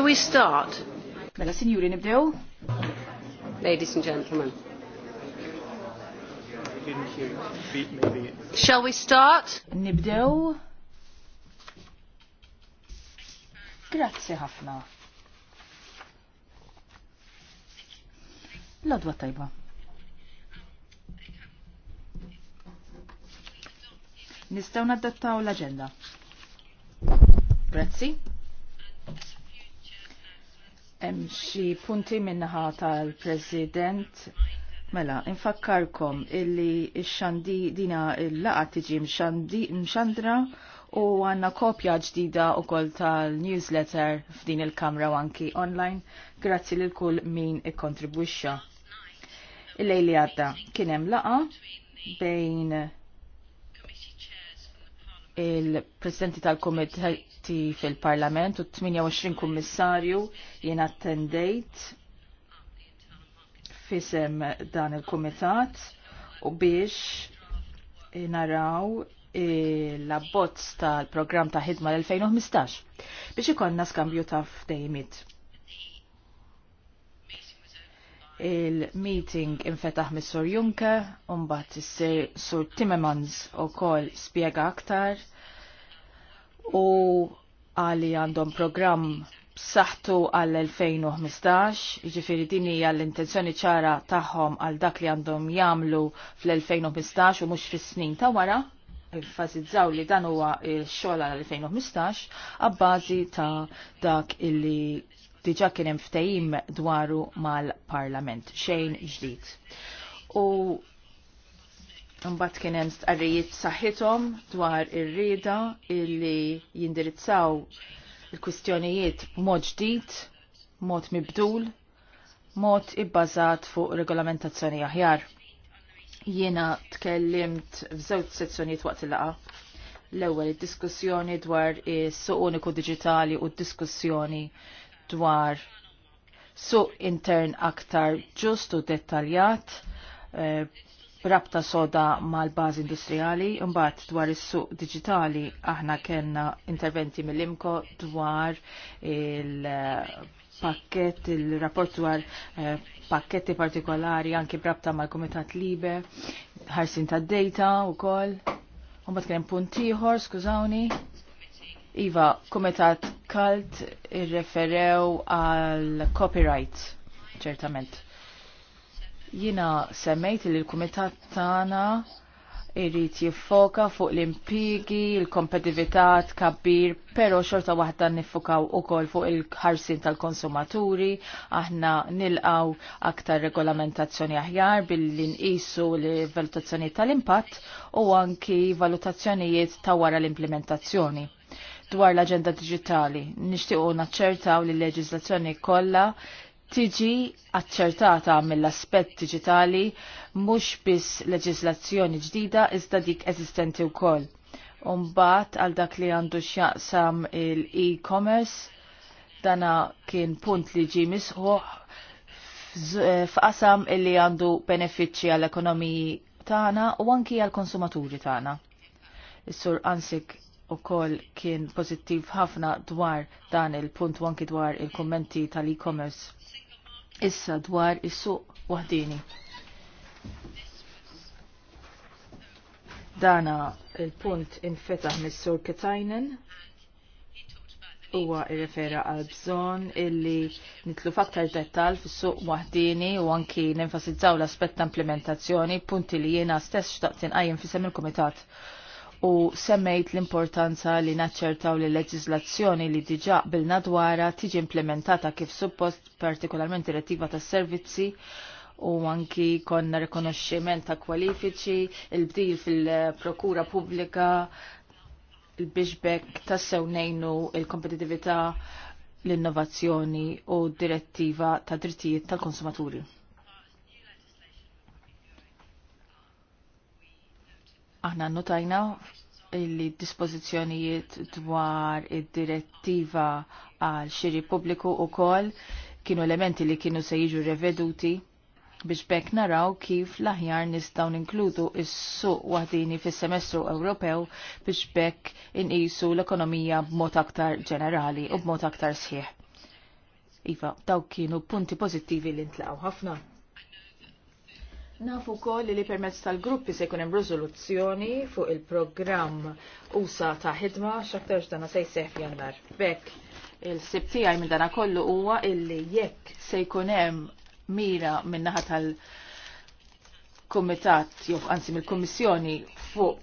Shall we start? Mela, sinjuri, nibdew? Ladies and gentlemen. Shall we start? Nibdew? Grazie, Hafna. L-odwa tajba. Nistaw naddattaw l-agenda. Grazie. Hemm xi punti minnaħa tal-President Mela, infakkarkom illi xandi dina il-laqa tiġi mxandra u għanna kopja ġdida u kol tal-newsletter f'din il-kamra u anki online. Grazzi lil kull min ikkontribwixxa. Il-lejli għadda kienem laqa bejn il-presidenti tal-komiteti fil-parlament u 28 kummissarju jien attendejt fisem dan il-komitat u biex naraw l-abbozz tal-programm ta' ħidma l-2015 biex ikonna skambju ta' fdejmit il-meeting infetaħ mis-Sur Juncker, unbat is-Sir Sur Timmermans u kol spiega aktar u għali għandhom program b'saħħtu għall-2015, jiġifieri din hija l-intenzjoni ċara tagħhom għal dak li għandhom jagħmlu fl-2015 u mhux fis-snin ta' wara, il-fazizzaw li dan huwa il-xogħol għal 2015 għabbażi ta' dak illi diġa kien hemm ftehim dwaru mal-Parlament, xejn ġdid. U Mbagħad kien hemm stqarrijiet saħħithom dwar ir-rieda illi jindirizzaw il-kwistjonijiet mod ġdid, mod mibdul, mod ibbażat fuq regolamentazzjoni aħjar. Jiena tkellimt f'żewġ sezzjonijiet waqt il-laqa. L-ewwel id-diskussjoni dwar is-suq uniku diġitali u d-diskussjoni dwar suq intern aktar ġustu dettaljat eh, rabta soda mal-bazi industrijali, imbagħad dwar is-suq digitali aħna kellna interventi mill-imko dwar il-pakket, il-rapport dwar eh, pakketti partikolari anki brabta mal-Kumitat Libe, ħarsin ta' data u koll. Umbat kien punt ieħor, skużawni. Iva, Kumitat kalt irreferew għal copyright ċertament. Jina semmejt li l-kumitat tagħna irrit jiffoka fuq l-impigi, l kompetivita tkabbir, pero xorta waħda nifukaw u kol fuq il-ħarsin tal-konsumaturi, aħna nilqaw aktar regolamentazzjoni aħjar billi nqisu l-valutazzjoni tal-impatt u anki valutazzjonijiet ta' wara l-implementazzjoni dwar l-agenda digitali. Nixtiequ naċċertaw li l-leġiżlazzjoni kollha tiġi aċċertata mill-aspett digitali mhux biss leġiżlazzjoni ġdida iżda dik eżistenti wkoll. Umbat għal dak li għandu x'jaqsam il-e-commerce dana kien punt li ġi misħuħ f'qasam illi għandu benefiċċji għall-ekonomiji tagħna u anki għall-konsumaturi tagħna. Is-sur Ansik u koll kien pozittiv ħafna dwar dan il-punt wanki dwar il-kommenti tal-e-commerce. Issa dwar is-suq wahdini. Dana il-punt infetaħ mis-sur Ketajnen huwa irrefera għal bżonn illi nitlu faktar dettal fis-suq waħdini u anki nenfasizzaw l-aspett ta' implementazzjoni punti li jiena stess xtaqt inqajjem fisem il-Kumitat. il kumitat u semmejt l-importanza li naċċertaw li leġislazzjoni li diġa bilna dwara tiġi implementata kif suppost partikolarment direttiva tas servizzi u anki konna rekonoxximent ta' kwalifiċi, il-bdil fil-prokura pubblika, il-bixbek ta' sewnejnu il-kompetitività l-innovazzjoni u direttiva ta' drittijiet tal-konsumaturi. Aħna notajna illi dispozizjonijiet dwar id-direttiva għal xiri pubbliku u kol kienu elementi li kienu se jiġu reveduti biex bekk naraw kif l-aħjar nistaw ninkludu is-suq waħdini fis-semestru Ewropew biex bekk inqisu l-ekonomija b'mod aktar ġenerali u b'mod aktar sħiħ. Iva, daw kienu punti pożittivi li ntlaqgħu ħafna. Nafu kol li, li permezz tal-gruppi se jkun hemm rizoluzzjoni fuq il-programm USA ta' ħidma x'aktarx dana se jseħħ f'jannar. Bekk il-sib tiegħi minn dana kollu huwa illi jekk se jkun hemm mira min naħa tal-kumitat jew anzi mill-kummissjoni fuq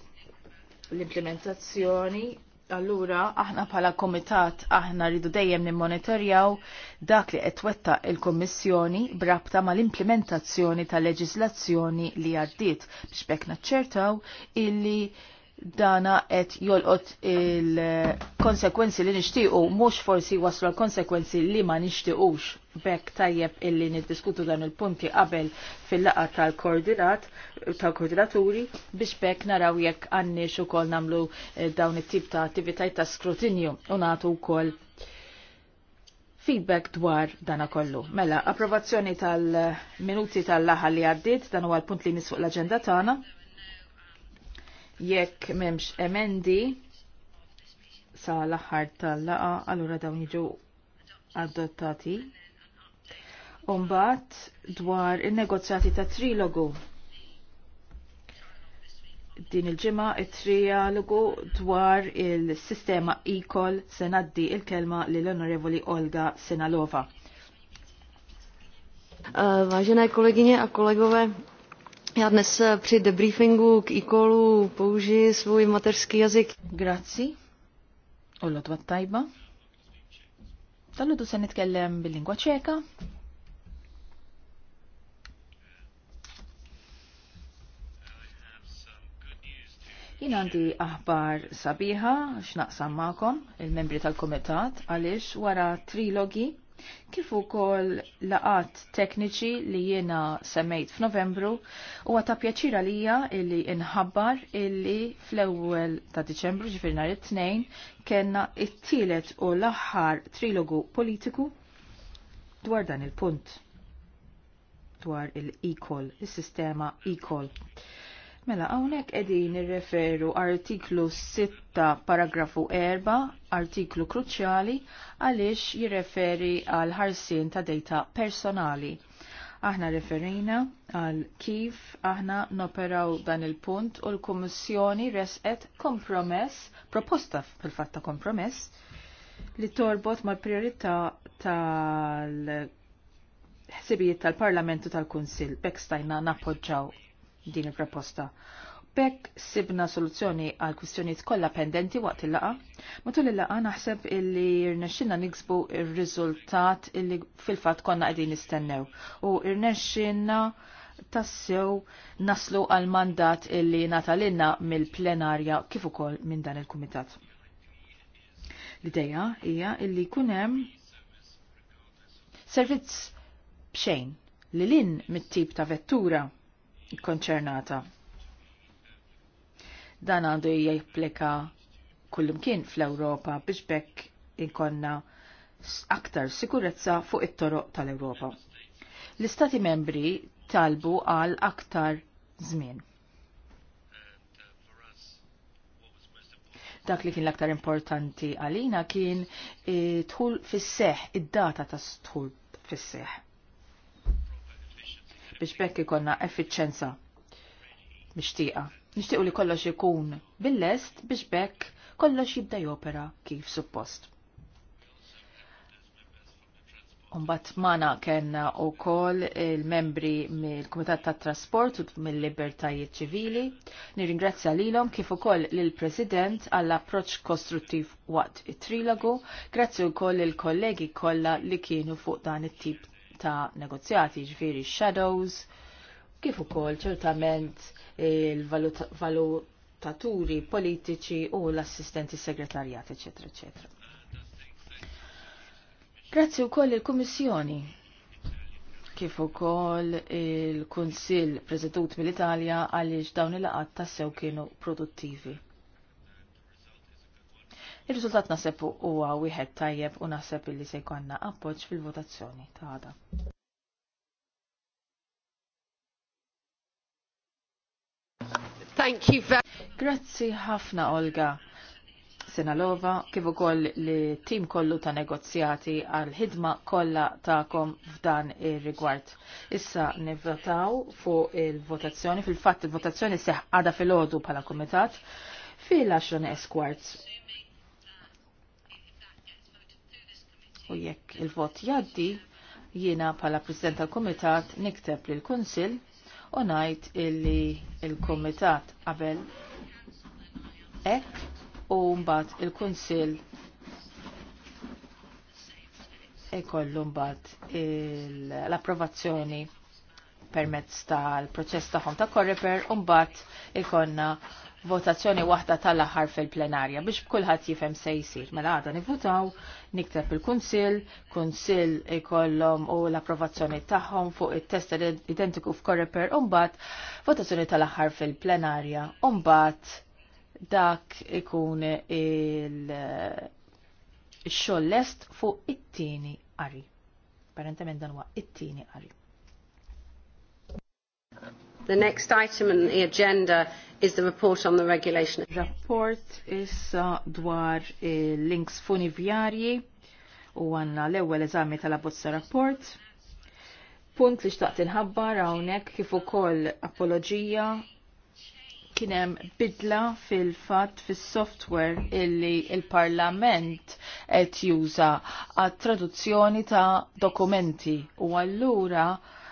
l-implementazzjoni Allura, aħna bħala komitat, aħna rridu dejjem nimmonitorjaw dak li qed il-Kommissjoni brabta mal-implementazzjoni tal-leġislazzjoni li għaddiet biex bekk naċċertaw illi dana qed jolqot il-konsekwenzi li nixtiequ mhux forsi waslu l-konsekwenzi li ma nixtiequx. Bekk tajjeb illi niddiskutu dan il-punti qabel fil-laqa tal-koordinat tal-koordinaturi biex bekk naraw jekk għandniex ukoll nagħmlu eh, dawn it-tip ta' attivitajt ta' skrutinju u nagħtu wkoll feedback dwar dana kollu. Mela, approvazzjoni tal-minuti tal-laħa li għaddit, dan huwa l-punt li nisfuq l-agenda tagħna. Jekk memx emendi sa l-aħħar tal-laqa, allura dawn jiġu adottati. Umbat dwar il-negozjati ta' trilogu. Din il-ġimma il-trialogu dwar il-sistema ikol e senaddi il-kelma l-Onorevoli Olga Senalova. Eh, vážené kolegyně a kolegové, Já dnes eh, při debriefingu k ikolu použiji svůj mateřský jazyk. Grazzi. U tva tajba. Tal-ludu se nitkellem bil-lingwa ċeka. Jien għandi aħbar sabiħa x'naqsam magħkom il-membri tal komitat għalix wara trilogi kif ukoll laqat tekniċi li jiena semmejt f'Novembru u għata pjaċira għalija illi inħabbar illi fl-ewwel ta' Diċembru ġifir nhar it-tnejn kellna t tielet u l-aħħar trilogu politiku dwar dan il-punt dwar il-equal, is-sistema equal. Il Mela, għawnek edin referu artiklu 6 paragrafu 4, artiklu kruċjali, għalix jirreferi għal ħarsin ta' data personali. Aħna referina għal kif aħna noperaw dan il-punt u l-Kommissjoni resqet kompromess, proposta fil-fatta kompromess, li torbot mal-priorità tal-ħsibijiet tal-Parlamentu tal-Kunsil, bekstajna nappoġġaw din il-proposta. Bekk sibna soluzzjoni għal kwistjonijiet kollha pendenti waqt il-laqa. Matul il-laqa naħseb illi rnexxinna niksbu ir-riżultat illi fil-fatt konna qegħdin nistennew. U rnexxinna tassew naslu għal mandat illi natalinna mill-plenarja kif ukoll minn dan il-kumitat. L-ideja hija illi kunem servizz bxejn li lin mit-tip ta' vettura konċernata. Dan għandu jgħajplika kullimkien fl-Europa biex bekk inkonna aktar sikurezza fuq it-toroq tal-Europa. L-Istati membri talbu għal aktar żmien. Dak li kien l-aktar importanti għalina kien eh, tħul fis-seħ, id-data ta' tħul fis-seħ biex bekk ikonna effiċenza mixtieqa. Nixtiequ li kollox ikun bil-lest biex bekk kollox jibda jopera kif suppost. Umbat mana kena u koll il-membri mill-Kumitat tat Trasport u mill-Libertajiet ċivili. Nirringrazzja lilhom kif ukoll lill-President għall approċċ kostruttiv waqt it-trilogu. Grazzi wkoll il-kollegi kollha li kienu fuq dan it-tip ta' negozjati ġviri shadows, kif ukoll ċertament il-valutaturi politiċi u l-assistenti segretarjat, etc. etc. Grazzi koll il-Kummissjoni kif ukoll il-Kunsill preżedut mill-Italja għaliex dawn il-laqat tassew kienu produttivi. Il-riżultat naseb huwa wieħed tajjeb u naħseb illi se jkollna appoġġ fil-votazzjoni ta' għada. Thank you very Grazzi ħafna Olga. Senalova, kif ukoll li tim kollu ta' negozjati għal ħidma kollha tagħkom f'dan ir-rigward. Issa nivvotaw fuq il-votazzjoni, fil-fatt il-votazzjoni seħ għada fil-ħodu bħala kumitat fil-10 esquarts. u jekk il-vot jaddi jiena bħala President tal-Komitat nikteb l kunsil u ngħid illi il-Komitat qabel hekk u mbagħad il-Kunsil ikollu mbat l-approvazzjoni permezz tal-proċess tagħhom ta' Korreper u mbagħad ikonna votazzjoni waħda tal-aħħar fil-plenarja biex kulħadd jifhem se jsir. Mela għada nivutaw, nikteb il-kunsill, kunsill ikollhom u l-approvazzjoni tagħhom fuq it-test identiku f'Koreper u mbagħad votazzjoni tal-aħħar fil-plenarja u mbagħad dak ikun il xollest fuq it-tieni qari. Apparentement dan huwa it-tieni qari. The next item on the agenda is the report on the regulation. Rapport issa dwar eh, links funivjarji u għanna l-ewwel eżami tal-abbozza rapport. Punt li xtaqt inħabbar hawnhekk kif ukoll apoloġija kienem bidla fil-fat fil-software illi il-parlament et juża għat traduzzjoni ta' dokumenti u allura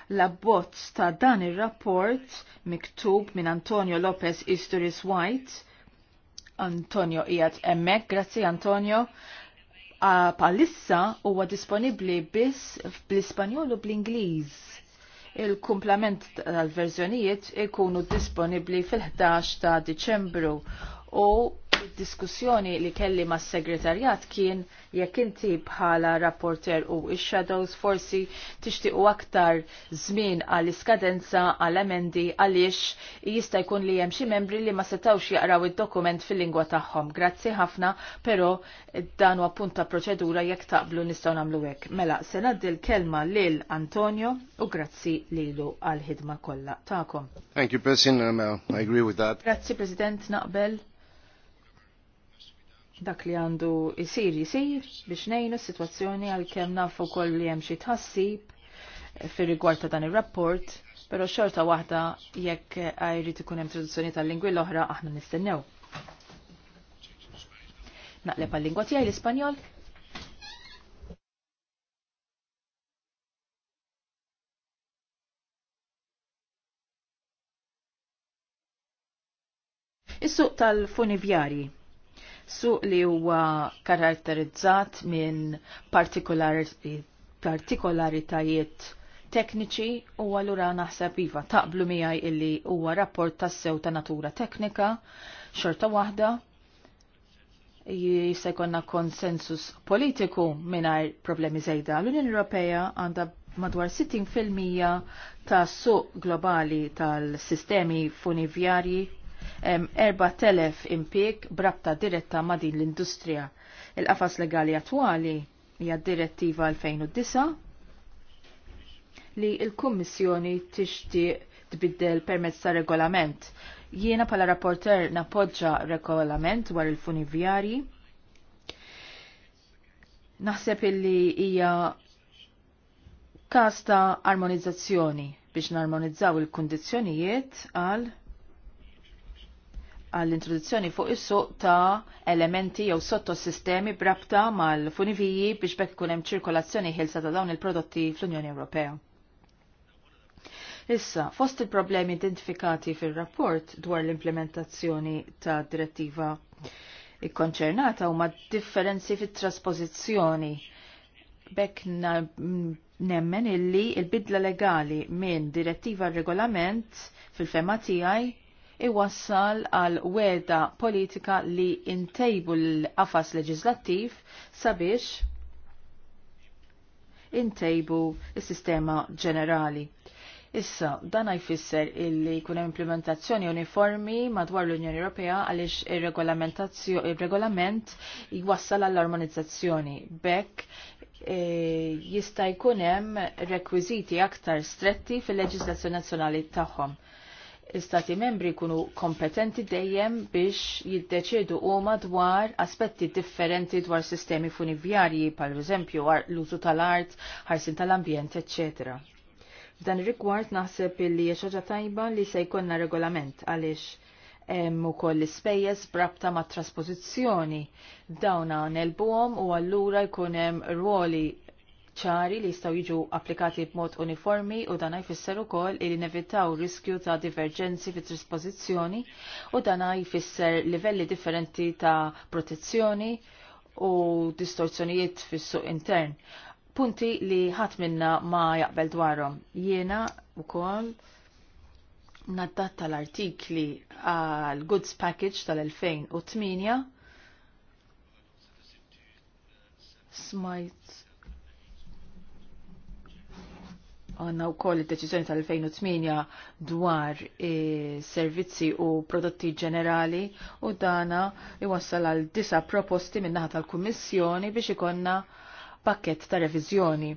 l-abbozz ta' dan ir-rapport miktub minn Antonio Lopez Isturis White. Antonio qiegħed hemmhekk, grazzi Antonio. Palissa huwa disponibbli biss bl-Ispanjol u bl-Ingliż. Il-kumplament tal-verżjonijiet ikunu disponibbli fil-11 ta' Diċembru u Id-diskussjoni li kelli ma' segretarjat kien jekk inti bħala rapporter u ix-shadows forsi tixtiqu aktar żmien għall iskadenza għall emendi għaliex jista' jkun li hemm xi membri li ma setawx jaqraw id-dokument fil-lingwa tagħhom. Grazzi ħafna, però dan huwa proċedura jekk taqblu nistgħu nagħmlu hekk. Mela, se ngħaddi kelma lil Antonio u grazzi lilu għall ħidma kollha tagħkom. Thank you, President. Um, uh, I agree with that. Grazzi, President, naqbel dak li għandu jisir jisir biex nejnu s-situazzjoni għal kem nafu koll li jem tħassib fir rigward ta' dan il-rapport, pero xorta waħda jekk għajri ikun hemm traduzzjoni tal-lingwi l-oħra aħna nistennew. Naqleb għal-lingwa tiegħi l-Ispanjol. Is-suq tal-funivjari suq li huwa karatterizzat minn partikolaritajiet tekniċi u għallura naħseb iva taqblu miħaj illi huwa rapport tas-sew ta' natura teknika xorta waħda jisekonna jkollna konsensus politiku mingħajr problemi żejda. L-Unjoni Ewropea għandha madwar 60% ta' suq globali tal-sistemi funivjarji 4.000 impieg brabta diretta ma' din l-industrija. Il-qafas legali attwali hija direttiva 2009 li il-Kummissjoni tixtieq tbiddel permezz ta' regolament. Jiena pala rapporter napoġġa regolament dwar il funivjarji Naħseb illi hija kasta ta' armonizzazzjoni biex narmonizzaw il-kundizzjonijiet għal għall-introduzzjoni fuq is-suq ta' elementi jew sottosistemi brabta mal-funiviji biex bekk ikun hemm ċirkolazzjoni ħilsa ta' dawn il-prodotti fl-Unjoni Ewropea. Issa, fost il-problemi identifikati fil-rapport dwar l-implementazzjoni ta' direttiva ikkonċernata huma differenzi fit-traspożizzjoni bekk nemmen illi il-bidla legali minn direttiva regolament fil-fema tiegħi iwassal għal weda politika li intejbu l-qafas leġislattiv sabiex intejbu il-sistema ġenerali. Issa, dan jfisser illi kun implementazzjoni uniformi madwar l-Unjoni Ewropea għaliex il-regolament jwassal għall-armonizzazzjoni. Bekk E, jista' jkun hemm rekwiżiti aktar stretti fil-leġislazzjoni nazzjonali tagħhom istati membri kunu kompetenti dejjem biex jiddeċedu huma dwar aspetti differenti dwar sistemi funivjarji, pal eżempju l-użu tal-art, ħarsin tal-ambjent, etc. F'dan ir-rigward naħseb li xaġa tajba li se jkollna regolament għaliex hemm ukoll l-ispejjeż brabta mat trasposizzjoni dawna nelbuhom u allura jkun hemm ruoli ċari li jistgħu jiġu applikati b'mod uniformi u dan jfisser ukoll li nevitaw riskju ta' diverġenzi fit trispożizzjoni u dan jfisser livelli differenti ta' protezzjoni u distorzjonijiet fis-suq intern. Punti li ħadd minna ma jaqbel dwarhom. Jiena wkoll naddatta l-artikli għal Goods Package tal-2008 smajt Għanna u koll il-deċizjoni tal-2008 dwar servizzi u prodotti ġenerali u dana iwassal għal disa proposti minnaħat tal-Kummissjoni biex ikonna pakket ta' revizjoni.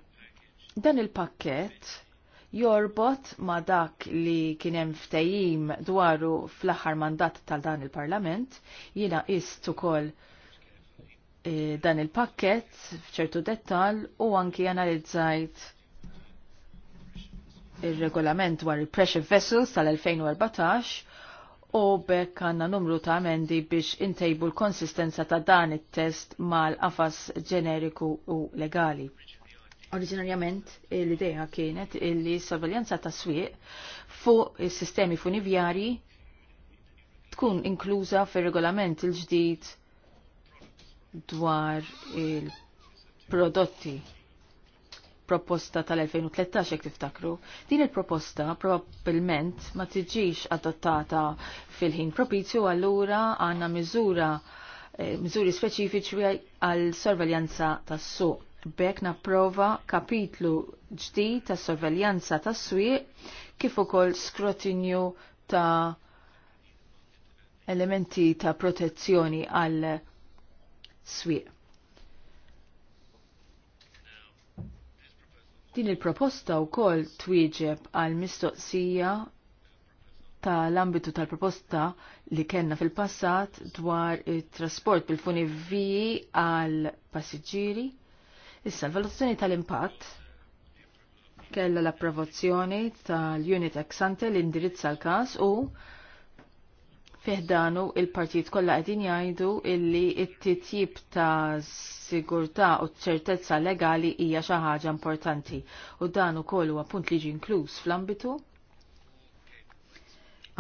Dan il-pakket jorbot ma dak li kienem ftejim dwaru fl-aħħar mandat tal-dan il-Parlament, jina ist ukoll eh, dan il-pakket fċertu dettal u anki analizzajt il-regolament dwar il-pressure vessels tal-2014 u bekk għanna numru ta' amendi biex intejbu l-konsistenza ta' dan it-test mal afas ġeneriku u legali. Oriġinarjament l-ideja kienet illi sorveljanza ta' swieq fuq is-sistemi funivjarji tkun inkluża fir-regolament il-ġdid dwar il-prodotti proposta tal-2013 jek tiftakru. Din il-proposta probabbilment ma tiġix adottata fil-ħin propizju allura għanna miżura eh, miżuri speċifiċi għal sorveljanza tas-suq. Bek napprova kapitlu ġdid ta' sorveljanza tas-swieq kif ukoll skrutinju ta' elementi ta' protezzjoni għal swieq. Din il-proposta u kol twieġeb għal mistoqsija tal-ambitu tal-proposta li kenna fil-passat dwar il-trasport bil-funivviji għal passiġġieri. Issa l-valutazzjoni tal-impatt kella l-approvazzjoni tal-Unit Exante l-indirizza l-kas u fiħdanu il-partijiet kollha qegħdin jgħidu illi t-titjib ta' sigurtà u ċertezza legali hija xi ħaġa importanti u dan ukoll huwa punt li ġi inkluż fl-ambitu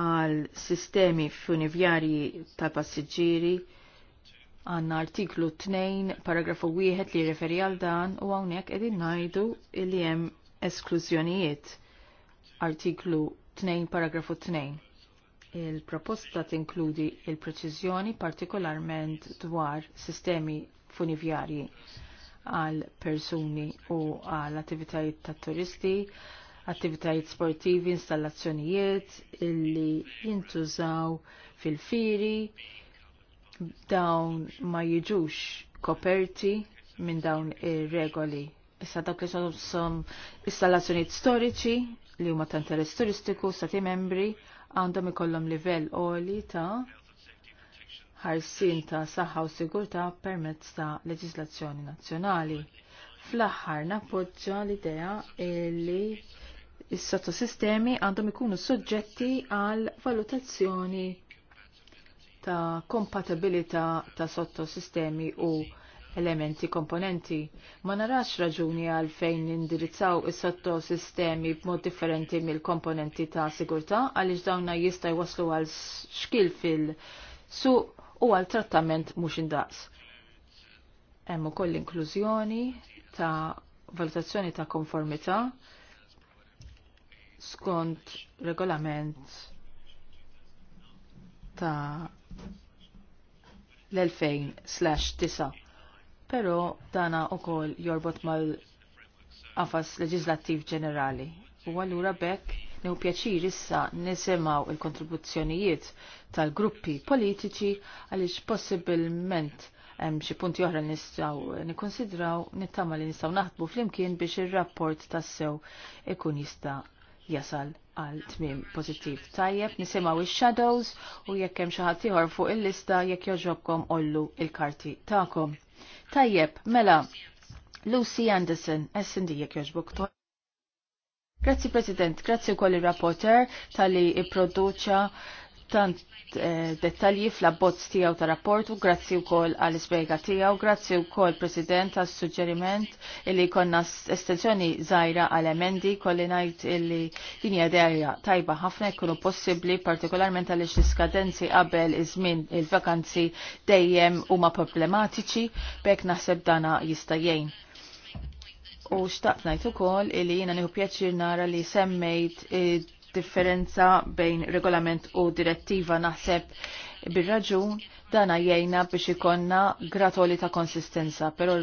għal sistemi funivjarji ta' passiġġieri għanna artiklu 2 paragrafu 1 li referi għal dan u hawnhekk qegħdin ngħidu li hemm esklużjonijiet artiklu 2 paragrafu 2 Il-proposta tinkludi il-preċiżjoni partikolarment dwar sistemi funivjarji għal persuni u għal attivitajiet ta' turisti, attivitajiet sportivi, installazzjonijiet illi jintużaw fil-firi, dawn ma jiġux koperti minn dawn ir-regoli. Issa dak li som installazzjonijiet storiċi li huma ta' interess turistiku, stati membri, għandhom ikollhom livell għoli ta' ħarsin ta' saħħa u sigurtà permezz ta' leġislazzjoni nazzjonali. Fl-aħħar nappoġġa l-idea li s sottosistemi għandhom ikunu soġġetti għal valutazzjoni ta' kompatibilità ta' sottosistemi u elementi komponenti. Ma narax raġuni għal fejn nindirizzaw is-sottosistemi b'mod differenti mill-komponenti ta' sigurtà għaliex dawna jista' jwaslu għal xkil fil-suq u għal trattament mhux indaqs. Hemm ukoll inklużjoni ta' valutazzjoni ta' konformità skont regolament ta' l-2000/9 pero dana u kol jorbot mal afas leġislattiv ġenerali. U għallura bekk new pjaċir issa nisimaw il-kontribuzzjonijiet tal-gruppi politiċi għaliex possibilment hemm xi punti oħra nistgħu nikkonsidraw nittama li nistgħu naħdmu flimkien biex ir-rapport tassew ikun jista' jasal għal tmiem pozittiv Tajjeb nisimgħu ix-shadows u jekk hemm xi ħadd ieħor fuq il-lista jekk joġobkom ollu il-karti tagħkom. Tajjeb, mela, Lucy Anderson, S&D jek joġbuk. Grazzi President, grazzi u koll il-rapporter tal-li i produċa tant eh, dettalji fl-abbozz tiegħu ta' rapport u grazzi wkoll għal ispjega tiegħu, grazzi wkoll President għas suġġeriment illi konna estenzjoni żgħira għal emendi kolli ngħid illi din hija tajba ħafna jkunu possibbli partikolarment għaliex l-iskadenzi qabel iż-żmien il-vakanzi dejjem huma problematiċi bekk naħseb dana jistajjen. jgħin. U xtaqt ngħid ukoll illi jiena nieħu pjaċir nara li semmejt differenza bejn regolament u direttiva naħseb bil-raġun dana jgħina biex ikonna gratoli ta' konsistenza, pero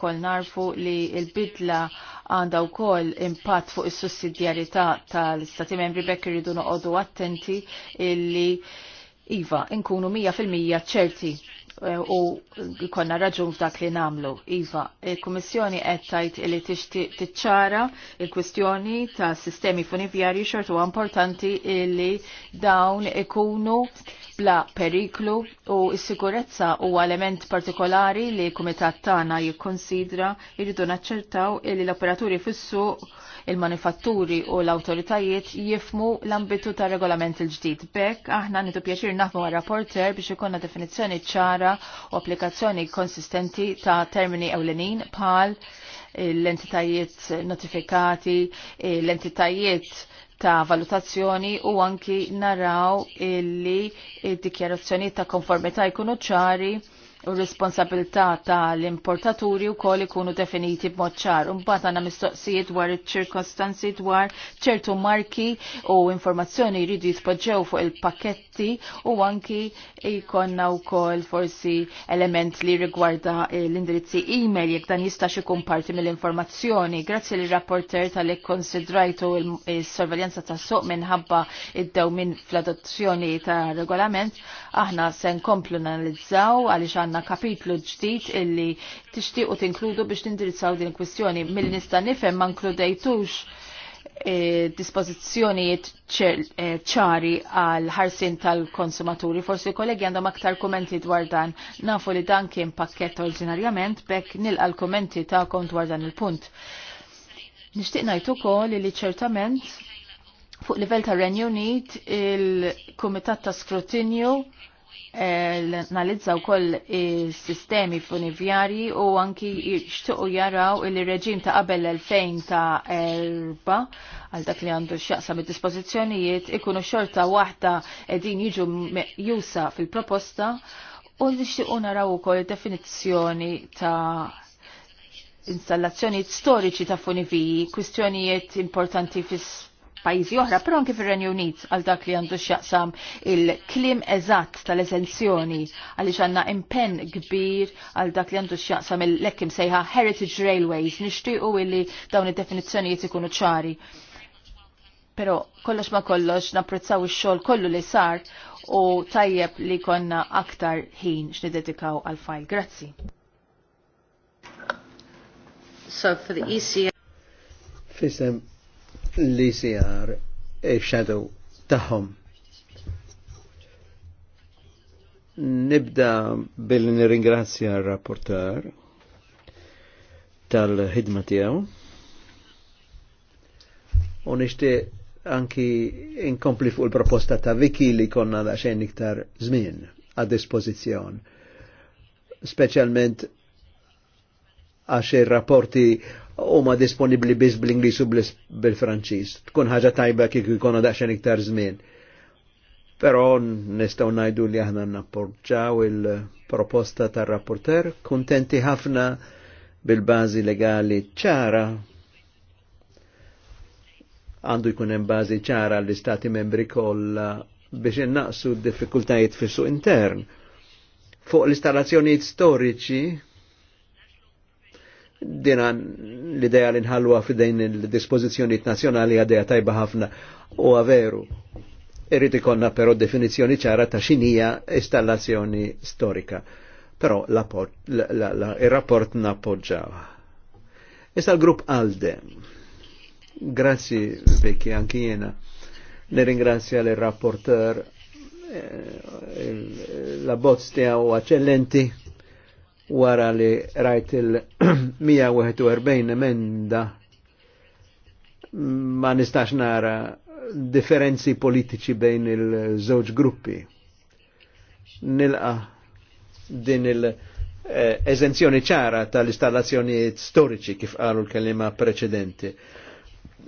kol narfu li il-bidla għanda u kol impatt fuq is sussidjarita tal-Stati membri bekk irridu noqogħdu attenti illi Iva, inkunu 100% ċerti u konna raġun f'dak li namlu. Iva, il-Kummissjoni qed tajt li tiċċara il-kwistjoni ta' sistemi funivjarji xortu importanti li dawn ikunu bla periklu u s-sigurezza u element partikolari li kumitat tagħna jikkonsidra jridu naċċertaw li l-operaturi fissu il-manifatturi u l-autoritajiet jifmu l-ambitu ta' regolament il-ġdid. Bekk, aħna nitu pjaċir naħmu rapporter biex ikonna definizzjoni ċara u applikazzjoni konsistenti ta' termini ewlenin pal l-entitajiet notifikati, l-entitajiet ta' valutazzjoni u anki naraw illi id-dikjarazzjoni ta' konformità jkunu ċari u responsabilità tal-importaturi u kol ikunu definiti b'mod ċar. Mbagħad għandna mistoqsijiet dwar ċirkostanzi dwar ċertu marki u informazzjoni jridu jitpoġġew fuq il paketti u anki jkollna wkoll forsi element li rigwarda l-indirizzi e-mail jekk dan jistax ikun parti mill-informazzjoni. Grazzi li rapporter tal konsidrajtu il-sorveljanza ta' soq minħabba id minn fl-adozzjoni ta' regolament, aħna se nkomplu analizzaw għaliex għandna għandna kapitlu ġdid illi tixtiequ tinkludu biex tindirizzaw din kwistjoni. Milli nista' nifhem ma nkludejtux eh, dispożizzjonijiet eh, ċari għal ħarsin tal-konsumaturi. Forsi kollegi għandhom aktar kommenti dwar dan. Nafu li dan kien pakket oriġinarjament bekk nilqa l-kommenti ta'kom dwar dan il-punt. Nishtiq ngħid ukoll li ċertament fuq livell ta' Renju Unit il-Kumitat ta' Skrutinju nanalizzaw koll sistemi funivjarji u anki jixtuqu jaraw il-reġim ta' qabel 2000 ta' erba għal dak li għandu xaqsa mid dispożizzjonijiet ikunu xorta waħda edin jiġu jusa fil-proposta u nixtiqu naraw ukoll definizzjoni ta' installazzjoni storiċi ta' funiviji, kwistjonijiet importanti fis pajjiżi oħra, però anki fir-Renju Unit għal dak li għandu x'jaqsam il-klim eżatt tal-eżenzjoni għaliex għandna impenn kbir għal dak li għandu x'jaqsam il-lekkim sejħa Heritage Railways, nixtiequ illi dawn id-definizzjonijiet ikunu ċari. Pero kollox ma kollox napprezzaw ix-xogħol kollu li sar u tajjeb li konna aktar ħin x'nidedikaw għal fajl. Grazzi. So for the ECA. Fisem li sijar il-shadow taħħom. Nibda billi nirringrazzja r-rapportar tal-ħidma tijaw. U nixtieq anki inkompli fuq il-proposta ta' Viki li konna da xejn iktar zmin a dispożizzjon. Specialment għax il rapporti huma disponibbli biss bl inglis u bil-Franċiż. Tkun ħaġa tajba kik jkollna daċen iktar zmin. Però nistaw ngħidu li aħna napporġaw il-proposta tar-rapporter, kuntenti ħafna bil-bażi legali ċara għandu jkun hemm bażi ċara l-istati membri kollha biex innaqsu d-diffikultajiet fis-suq intern. Fuq l-installazzjonijiet storiċi dina l-ideja li nħalluha f'dejn il-dispożizzjonijiet nazzjonali għadeja tajba ħafna u għaveru. Irrid ikonna però definizzjoni ċara ta' xinija installazzjoni storika. Però il-rapport nappoġġaw. Issa l-grupp Alde. Grazzi Vekki anki jena. Neringrazzja l-rapporter eh, la bozz tiegħu eccellenti wara li rajt il-141 emenda ma nistax nara differenzi politiċi bejn il-żewġ gruppi. Nilqa din il-eżenzjoni eh, ċara tal-installazzjonijiet storiċi kif qalu l-kelima preċedenti.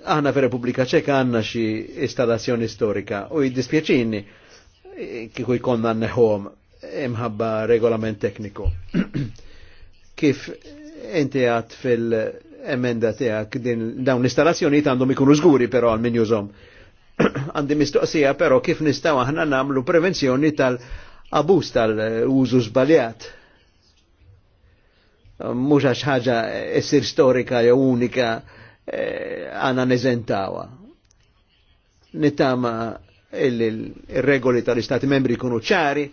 Aħna fi Repubblika Ċeka għandna xi installazzjoni storika u jiddispjaċini eh, kieku jkollna neħom imħabba regolament tekniku. Kif inti għat fil-emenda tijak din dawn l-installazzjoniet għandhom ikunu żguri però għal min jużom. Għandi mistoqsija pero kif nistaw aħna namlu prevenzjoni tal-abus tal-użu zbaljat. Mhux għax ħaġa essir storika jew unika eh, għana neżentawa. Nittama il-regoli tal-Istati membri kunu ċari,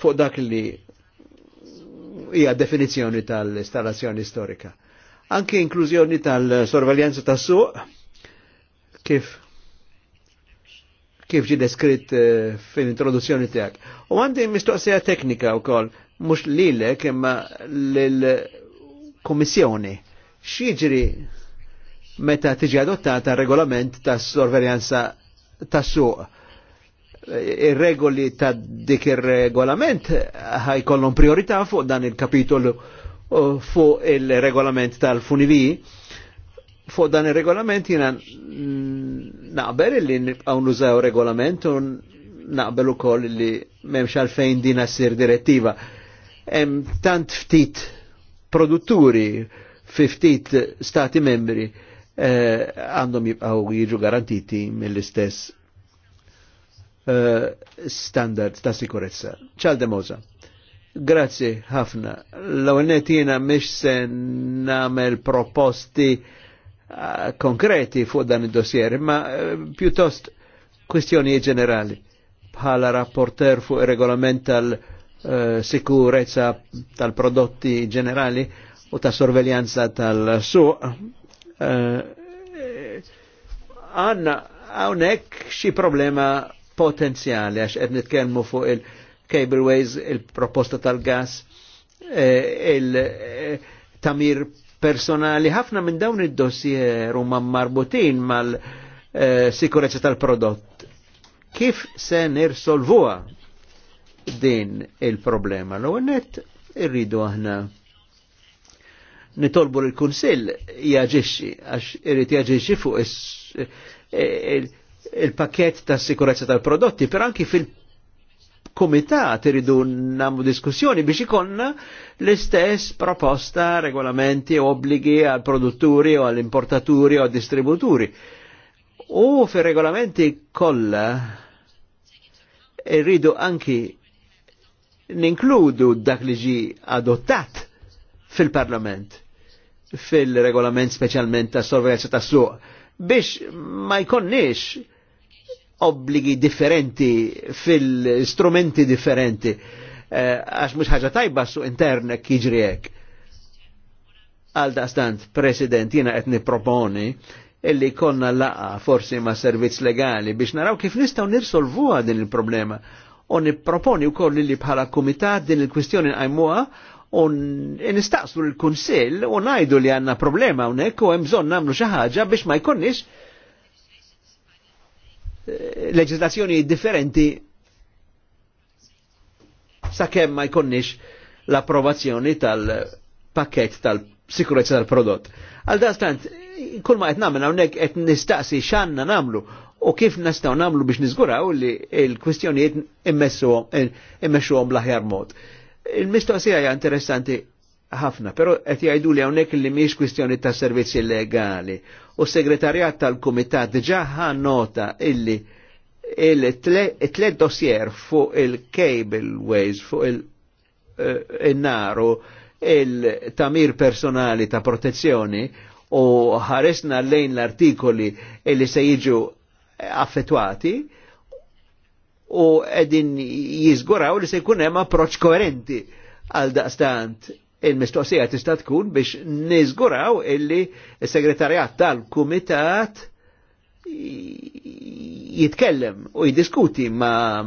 fuq dak li hija definizzjoni tal-installazzjoni storika. Anke inklużjoni tal-sorveljanza tas-suq kif kif ġi deskritt uh, fil-introduzzjoni tiegħek. U għandi mistoqsija teknika wkoll mhux lilek imma lill-Kummissjoni. X'jiġri meta tiġi adottata regolament tas-sorveljanza tas-suq il regoli ta' dik il regolament ħajkollhom priorità fuq dan il-kapitolu fuq il-regolament tal-funiviji. Fuq dan il-regolament jina naqbel li nibqaw nużaw regolament u naqbel ukoll li memx għalfejn din assir direttiva. Hemm tant ftit produtturi fi ftit stati membri eh, għandhom eh, jibqaw jiġu garantiti mill-istess Eh, standard ta' sikurezza. ċalde moza. Grazzi ħafna. L-għonet jina mish se namel proposti eh, konkreti fuq dan id-dossier, ma eh, pjuttost kwistjoni ġenerali bħala rapporter fuq regolament tal-sikurezza tal-prodotti ġenerali u ta' sorveljanza tal-suq. Għanna għawnek xi problema potenzjali għax qed nitkellmu fuq il-cableways, il-proposta tal-gas, eh, il-tamir eh, personali. Ħafna minn dawn id-dossier huma marbutin mal-sikurezza eh, tal-prodott. Kif se nirsolvuha din il-problema? l net irridu aħna nitolbu l-Kunsill jaġixxi għax irid jaġixxi fuq il-pakket ta' sikurezza tal-prodotti, per anki fil-komitat iridu namu diskussjoni biex ikonna l-istess proposta, regolamenti, obbligi għal produtturi o għal importaturi o għal distributuri. U fil regolamenti kolla irridu anki ninkludu dak li ġi adottat fil-parlament fil-regolament specialment ta' sorveglianza ta' suq biex ma jkonniex obbligi differenti fil-strumenti differenti eh, għax mux ħaġa tajba su intern kiġri hekk. Għal daqstant, President, jina qed proponi illi konna laqa forsi ma' servizz legali biex naraw kif nistaw nirsolvuha din il-problema. U nipproponi wkoll li bħala kumitat din il-kwistjoni nqajmuha u nistaqsu l-Kunsill u ngħidu li għandna problema hawnhekk u hemm bżonn nagħmlu xi ħaġa biex ma jkunniex leġislazzjoni differenti sakemm ma jkunniex l-approvazzjoni tal-pakket tal-sikurezza tal-prodott. Għal dastant, kull ma qed nagħmel hawnhekk qed nistaqsi x'għandna nagħmlu u kif nistgħu nagħmlu biex niżguraw li l-kwistjonijiet immexxuhom l-aħjar mod. Il-mistoqsija hija interessanti ħafna, però qed jgħidu li hawnhekk li mhijiex kwistjoni ta' servizzi legali u segretarjat tal-Kumitat ġaħa nota illi il-tlet dossier fuq il-cableways, fuq eh, il-naru, il-tamir personali ta' protezzjoni u ħaresna lejn l-artikoli li se jiġu affettuati u edin jizguraw li se jkun hemm approċ koerenti għal daqstant il-mistoqsija tista' tkun biex niżguraw illi s-segretarjat tal-kumitat jitkellem u jiddiskuti ma,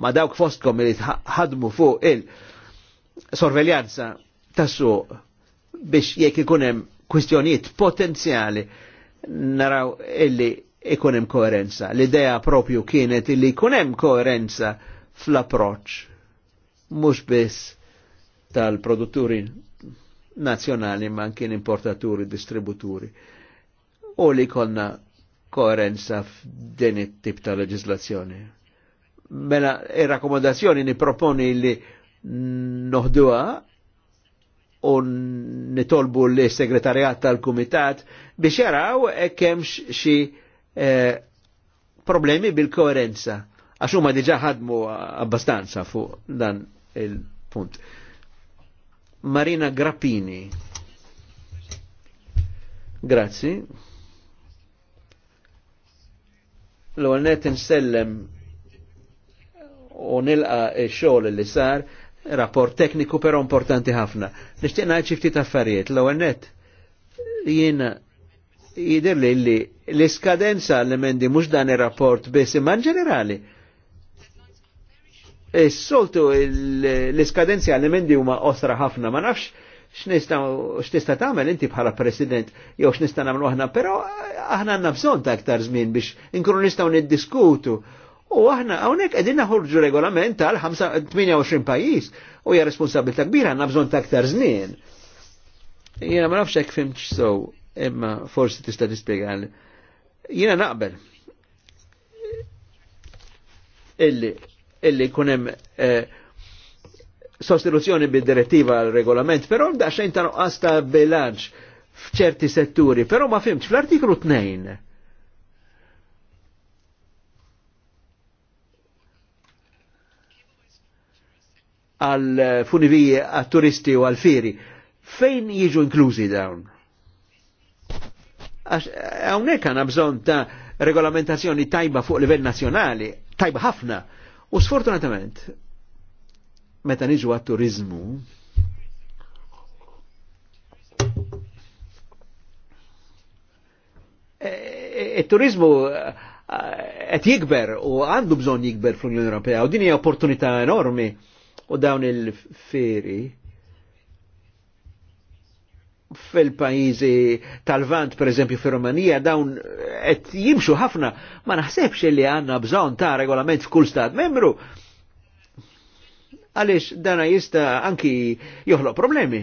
ma dawk fostkom li ħadmu fuq il-sorveljanza tas-suq biex jekk ikunem kwistjonijiet potenzjali naraw illi ikunem koerenza. L-idea propju kienet illi ikunem koerenza fl-approċ, mux biss tal-produtturi nazjonali ma kien importaturi, distributuri. U li konna koerenza f'din it-tip ta' leġislazzjoni. Mela, il-rakkomandazzjoni niproponi li noħduha u nitolbu l segretarjat tal-Kumitat biex jaraw e kemx xi e, problemi bil-koerenza. Għax huma diġà ħadmu abbastanza fuq dan il-punt. Marina Grappini. Grazzi. l għalnet nsellem u nilqa xogħol li sar, rapport tekniku però importanti ħafna. Nishtiqna ngħid xi ftit affarijiet. l jiena jidher li l-iskadenza l-emendi mhux dan ir-rapport biss imma ġenerali Soltu l iskadenzja li mendi huma osra ħafna, ma nafx x'tista' tagħmel inti bħala President jew x'nista' nagħmlu aħna, però eh, aħna għandna bżonn ta' aktar żmien biex inkunu nistgħu niddiskutu. U aħna hawnhekk qegħdin naħorġu regolament tal 28 pajjiż u hija responsabilità kbira għandna bżonn ta' aktar żmien. Jiena ma nafx hekk fimx sow imma forsi tista' tispjegali. Jiena naqbel illi illi kunem eh, sostituzzjoni bid-direttiva għal regolament, però da xejn ta' nuqqas ta' bilanċ f'ċerti setturi, però ma fimx fl-artiklu 2. għal eh, funivije għal turisti u għal firi. Fejn jiġu inklużi dawn? Għawnek eh, għana bżon ta' regolamentazzjoni tajba fuq livell nazjonali, tajba ħafna U sfortunatament, meta niġu għat-turizmu, il-turizmu e, e, e, qed jikber u għandu bżon jikber fl-Unjoni Ewropea u din hija opportunità enormi u dawn il-feri fil-pajizi tal-Vant, per eżempju, fil romania dawn eh, et jimxu ħafna, ma naħsebx li għanna bżon ta' regolament f'kull stat membru. Għalix dana jista anki joħloq problemi.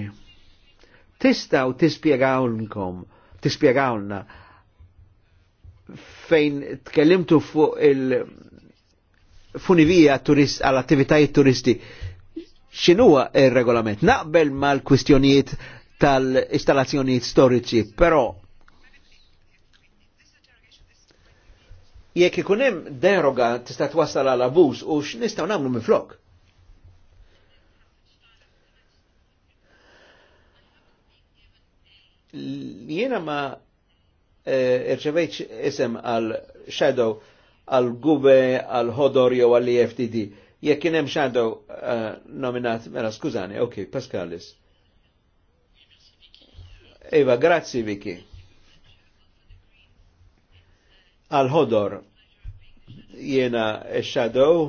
Tista' u tispiegawnkom, tispiegawna fejn tkellimtu fuq il- funivija turist, għall-attivitajiet turisti, xinuwa il-regolament? Naqbel mal-kwistjonijiet tal-installazzjonijiet storiċi, però jekk ikun hemm deroga tista' twassal għal abuż u x'nistgħu nagħmlu minflok. Jiena ma eh, irċevejċ isem għal shadow għal gube għal ħodor jew għal EFTD. Jekk kien hemm shadow eh, nominat, mela skużani, ok, Pascalis. Iva, grazzi Viki. Al-ħodor, jena shadow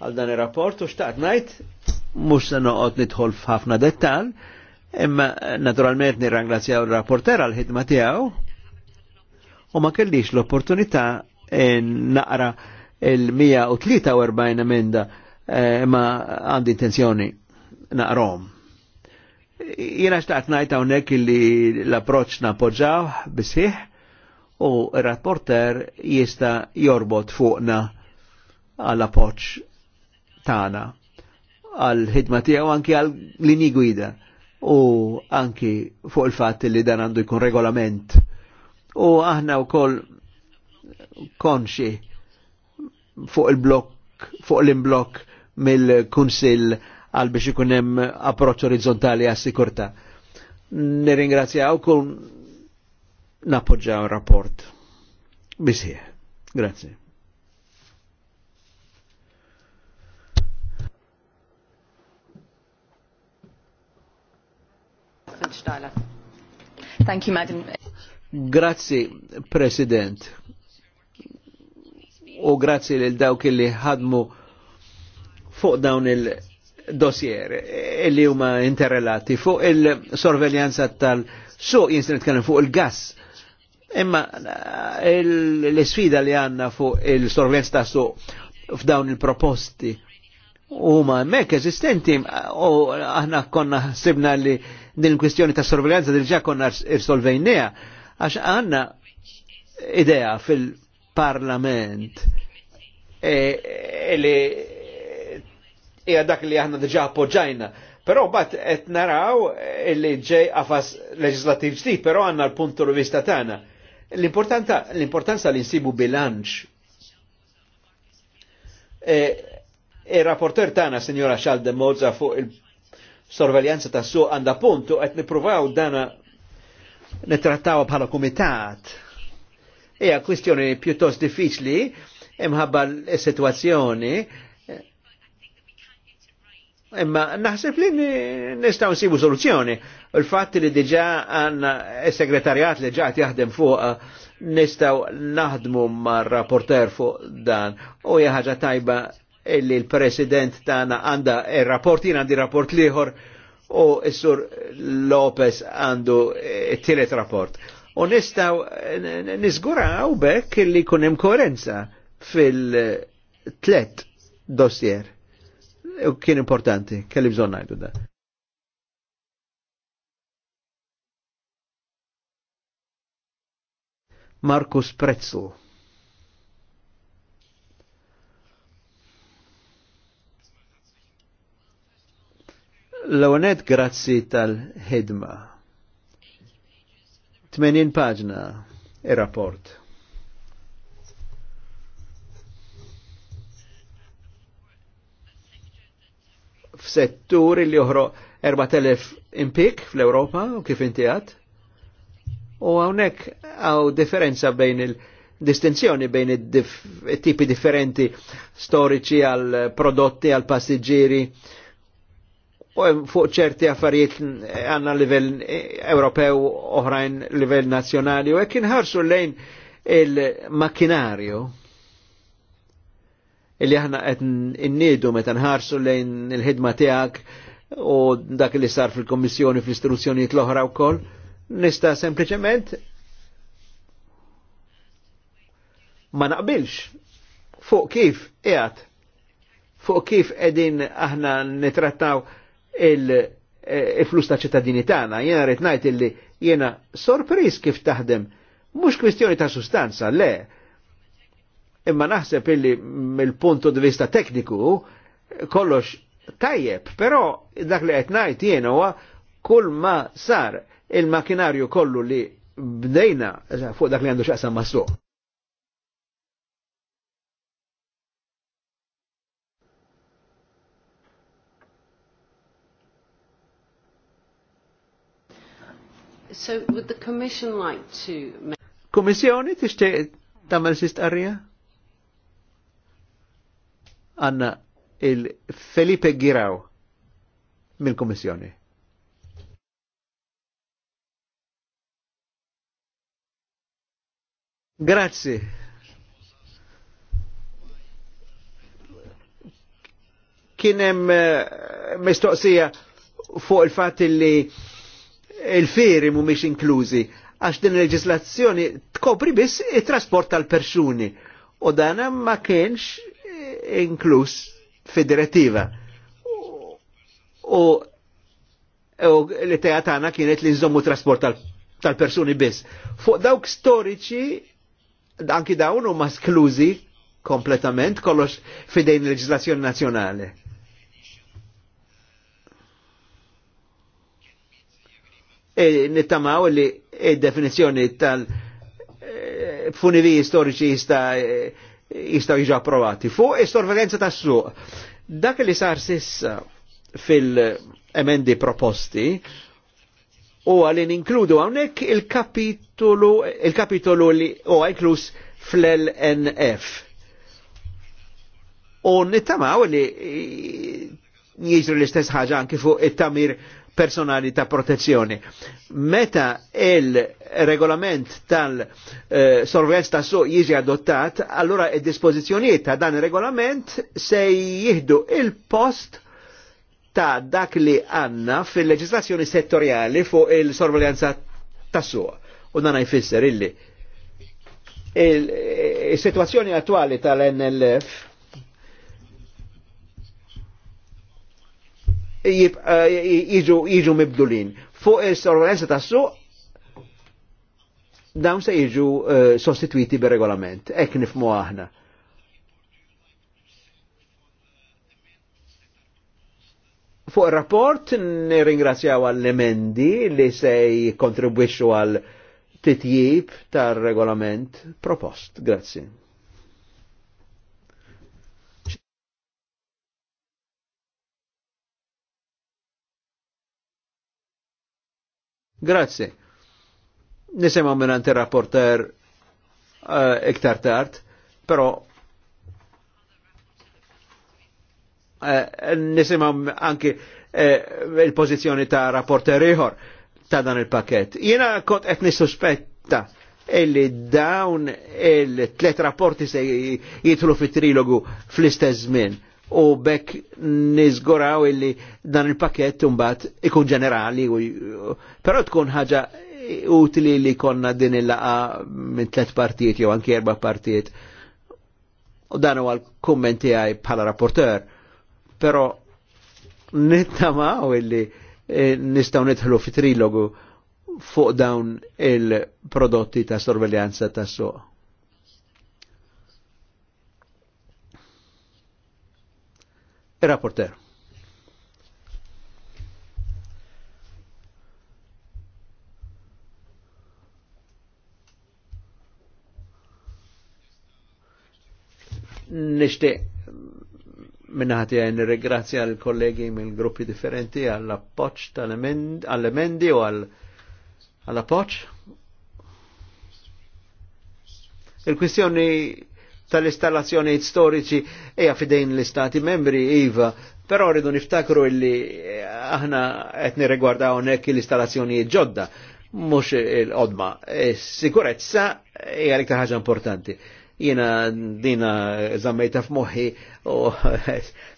għal dan il-rapport u xtaqt najt, mux se noqot nidħol f'ħafna dettal, imma naturalment nirrangrazzjaw il-rapporter għal-ħidma tijaw, u ma kellix l-opportunità naqra il-143 emenda eh, ma għandi intenzjoni naqrom jina xtaqt najta unnek illi l-approċ napoġaw bisħiħ u il-rapporter jista jorbot fuqna għal-approċ tana għal-ħidma tijaw anki għal-lini gwida u anki fuq il-fat li dan għandu jkun regolament u aħna u kol konxi fuq il-blok fuq l-imblok mill-kunsil għal biex ikunem hemm approċċ orizzontali għas sikurtà. Nirringrazzjaw kun nappoġġaw rapport. Bisie. Grazie. Thank you, Madam. Grazie, President. U grazie lil dawk li ħadmu fuq dawn il- dossier eh, li huma interrelati fuq il-sorveljanza tal-suq jinsin nitkellem fuq il-gas. Imma eh, l-sfida li għanna fuq il-sorveljanza tas-suq f'dawn il-proposti huma hemmhekk eżistenti eh, u aħna konna ħsibna li din il-kwistjoni ta' sorveljanza diġà konna irsolvejnija għax għanna idea fil-parlament e, e, hija dak li aħna diġà appoġġajna. Però bat qed naraw li ġej qafas leġislattiv ġdid, però għandna l-punt vista tagħna. L-importanza li nsibu bilanċ. Ir-rapporter e, e tagħna, Sinjora Xalde Mozza, fuq il-sorveljanza tas-suq għandha puntu qed nippruvaw dana nittrattawa bħala kumitat. Hija kwistjoni pjuttost diffiċli imħabba l-sitwazzjoni Imma naħseb li nistaw nsibu soluzzjoni. Il-fatt li diġa għanna segretarjat li ġaħt jaħdem fuq nistaw naħdmu mar rapporter fuq dan u jaħġa tajba illi l-president tana għanda il-rapport jina għandi rapport liħor u s-sur Lopez għandu t tilet rapport. U nistaw nizguraw bekk li kunem koerenza fil-tlet dossier kien importanti, kelli bżon najdu da. Markus Prezzu. L-onet grazzi tal-ħidma. 80 paġna ir-rapport. E f-settur il li uħro 4.000 impik fl-Europa, u kif inti għad. U għawnek għaw differenza bejn il-distinzjoni bejn il-tipi differenti storiċi għal prodotti, għal passiġiri u fuq ċerti affarijiet għanna livell Ewropew oħrajn livell nazjonali u għek inħarsu lejn il makinarju illi aħna qed innidu meta nħarsu lejn il-ħidma tiegħek u dak li sar fil-Kommissjoni fl-istruzzjonijiet l-oħra wkoll, nista' sempliċement ma naqbilx fuq kif qiegħed fuq kif qegħdin aħna nitrattaw eh, il-flus ta' ċittadini tagħna. Jiena rrid ngħid illi jiena sorpriż kif taħdem. Mhux kwistjoni ta' sustanza, le, Imma naħseb illi mill-puntu di vista tekniku kollox tajjeb, però dak li qed ngħid jien kull ma sar il-makinarju kollu li bdejna fuq dak li għandu xaqsam maslu. So would the commission like to Kummissjoni tixtieq tagħmel sistqarrija? għanna il-Felipe Giraw mill kommissjoni. Grazzi. Kienem eh, mistoqsija fuq il-fat li il firi mu miex inklużi għax din il-leġislazzjoni tkopri biss il trasport tal-persuni. U dana ma kienx inklus fid-direttiva. U li teatana kienet li nżommu trasport tal-persuni biss. Fuq dawk storiċi, anki dawn huma sklużi kompletament kollox fidejn leġislazzjoni nazzjonali. E, nittamaw li e, definizjoni tal- funiviji storiċi jista e, jistaw jiġu approvati. Fuq is-sorveljanza tas-suq. Dak li sar sissa fil-emendi proposti u li ninkludu hawnhekk il-kapitolu il-kapitolu li u għajklus fl-LNF. U nittamaw li jiġru l-istess ħaġa anki fuq it-tamir personali ta' protezzjoni. Meta il-regolament tal-sorvelz ta' suq jiġi adottat, allora il-dispozizjoniet ta' dan il-regolament se jihdu il-post ta' dak li għanna fil-leġislazzjoni settoriali fuq il-sorveljanza ta' suq. U dan jfisser illi il-situazzjoni attuali tal-NLF Eh, jiġu mibdulin. Fuq il-sorvenza ta' su, dawn se jiġu eh, sostituiti bir-regolament, ek nifmu aħna. Fuq il-rapport nirringrazzjaw għall-emendi li se jikontribwixxu għal titjib tar-regolament propost. Grazie. Grazie. Nisema minnant il-rapporter eh, iktar uh, tard, pero uh, eh, nisema anki uh, il-pozizjoni ta' rapporter iħor ta' dan il paket Jena kont etni suspetta illi dawn il-tlet rapporti se jitlu fit-trilogu fl istezmin u bekk nizguraw illi dan il-pakett mbagħad ikun ġenerali u però tkun ħaġa utili li konna din il-laqa minn tlet partijiet jew anki erba' partijiet. U dan u għal kummenti għaj bħala rapporteur. Però nittamaw illi eh, nistaw nitħlu fit trilogu fuq dawn il-prodotti ta' sorveljanza tas suq. Il-rapporter. Nishtiq minnaħati għajn regrazzja għal kollegi minn gruppi differenti għal appoċ tal-emendi u għal appoċ Il-kwistjoni tal-installazzjonijiet storiċi eja fidejn l-istati membri iva, però rridu niftakru illi eh, aħna qed nirregwardaw hekk l-installazzjonijiet ġodda mhux il-qodma. E sikurezza hija l-iktar ħaġa importanti. Jiena dina zammejta f'moħħi u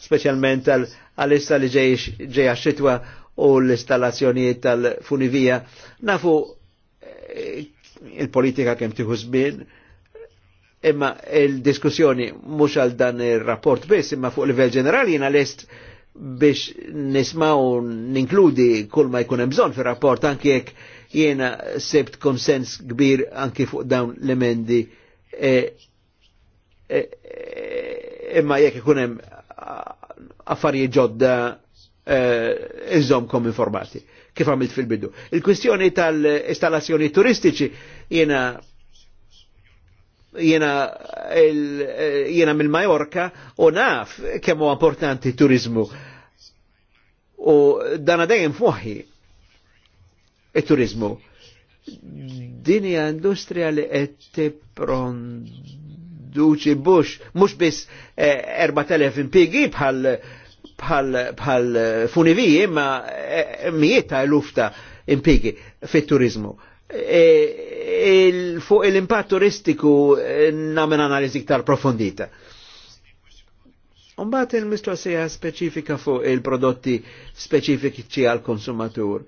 speċjalment għal-issa li ġejja xitwa u l-installazzjonijiet tal-funivija nafu eh, il-politika kemm tieħu żmien imma il-diskussjoni mhux għal dan ir-rapport biss, imma fuq livell ġenerali jiena lest biex nismaw ninkludi kull ma jkun hemm bżonn fir-rapport anki jekk jiena sebt konsens kbir anki fuq dawn l-emendi e, e, e, imma jekk ikun hemm affarijiet ġodda kom informati kif għamilt fil-bidu. Il-kwistjoni tal-installazzjoni turistiċi jiena jena, jena mill-Majorka u naf kemm huwa importanti turizmu. U dana dejjem fuħi it-turizmu. Din hija industrija li qed tipronduċi bux, mhux biss 4000 eh, impigi bħal bħal bħal funiviji imma eh, mijiet ta' lufta impigi fit-turizmu. E, fuq l-impatt turistiku e, namen analizi ktar profondita. Umbat il-mistoqsija specifika fuq il-prodotti specifiki għal-konsumatur.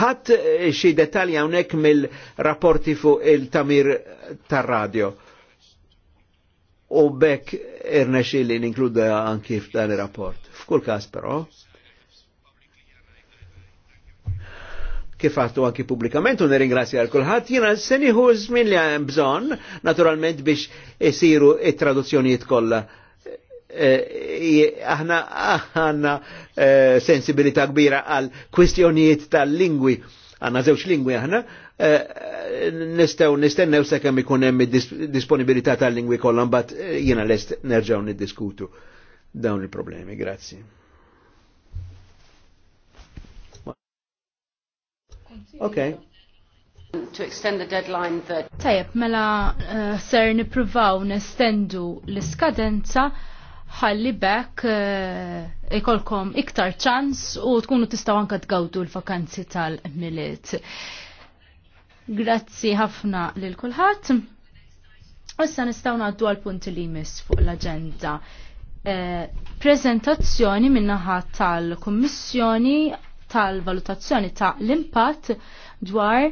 Ħadd xi dettalji hawnhekk mill-rapporti fuq il-tamir tar-radio. U bekk irnexxi li ninkluda anki f'dan ir-rapport. F'kull każ però, kif għattu anki publikament, un ringrazzja għal kulħadd, jina seniħu zmin li għem bżon, naturalment biex jisiru il traduzzjonijiet kollha. E, aħna għanna e, sensibilità kbira għal kwistjonijiet tal-lingwi, għanna zewċ lingwi aħna, e, nistaw nistennew se kemm ikun hemm id-disponibilità tal-lingwi kollha mbagħad jiena lest nerġgħu niddiskutu dawn il-problemi. Grazzi. Okay. To extend the deadline that... Tajab, mela uh, ser nipruvaw nestendu l-iskadenza ħalli bekk eh, ikolkom iktar ċans u tkunu tistaw anka tgawdu l-vakanzi tal milit Grazzi ħafna lil kulħadd. Issa nistgħu ngħaddu għal punti li jmiss fuq l-aġenda. E, prezentazzjoni minnaħat tal-Kummissjoni tal-valutazzjoni ta' l-impatt dwar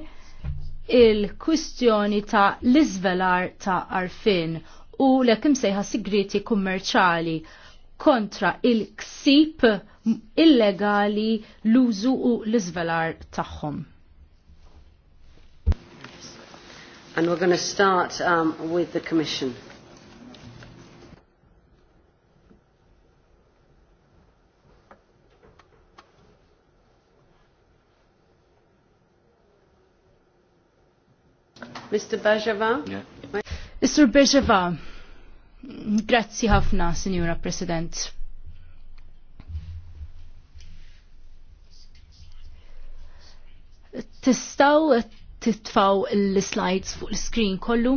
il-kwistjoni ta' l-izvelar ta' arfin u l-ekim sejħa sigriti kummerċali kontra il-ksib illegali l-użu u l-izvelar tagħhom. And we're going to start um, with the Commission. Mr. Bajava? Mr. Bajava, grazzi ħafna, Signora President. Tistaw titfaw l-slides fuq l-screen kollu?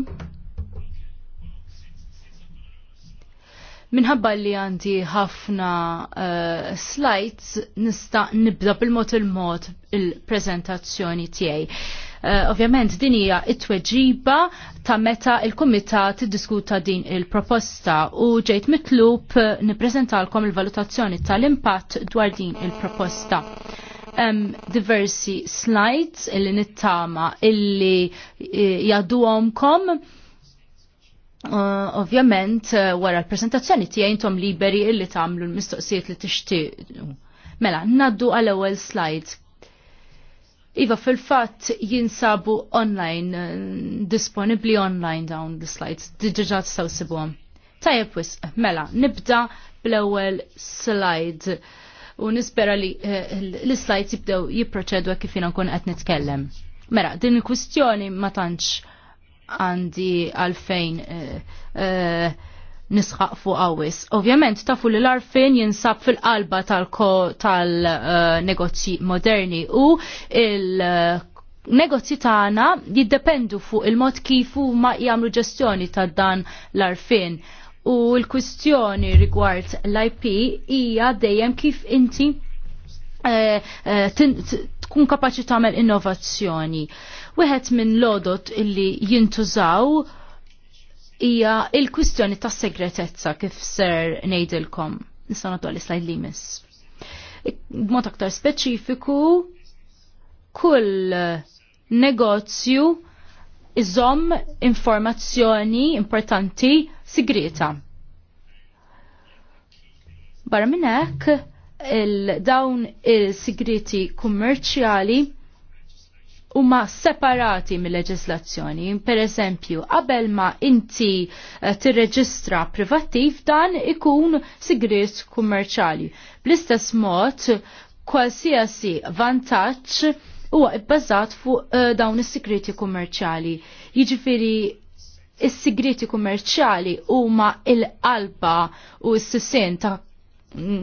Minħabba li għandi ħafna uh, slides nista' nibda bil-mod il-mod il-prezentazzjoni tiegħi. Eh, ovvjament din hija it-tweġiba ta' meta il-Kumitat diskuta din il-proposta u ġejt mitlub eh, nippreżentalkom il-valutazzjoni tal-impatt dwar din il-proposta. Hemm diversi slides illi nittama illi eh, jaduhomkom. Uh, ovvjament uh, wara l-presentazzjoni tiegħi intom liberi illi tagħmlu l-mistoqsijiet li tixtiequ. Mela, naddu għal ewwel slide Iva fil-fatt jinsabu online, eh, disponibli online dawn l-slides, diġġa sawsibu sibuhom. Tajjeb wis, mela, nibda bl-ewwel slide u nispera li eh, l-slides jibdew jiproċedwa kif jiena nkun qed nitkellem. Mela, din il-kwistjoni ma tantx għandi għalfejn uh, uh, nisħaq fuq għawis. Ovvjament, tafu li l-arfin jinsab fil-qalba tal-negozji tal, uh, moderni u il- negozji tagħna jiddependu fuq il-mod kif huma jagħmlu ġestjoni ta' dan l-arfin. U l-kwistjoni rigward l-IP hija dejjem kif inti eh, eh, tkun kapaċi tagħmel innovazzjoni. Wieħed minn lodot illi jintużaw hija il-kwistjoni ta' segretezza kif ser ngħidilkom. Nista' nagħtu għall-islajd li miss. B'mod aktar speċifiku, kull negozju iżomm informazzjoni importanti sigreta. Barra minn hekk il-dawn il-sigreti kummerċjali huma separati mill-leġislazzjoni. Per eżempju, qabel ma inti eh, tirreġistra privattiv dan ikun sigriet kummerċali. Bl-istess mod, kwalsiasi vantaġġ huwa bbażat fuq uh, dawn is sigriti kummerċali. Jiġifieri is sigriti kummerċali huma l-qalba u s-sissin ta' mm,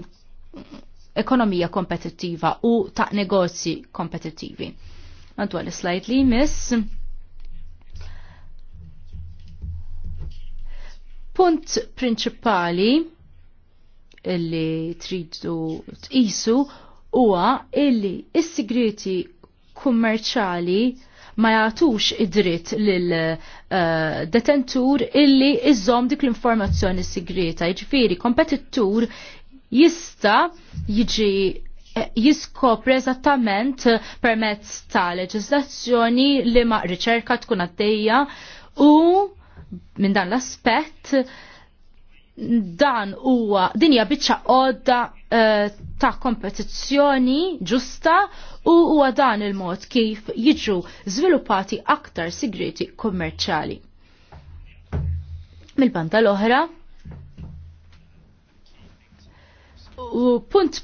ekonomija kompetittiva u ta' negozji kompetittivi. Għaddu għal slajd li jmiss. Punt prinċipali illi tridu tqisu huwa illi s sigreti kummerċali ma jagħtux id-dritt lil eh, detentur illi iżom dik l-informazzjoni segreta. Jiġifieri kompetittur jista jiġi Eh, jiskopri eżattament eh, permezz ta' leġislazzjoni li ma' riċerka tkun għaddejja u minn dan l-aspett dan huwa dinja biċċa għodda eh, ta' kompetizzjoni ġusta u huwa dan il-mod kif jiġu żviluppati aktar sigriti kummerċali. Mil-banda l-oħra, u punt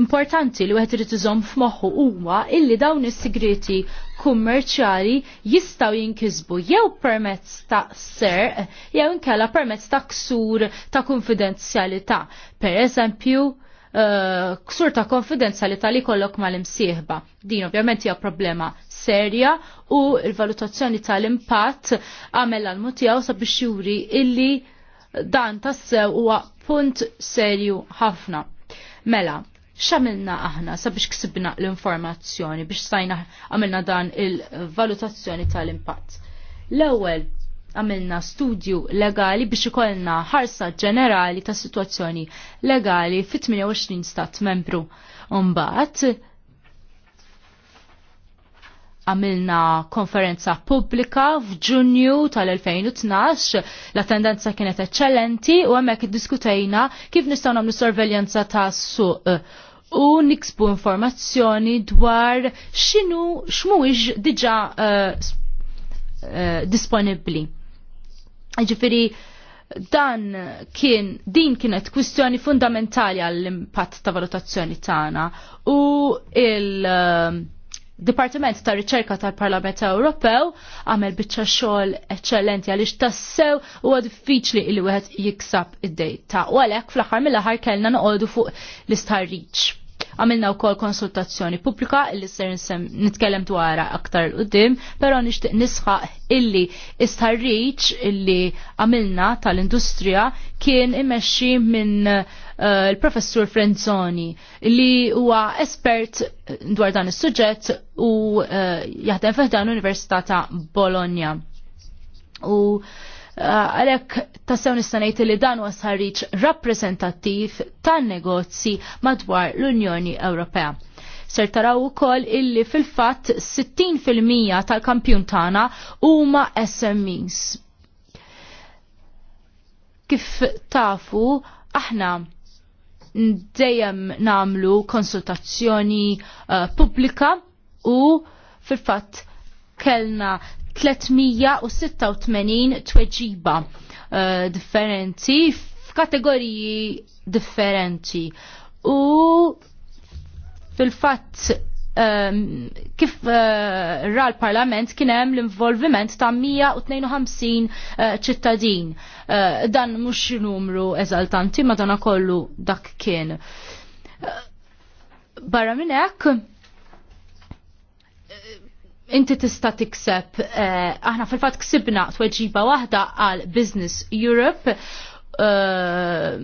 importanti li wieħed irid iżomm f'moħħu huwa illi dawn is-sigreti kummerċjali jistgħu jinkisbu jew permezz ta' ser jew inkella permezz ta' ksur ta' konfidenzjalità. Pereżempju, uh, eh, ksur ta' konfidenzjalità li kollok mal-imsieħba. Din ovvjament hija problema serja u l-valutazzjoni tal-impatt għamel għal-mutijaw sabiex juri illi dan tassew huwa punt serju ħafna. Mela, xamilna aħna sabiex ksibna l-informazzjoni biex sajna għamilna dan il-valutazzjoni tal-impatt. L-ewwel għamilna studju legali biex ikollna ħarsa ġenerali ta' situazzjoni legali fit 28 stat membru. Umbat, għamilna konferenza pubblika f'Ġunju tal-2012, la tendenza kienet eccellenti u għemmek diskutejna kif nistaw nagħmlu sorveljanza ta' suq u nikspu informazzjoni dwar xinu xmuġ diġa uh, uh, disponibli. Ġifiri, dan kien, din kienet kwistjoni fundamentali għall-impatt ta' valutazzjoni tagħna u il- uh, Dipartiment ta' Riċerka tal-Parlament Ewropew għamel biċċa xogħol eċċellenti għaliex tassew huwa diffiċli li wieħed jiksab id-dejta. U għalhekk fl-aħħar mill-aħħar kellna noqogħdu fuq l-istħarriġ. Għamilna wkoll konsultazzjoni pubblika illi ser nitkellem dwarha aktar l-qudiem, però nixtieq nisħaq illi istarriċ illi għamilna tal-industrija kien imexxi minn uh, il-professur Frenzoni li huwa espert dwar dan is-suġġett u uh, jaħdem fih dan l-Università ta' Bologna. U uh, Ah, għalek tassew nistanajt li dan huwa sħarriċ rappresentattiv tan-negozji madwar l-Unjoni Ewropea ser taraw ukoll illi fil-fatt 60% tal-kampjun tagħna huma SMEs. Kif tafu aħna dejjem namlu konsultazzjoni uh, pubblika u fil-fatt kellna 386 tweġiba uh, differenti f'kategoriji differenti. U fil-fatt um, kif uh, ra l-parlament kienem l-involviment ta' 152 eh, ċittadin. Uh, dan mux numru eżaltanti, ma dan kollu dak kien. Uh, barra minnek, inti tista tikseb, eh, aħna fil-fat ksibna tweġiba waħda għal Business Europe eh,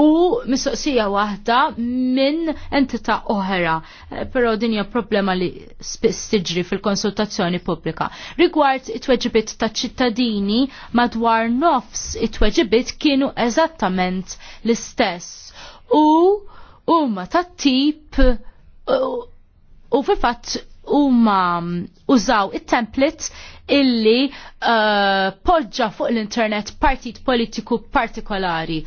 u mistoqsija waħda minn entita' oħra, eh, però din hija problema li spiss tiġri fil-konsultazzjoni pubblika. Rigward it-tweġibit ta' ċittadini madwar nofs it-tweġibit kienu eżattament l-istess u huma ta' tip u, u fil-fatt huma użaw it templates illi uh, poġġa fuq l-internet partit politiku partikolari.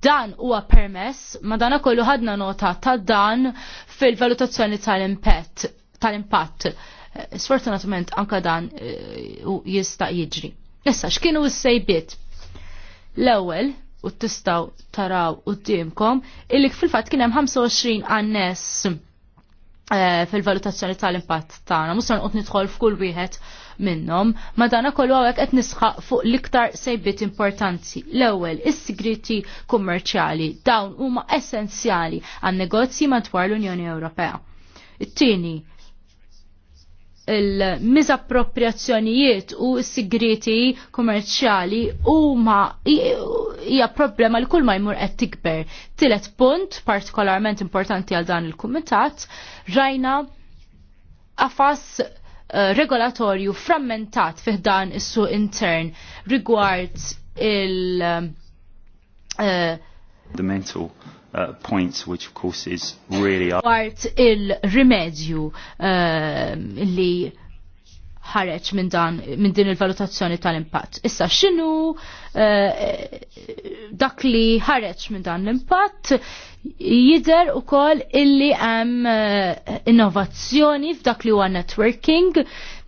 Dan huwa permess, ma dan kollu ħadna nota ta' dan fil-valutazzjoni tal-impatt. Tal eh, Sfortunatament anka dan uh, jista' jiġri. Issa x'kienu s-sejbiet? L-ewwel u tistaw taraw d-dimkom, illi fil-fatt kien hemm 25 annes Eh, fil-valutazzjoni tal-impatt tagħna. Mhux se nqod nidħol f'kull wieħed minnhom, ma dana kollu hawnhekk qed nisħaq fuq l-iktar sejbiet importanti. L-ewwel is-sigriti kummerċjali dawn huma essenzjali għan negozji madwar l-Unjoni Ewropea. It-tieni il-mizappropriazzjonijiet u s-sigriti kummerċjali u ma hija problema li kull ma jmur qed tikber. Tilet punt partikolarment importanti għal dan il-kumitat rajna għafas eh, regolatorju frammentat fih dan is-suq intern rigward il- uh, eh, Fundamental uh, points which of course is really Wart il-rimedju um, li ħareċ minn dan minn din il-valutazzjoni tal-impatt. Issa x'inhu uh, dak li ħareċ minn dan l-impatt jider ukoll illi hemm uh, innovazzjoni f'dak li huwa networking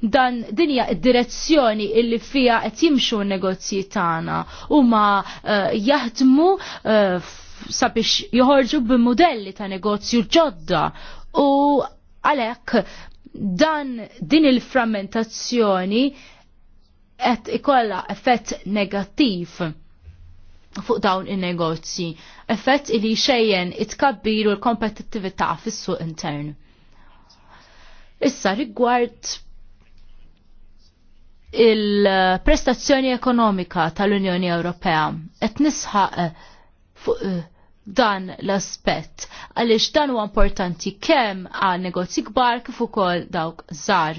dan dinja id-direzzjoni illi fija qed jimxu n-negozji tagħna huma uh, jaħdmu sabiex joħorġu b'modelli ta' negozju ġodda u għalhekk dan din il-frammentazzjoni qed ikolla effett negattiv fuq dawn in-negozji, effett li xejjen itkabbiru l-kompetittività fis-suq intern. Issa rigward il-prestazzjoni ekonomika tal-Unjoni Ewropea qed nisħaq fuq eh, dan l-aspett għaliex dan huwa importanti kemm għal negozji kbar kif ukoll dawk żgħar.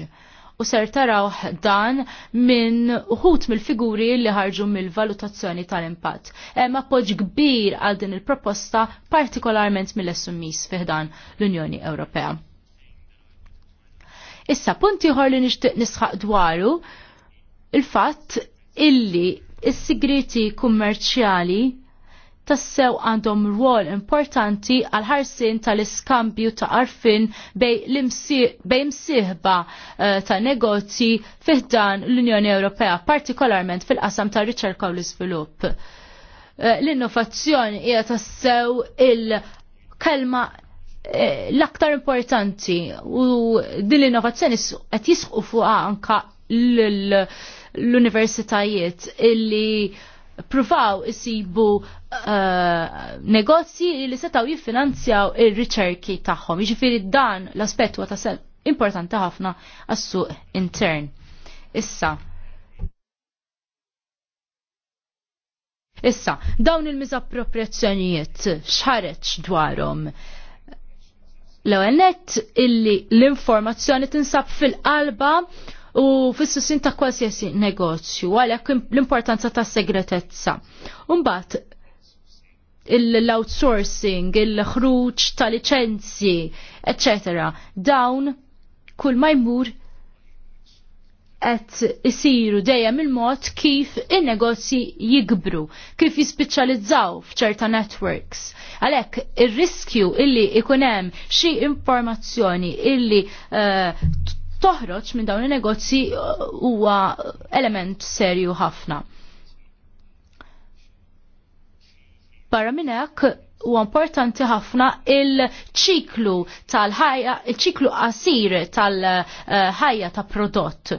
U ser taraw dan minn uħut mill-figuri li ħarġu mill-valutazzjoni tal-impatt. Hemm appoġġ kbir għal din il-proposta partikolarment mill-SMIs fiħdan l-Unjoni Ewropea. Issa punti ħor li nixtieq nisħaq dwaru il-fatt illi is-sigriti kummerċjali tassew għandhom rwol importanti għal ħarsin tal-iskambju ta' arfin bej msiħba eh, ta' negozji fiħdan l-Unjoni Ewropea, partikolarment fil-qasam ta' riċerka u l-iżvilupp. Eh, l-innovazzjoni hija tassew il-kelma eh, l-aktar importanti u din l-innovazzjoni qed jisqu fuqha anka l-universitajiet illi pruvaw isibu uh, negozji li setaw jiffinanzjaw ir-riċerki tagħhom. Jiġifieri dan l-aspett huwa tasel importanti ħafna għas-suq intern. Issa. Issa, dawn il-miżappropriazzjonijiet xħareċ dwarhom l-ewwel illi l-informazzjoni tinsab fil-qalba u fis-sussin ta' qualsiasi negozju għalhekk l-importanza ta' segretezza. Umbat l-outsourcing, il-ħruġ ta' licenzji, etc. Dawn kull ma jmur qed isiru dejjem il-mod kif in-negozji jikbru, kif jispiċċalizzaw f'ċerta networks. Għalhekk ir-riskju illi ikun hemm xi informazzjoni illi uh, toħroġ minn dawn il-negozji uh, huwa element serju ħafna. Barra minn hekk huwa importanti ħafna il-ċiklu tal-ħajja, il-ċiklu qasir tal-ħajja ta' prodott.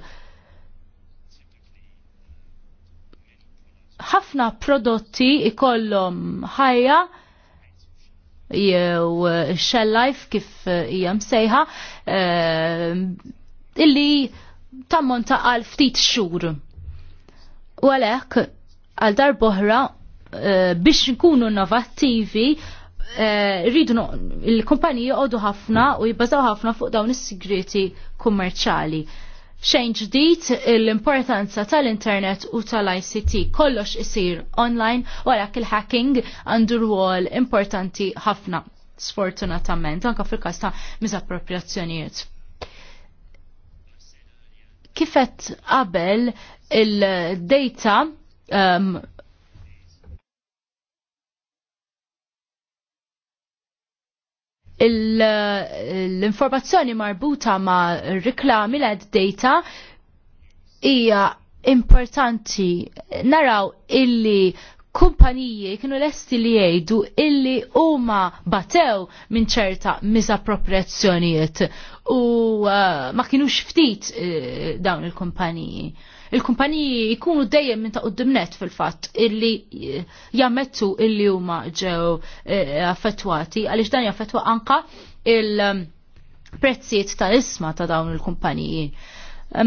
ħafna prodotti ikollhom ħajja jew shell life kif hija msejħa eh, illi tammonta għal ftit xhur. U għalhekk għal darboħra uh, eh, biex nkunu innovattivi eh, rridu uh, il-kumpaniji joqogħdu ħafna u jibbazaw ħafna fuq dawn is-sigreti kummerċali. Xejn ġdid l-importanza tal-internet u tal-ICT kollox isir online wara il-hacking għandu rwol importanti ħafna sfortunatament anka fil-każ ta' miżappropriazzjonijiet kifet qabel il-data um, l-informazzjoni marbuta ma' reklami l-ad data hija importanti naraw illi kumpaniji kienu lesti li jgħidu illi huma batew minn ċerta miżappropriazzjonijiet u uh, ma kienux ftit uh, dawn il-kumpaniji. Il-kumpaniji jkunu dejjem minn ta' qudimnet fil-fatt illi uh, jammettu illi huma ġew uh, affettwati għaliex dan jaffettwa anka il-prezzijiet um, ta' isma ta' dawn il-kumpaniji.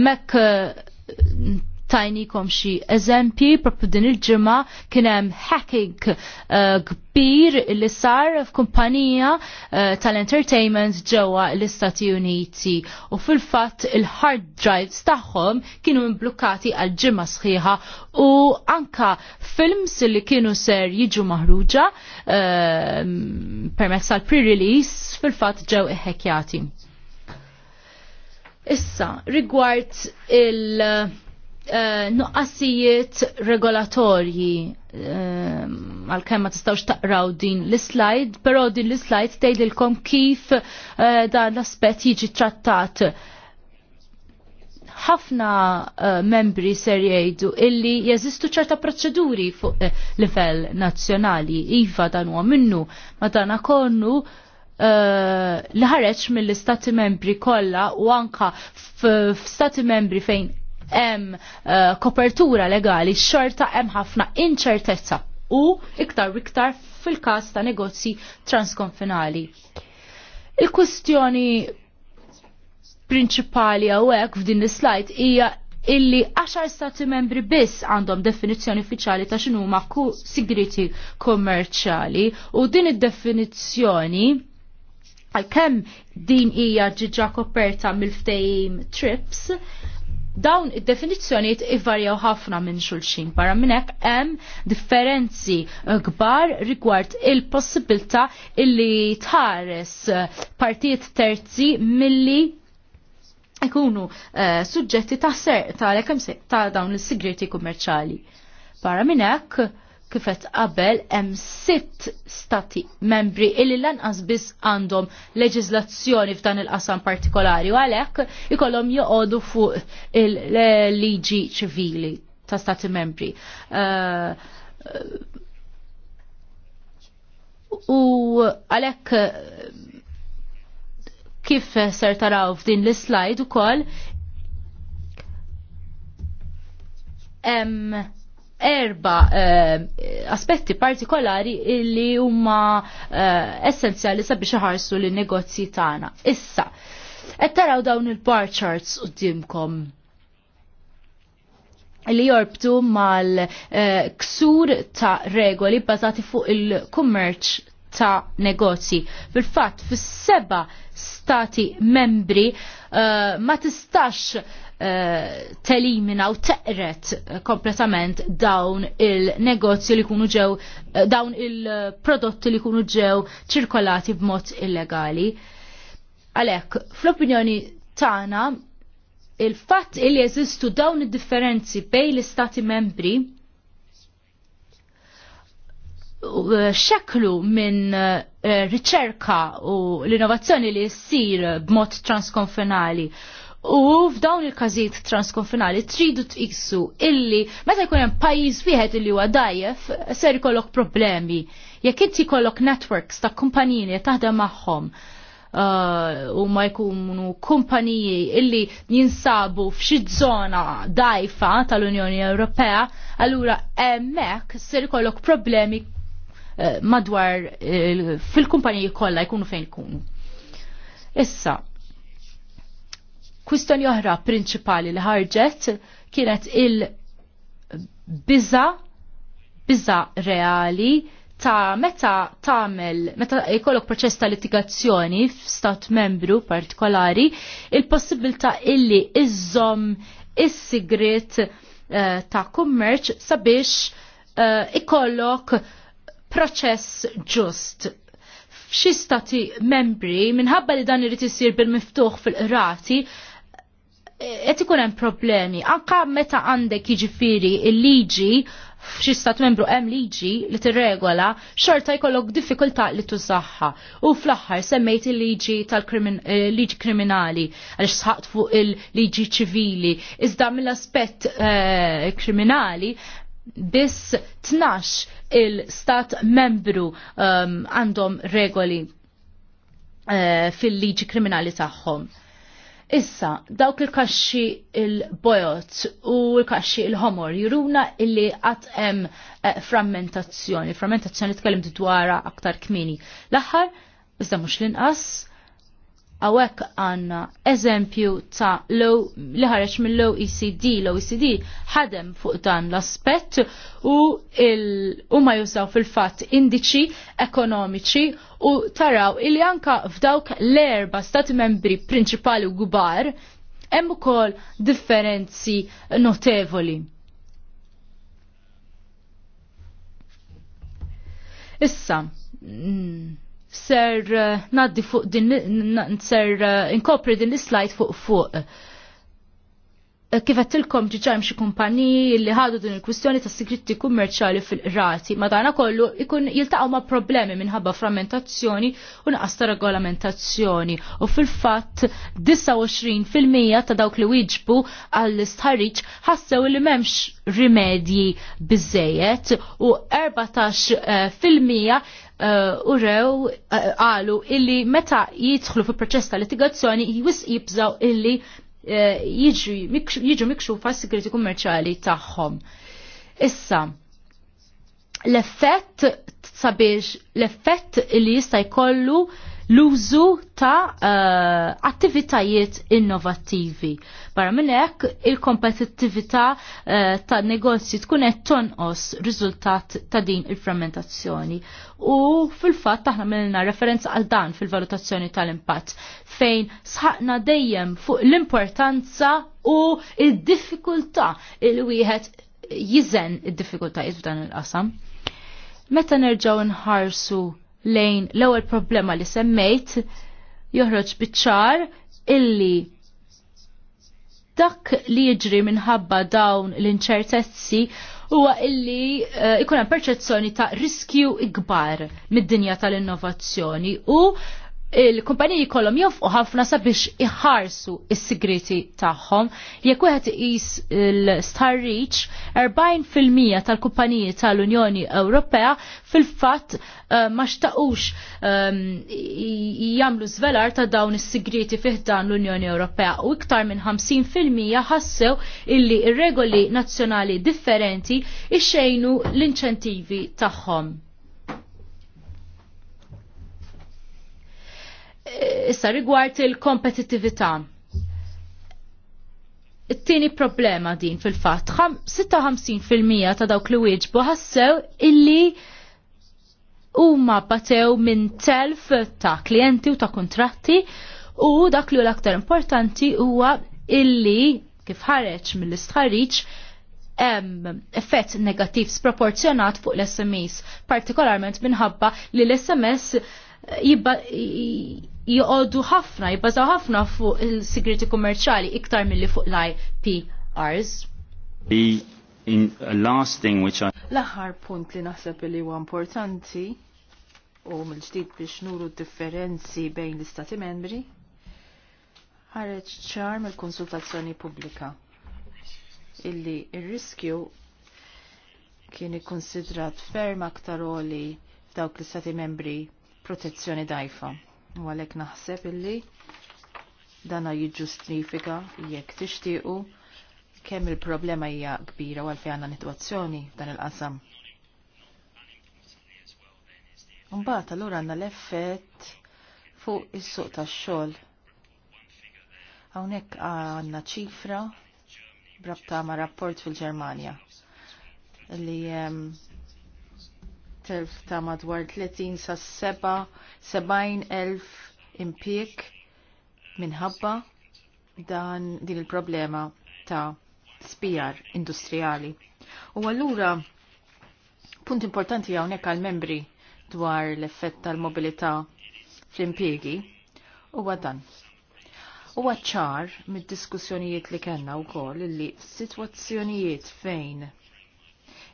Mek uh, tajnikom xi eżempji propju din il-ġimgħa kien hemm hacking eh, kbir uh, li sar f'kumpanija uh, tal-entertainment ġewwa l-Istati Uniti u fil-fatt il-hard drives tagħhom kienu mblukkati għal ġimgħa sħiħa u anka films li kienu ser jiġu maħruġa uh, permezz tal pre-release fil-fatt ġew iħekjati. Issa, rigward il- Uh, eh, nuqqassijiet regolatorji eh, għal uh, ma tistawx taqraw din l-slide, pero din l-slide tgħidilkom kif uh, dan l-aspett jiġi trattat. Ħafna uh, membri ser jgħidu illi jeżistu ċerta proċeduri fuq livell nazzjonali, iva dan huwa minnu, ma dan akonnu uh, li ħareġ mill-istati membri kollha u anka f'stati membri fejn hemm eh, kopertura legali xorta hemm ħafna inċertezza u iktar iktar fil-każ ta' negozji transkonfinali. il kwestjoni prinċipali għawek f'din is slajt hija illi 10 stati membri biss għandhom definizzjoni uffiċjali ta' x'inhuma ku sigriti kommerċjali u din id-definizzjoni għalkemm din hija ġiġa koperta mill-ftehim TRIPS dawn id-definizzjonijiet ivarjaw ħafna minn xulxin barra minn hekk hemm differenzi eh, kbar rigward il-possibilità illi tħares eh, partijiet terzi milli ikunu uh, suġġetti ta' ser ta' ta' dawn is-sigreti kummerċali. Barra minn hekk kifet qabel hemm sitt stati membri illi lanqas biss għandhom leġiżlazzjoni f'dan il-qasam partikolari u għalhekk ikollhom joqogħdu fuq il-liġi ċivili ta' stati membri. Uh, u għalhekk kif ser taraw f'din l-slide ukoll hemm erba uh, aspetti partikolari illi huma uh, essenzjali sabiex iħarsu lin negozji tagħna. Issa, qed taraw dawn il-bar charts qudiemkom li jorbtu mal-ksur eh, ta' regoli bazati fuq il-kummerċ ta' negozji. Fil-fatt, fis-seba stati membri uh, ma tistax telimina u teqret kompletament dawn il-negozju li kunu ġew, eh, dawn il-prodotti li kunu ġew ċirkolati b'mod illegali. Alek, fl-opinjoni tagħna il-fatt il jeżistu dawn id-differenzi bej l-istati membri eh, xeklu minn eh, riċerka u l-innovazzjoni li jissir b'mod transkonfenali U f'dawn il-każijiet transkonfinali tridu tqisu illi meta jkun hemm pajjiż wieħed illi huwa dajjef ser ikollok problemi. Jekk inti jkollok networks ta' kumpaniji li taħdem magħhom uh, u ma jkunu kumpaniji illi jinsabu f'xi żona dajfa tal-Unjoni Ewropea, allura hemmhekk ser ikollok problemi uh, madwar uh, fil-kumpaniji kollha jkunu fejn ikunu. Issa, Kwistjoni oħra prinċipali li ħarġet kienet il biza biza reali ta' meta tamel, meta jkollok proċess ta' litigazzjoni f'stat membru partikolari, il-possibilta illi iżom is-sigrit uh, eh, ta' kummerċ sabiex uh, ikollok proċess ġust. F'xi stati membri, minħabba li dan irid isir bil-miftuħ fil-qrati, qed ikun hemm problemi anka meta għandek jiġifieri il-liġi f'xi stat membru hemm liġi li tirregola xorta jkollok diffikultà li tużaħħa. U fl-aħħar semmejt il-liġi tal-liġi eh, kriminali għaliex sħaqt fuq il-liġi ċivili. Iżda mill-aspett eh, kriminali biss tnax il-stat membru ehm, għandhom regoli eh, fil-liġi kriminali tagħhom. Issa, dawk il-kaxxi il-bojot u il-kaxxi il-homor juruna illi għatem eh, frammentazzjoni. Frammentazzjoni tkellim dwara aktar kmini. L-aħħar, iżda mux l-inqas, Għawek għanna eżempju ta' low, li ħareċ mill low ECD, low ECD ħadem fuq dan l-aspett u huma jużaw fil-fatt indiċi ekonomiċi u taraw il anka f'dawk l-erba stati membri prinċipali u gubar hemm ukoll differenzi notevoli. Issa, mm ser eh, naddi fuq din ser eh, inkopri din l slajt fuq fuq. Eh, kif għattilkom ġiġajm xie kumpani li ħadu din il-kwistjoni ta' sigritti kummerċali fil-rati, madana kollu ikun jiltaqaw ma' problemi minħabba frammentazzjoni u naqas ta' regolamentazzjoni. U fil-fat 29% ta' dawk li wieġbu għall-istħarriċ ħassew li memx rimedji bizzejet u 14% u uh, rew uh, għalu illi meta jidħlu fil proċess ta' litigazzjoni jwis jibżaw illi uh, jiġu mikxufa s sigreti kummerċali tagħhom. Issa, l-effett sabiex l-effett li jista' jkollu l-użu ta' uh, attivitajiet innovattivi. Barra minn hekk il-kompetittività uh, ta' negozji tkun qed tonqos riżultat ta' din il-frammentazzjoni. U fil-fatt aħna minna referenza għal dan fil-valutazzjoni tal-impatt fejn sħaqna dejjem fuq l-importanza u id-diffikultà il wieħed jizen id-diffikultajiet f'dan il-qasam. Meta nerġgħu nħarsu lejn l-ewwel problema li semmejt joħroġ biċ-ċar illi dak li jiġri minħabba dawn l-inċertezzi huwa illi uh, ikun hemm perċezzjoni ta' riskju ikbar mid-dinja tal-innovazzjoni u il-kumpaniji kollom jofqu ħafna sabiex iħarsu is-sigriti tagħhom. Jekk wieħed iqis l-Star Reach, 40% tal-kumpaniji tal-Unjoni Ewropea fil-fatt eh, ma xtaqux ehm, jagħmlu żvelar ta' dawn is-sigriti fih dan l-Unjoni Ewropea u iktar minn 50% ħassew illi ir-regoli nazzjonali differenti ixxejnu l-inċentivi tagħhom issa rigward il kompetitività It-tieni problema din fil-fatt, 56% ta' dawk li wieġbu ħassew illi huma batew minn telf ta' klijenti u ta' kontratti u dak li l-aktar importanti huwa illi kif ħareġ mill-istħarriġ hemm effett negattiv sproporzjonat fuq l-SMS, partikolarment minħabba li l-SMS jibba joqogħdu ħafna, jibbażaw ħafna fuq il-sigriti kummerċali iktar milli fuq l-IPRs. Uh, L-aħħar punt li naħseb li huwa importanti u mill-ġdid biex nuru differenzi bejn l-istati membri ħareġ ċar mill-konsultazzjoni pubblika illi ir-riskju kien ikkonsidrat ferm aktar oli f'dawk l-istati membri protezzjoni dajfa. U għalek naħseb illi dana jiġġustifika jekk tixtiequ kemm il-problema hija kbira u għalfejn għandna nitwazzjoni dan il-qasam. Mbagħad allura għandna l-effett fuq is-suq tax-xogħol. Hawnhekk għandna ċifra brabta ma' rapport fil-Ġermanja li ehm, telf ta' madwar 30 sa' 70.000 impiek minħabba dan din il-problema ta' spijar industrijali. U allura punt importanti hawnhekk għal-membri dwar l-effett tal-mobilità fl-impjegi huwa dan. Huwa ċar mid-diskussjonijiet li kellna wkoll li situazzjonijiet fejn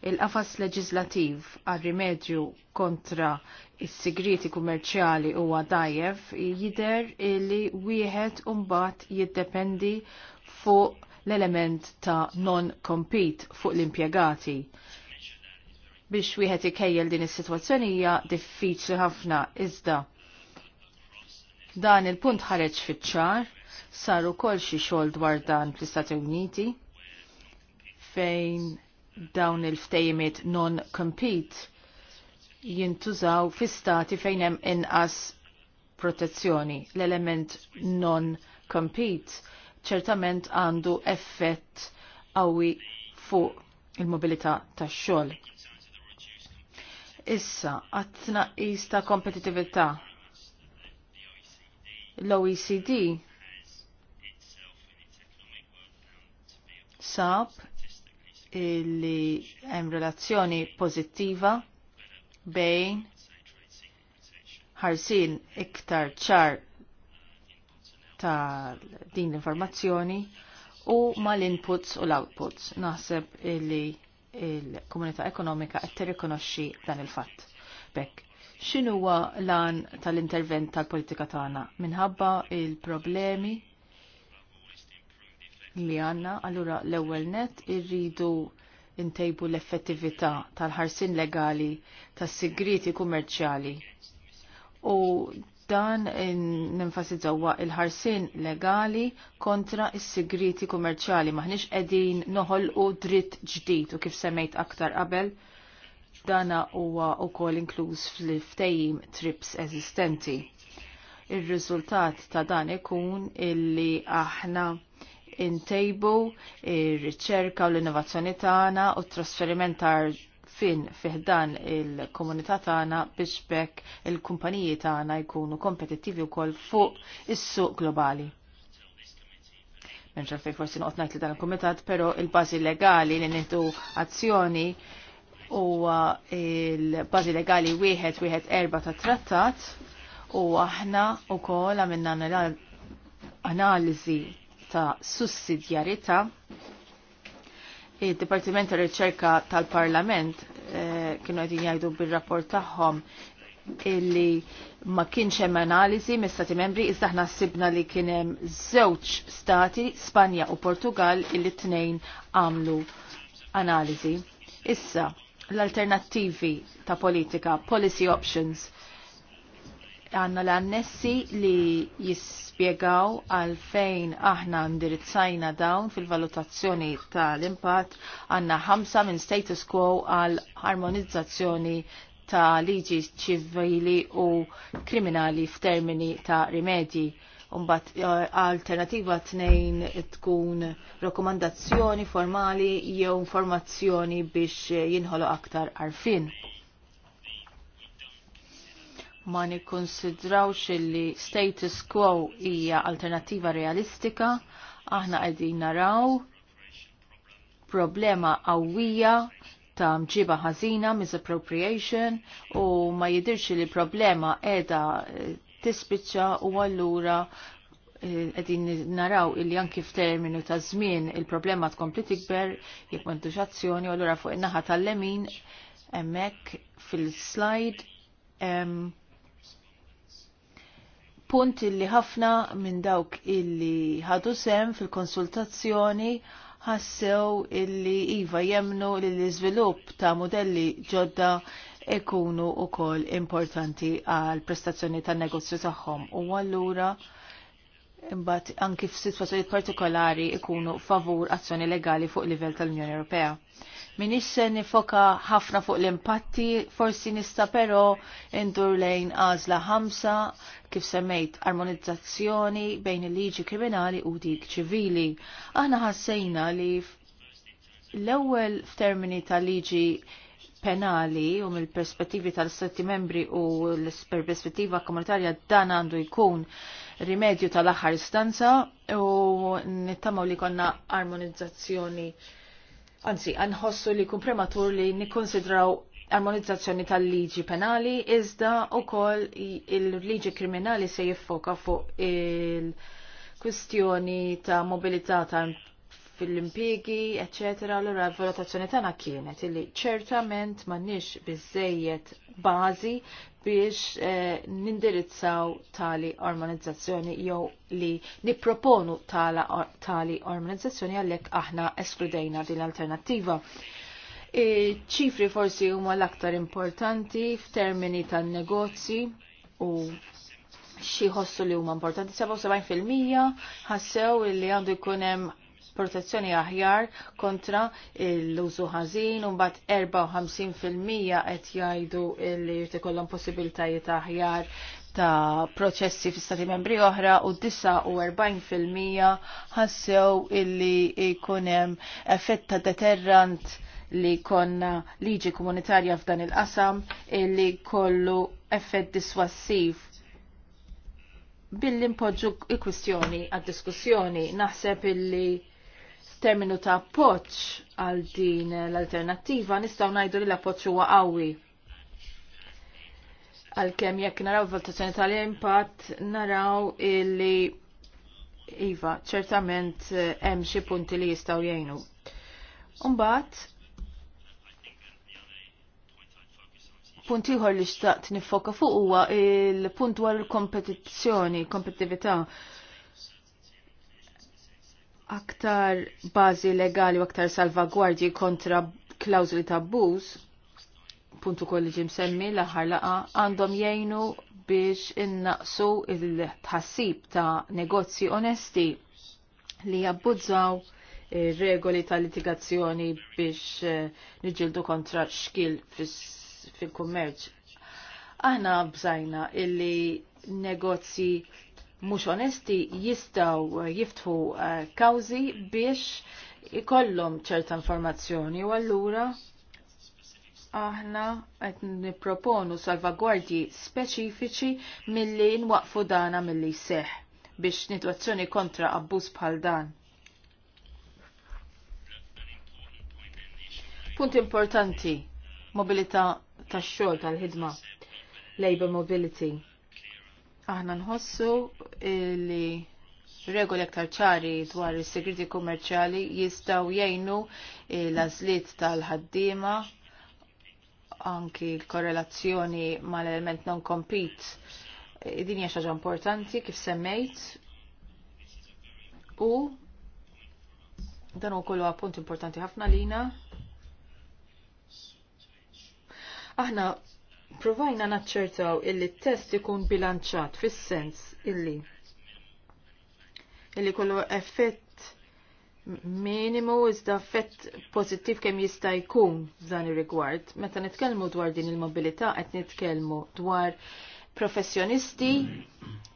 il-qafas leġislativ għal rimedju kontra is-sigriti kummerċjali huwa dajjef jider li wieħed umbat jiddependi fuq l-element ta' non-compete fuq l-impjegati biex wieħed ikejjel din is-sitwazzjoni hija diffiċli ħafna iżda. Dan il-punt ħareġ fiċ-ċar sar ukoll xi xogħol dwar dan fl-Istati Uniti fejn dawn il ftejmiet non-compete jintużaw fi stati fejn hemm inqas protezzjoni. L-element non-compete ċertament għandu effett qawwi fuq il-mobilità tax-xogħol. Issa, għatna tnaqqis ta' kompetitività. L-OECD sab li hemm relazzjoni pożittiva bejn ħarsin iktar ċar ta' din l-informazzjoni u mal inputs u l-outputs. Naħseb li il-komunità ekonomika qed tirrikonoxxi dan il-fatt. Bekk, x'inhuwa lan tal-intervent tal-politika tagħna minħabba il-problemi li għanna. Allura l-ewwel net irridu intejbu l-effettività tal-ħarsin legali tas-sigriti kummerċjali. U dan ninfasizzawa il-ħarsin legali kontra is-sigriti kummerċjali maħniex qegħdin noħolqu dritt ġdid u kif semmejt aktar qabel dana huwa wkoll inkluż fl-ftejjim trips eżistenti. Ir-riżultat ta' dan ikun illi aħna intejbu ir-riċerka u l-innovazzjoni tagħna u t-trasferiment ta' fin fiħdan il-komunità tagħna biex bekk il-kumpaniji tagħna jkunu kompetittivi wkoll fuq is-suq globali. Menġa fej forsi noqgħod ngħid li dan il-kumitat, però il-bażi legali li nieħdu azzjoni huwa il-bażi legali wieħed wieħed erba ta' trattat u aħna wkoll għamilna analiżi ta' sussidjarita, il-Dipartiment ta' Riċerka tal-Parlament eh, kienu għedin jgħidu bil-rapport tagħhom illi ma kienx hemm analiżi mis-stati membri iżda aħna sibna li kien hemm żewġ stati, Spanja u Portugal, illi tnejn għamlu analiżi. Issa, l-alternattivi ta' politika, policy options, għanna l-annessi li jispiegaw għalfejn aħna ndirizzajna dawn fil-valutazzjoni tal-impatt għanna ħamsa minn status quo għal harmonizzazzjoni ta' liġi ċivili u kriminali f'termini ta' rimedji. Umbat eh, alternativa tnejn tkun rekomandazzjoni formali jew informazzjoni biex jinħolu aktar arfin ma nikkonsidrawx li status quo hija alternativa realistika, aħna qegħdin naraw problema qawwija ta' mġiba ħażina, misappropriation, u ma jidirx li problema edha eh, tispiċċa u allura eh, qegħdin naraw illi anki f'terminu ta' żmien il-problema tkompli tikber jekk m'għandux azzjoni u allura fuq in-naħa tal-lemin hemmhekk fil-slide punt illi ħafna minn dawk illi ħadu sem fil-konsultazzjoni ħassew illi iva jemnu li l-iżvilupp ta' modelli ġodda ikunu u kol importanti għal prestazzjoni ta' negozju tagħhom u allura imbat anki f'sitwazzjoni partikolari ikunu favur azzjoni legali fuq livell tal-Unjoni Ewropea. Minisse nifoka ħafna fuq l-impatti, forsi nista però indur lejn għażla ħamsa kif semmejt armonizzazzjoni bejn il-liġi kriminali u dik ċivili. Aħna ħassejna li l-ewwel f'termini tal liġi penali u um mill-perspettivi tal-Stati membri u l-perspettiva komunitarja dan għandu jkun rimedju tal-aħħar istanza u nittamaw li konna armonizzazzjoni anzi, għanħossu li kun prematur li nikkonsidraw armonizzazzjoni tal-liġi penali, iżda u koll il-liġi kriminali se jiffoka fuq il-kwistjoni ta' mobilità ta' fil-impjegi, eccetera, allora l-valutazzjoni tagħna kienet illi ċertament m'għandniex biżejjed bażi biex eh, nindirizzaw tali ormonizzazzjoni jew li nipproponu tali ormanizzazzjoni għalhekk aħna eskludejna din l-alternattiva. E, ċifri forsi huma l-aktar importanti f'termini tan-negozji u xi ħossu li huma importanti 77% ħassew li għandu jkun hemm protezzjoni aħjar kontra l-użu ħażin u mbagħad 54% qed jgħidu li jrid ikollhom possibilitajiet aħjar ta' proċessi fi stati membri oħra u 49% ħassew illi hemm effett ta' deterrant li konna liġi komunitarja f'dan il-qasam illi kollu effett diswassiv billi mpoġġu l kwistjoni għad-diskussjoni naħseb illi terminu ta' poċ għal din l-alternativa nistaw najdu li l poċ huwa qawwi. Għalkemm jekk naraw valutazzjoni tal-impatt naraw illi iva ċertament eh, hemm xi punti li jistgħu jgħinu. Umbagħad punt ieħor li xtaqt nifoka fuq huwa il-punt dwar il-kompetizzjoni, kompetitività. kompetitività aktar bażi legali u aktar salvagwardji kontra klawżuli ta' abbuż, puntu kolli ġim semmi l-aħħar laqa, għandhom jgħinu biex innaqsu il-tħassib ta' negozji onesti li jabbuzzaw regoli ta' litigazzjoni biex eh, niġildu kontra xkil fil-kummerċ. Aħna bżajna illi negozji mhux onesti jistgħu jiftħu eh, kawżi biex ikollhom ċerta informazzjoni u allura aħna qed nipproponu salvagwardji speċifiċi milli nwaqfu dana milli jseħħ biex nitwazzjoni kontra abbuż bħal dan. Punt importanti, mobilità tax-xogħol tal-ħidma, labor mobility Aħna nħossu li regoli aktar ċari dwar is-segreti kummerċjali jistgħu jgħinu l-għażliet tal-ħaddiema anki l-korrelazzjoni mal-element non-compete din hija xaġa importanti kif semmejt u dan u kollu appunt importanti ħafna lina. Aħna provajna naċċertaw illi t-test ikun bilanċat fis-sens illi illi kollu effett minimu iżda effett pozittiv kemm jista' jkun f'dan ir-rigward. Meta nitkellmu dwar din il-mobilità qed nitkellmu dwar professjonisti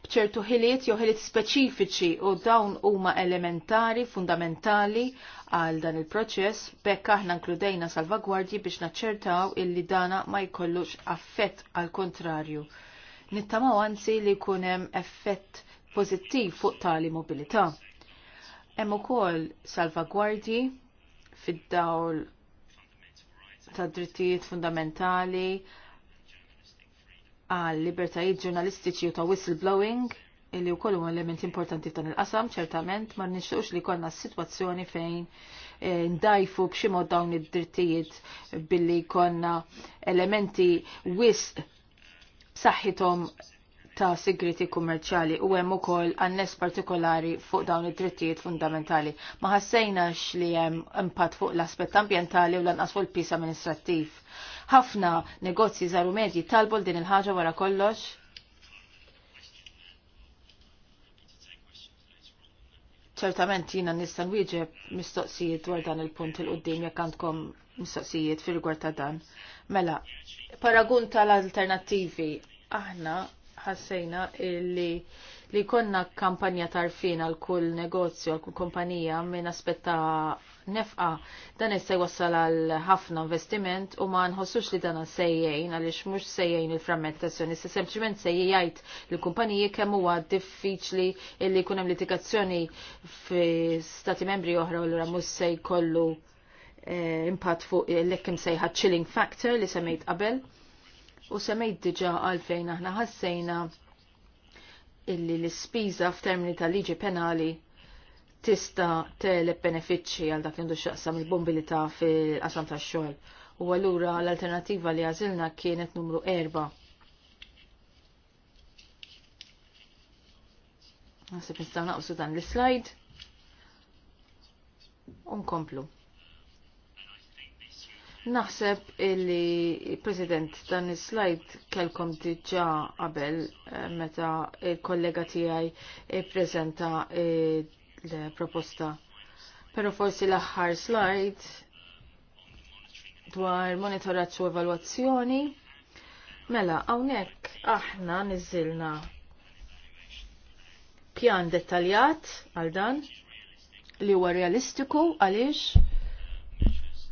bċertu ħiliet jew ħiliet speċifiċi u dawn huma elementari, fundamentali għal dan il-proċess bekk aħna nkludejna salvagwardji biex naċċertaw illi dana ma jkollux affett għal kontrarju. Nittamaw anzi li kunem effett pozittiv fuq tali mobilità. Hemm ukoll salvagwardji fid-dawl ta' drittijiet fundamentali, għal libertajiet ġurnalistiċi u ta' whistleblowing illi u kollu element importanti ta' il-qasam, ċertament, ma nixtuqx li konna situazzjoni fejn eh, ndajfu b'ximod dawn id-drittijiet billi konna elementi wisq saħħitom ta' sigriti kummerċjali u hemm ukoll għannes partikolari fuq dawn id-drittijiet fundamentali. Ma ħassejnax li hemm impatt fuq l-aspett ambjentali u lanqas fuq il-pis amministrattiv. Ħafna negozji żaru medji talbu din il-ħaġa wara kollox. ċertament jina nista' nwieġeb mistoqsijiet dwar dan il-punt il qoddim jekk għandkom mistoqsijiet fil-rigward ta' dan. Mela, paragun tal-alternattivi aħna ħassejna li li konna kampanja tarfin għal kull negozju, għal kull kompanija minn aspetta nefqa dan se wassal għal ħafna investiment u ma nħossux li dan sejjejn għaliex mhux sejjejn il-frammentazzjoni, se sempliċement sejjejjajt li kumpaniji kemm huwa diffiċli illi jkun hemm litigazzjoni fi stati membri oħra u l mhux se jkollu eh, impatt fuq l-ekkim sejħa chilling factor li semmejt qabel u semmejt diġa għalfejn aħna ħassejna illi l-ispiża f'termini ta' liġi penali tista' teleb benefiċċji għal dak li xaqsam il-bombilità fil-qasam tax-xogħol. U allura l-alternativa li għażilna kienet numru erba'. Nasib nistgħu naqsu dan l-slide. Unkomplu. Naħseb illi President dan is slide kelkom diġà qabel eh, meta il-kollega tiegħi ppreżenta l-proposta. Però forsi l-aħħar slide dwar monitoraġġ u evalwazzjoni. Mela, hawnhekk aħna niżilna pjan dettaljat għal dan li huwa realistiku għaliex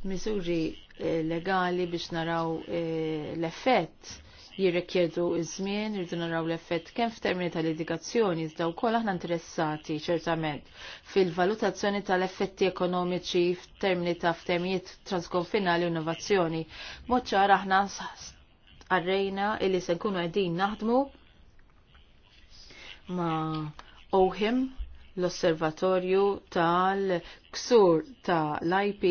misuri eh, legali biex naraw eh, l-effett jirrekjedu iż-żmien, irridu naraw l-effett kemm f'termini tal-edukazzjoni iżda wkoll aħna interessati ċertament fil-valutazzjoni tal-effetti ekonomiċi f'termini ta' f'temijiet transkonfinali u innovazzjoni. Mod ċar aħna għarrejna illi se nkunu qegħdin naħdmu ma' Oħim l-osservatorju tal-ksur ta' l-IP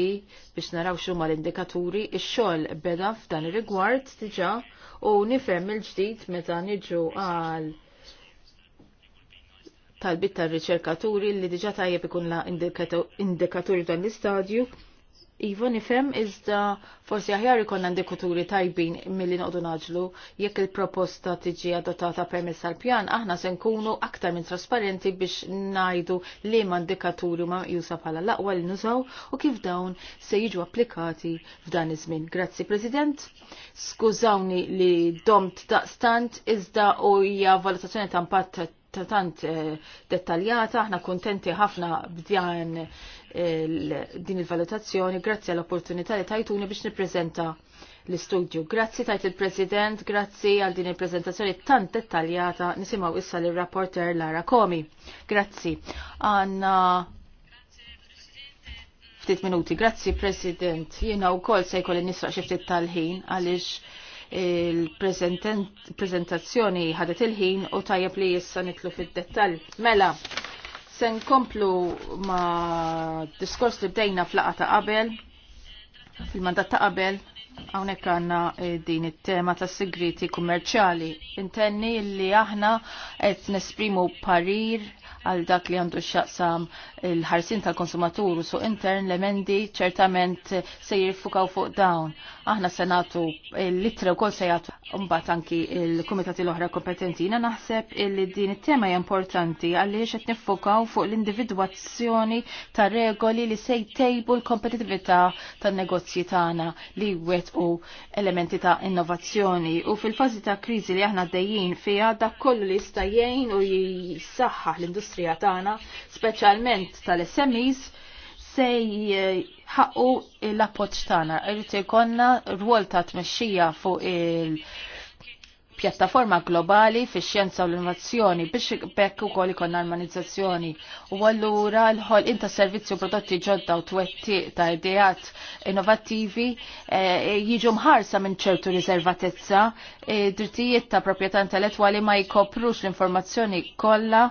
biex naraw xumma l-indikaturi, il xogħol beda f'dan ir-rigward diġà u nifhem il-ġdid meta niġu għal tal-bitta tar-riċerkaturi li diġa' tajjeb ikun la indikaturi dan l-istadju Iva nifem iżda forsi aħjar ikon indikaturi tajbin milli noqdu naġlu jekk il-proposta tiġi adottata permess għal pjan aħna se nkunu aktar minn trasparenti biex najdu li ma indikaturi ma jusa bħala laqwa li nużaw u kif dawn se jiġu applikati f'dan iż-żmien. Grazzi President. Skużawni li domt daqstant iżda u hija valutazzjoni ta' impatt tant eh, dettaljata, aħna kontenti ħafna b'dan eh, din il-valutazzjoni, grazzi għall-opportunità li tajtuni biex nippreżenta l-istudju. Grazzi tajt il-President, grazzi għal din il-prezentazzjoni tant dettaljata, nisimaw issa l rapporter Lara Komi. Grazzi. Għanna ftit minuti. Grazzi, President. Jena u kol se jkolli nisraq xiftit tal-ħin għalix il-prezentazzjoni ħadet il-ħin u tajjeb li jissa nitlu fid-dettall. Mela, sen komplu ma diskors li bdejna flaqa ta' qabel, fil-mandat ta' qabel, Għawnek għanna eh, din it-tema ta' segreti kummerċali. Intenni li aħna qed nesprimu parir għal dak li għandu xaqsam il-ħarsin tal-konsumatur u su intern l-emendi ċertament se jirfukaw fuq dawn. Aħna senatu l-litra u kol se jgħatu mbat anki il-komitati l-oħra kompetentina naħseb li din it-tema importanti għalli xet nifukaw fuq l-individuazzjoni ta' regoli li se jtejbu l-kompetitivita ta' negozji tagħna li wet u elementi ta' innovazzjoni u fil-fazi ta' krizi li aħna dejjin fija dak kollu li jista' jgħin u jisaħħaħ l industri l-industrija tagħna, speċjalment tal-SMEs, se ħaqqu l-appoġġ tagħna. Irid ikollna rwol ta' tmexxija fuq il- pjattaforma globali fi xjenza u l-innovazzjoni biex bekk ukoll ikon armonizzazzjoni u allura l-ħol inta servizzi u prodotti ġodda u twetti ta' ideat innovattivi eh, jiġu mħarsa minn ċertu riservatezza eh, drittijiet ta' proprjetà intellettwali ma jkoprux l-informazzjoni kollha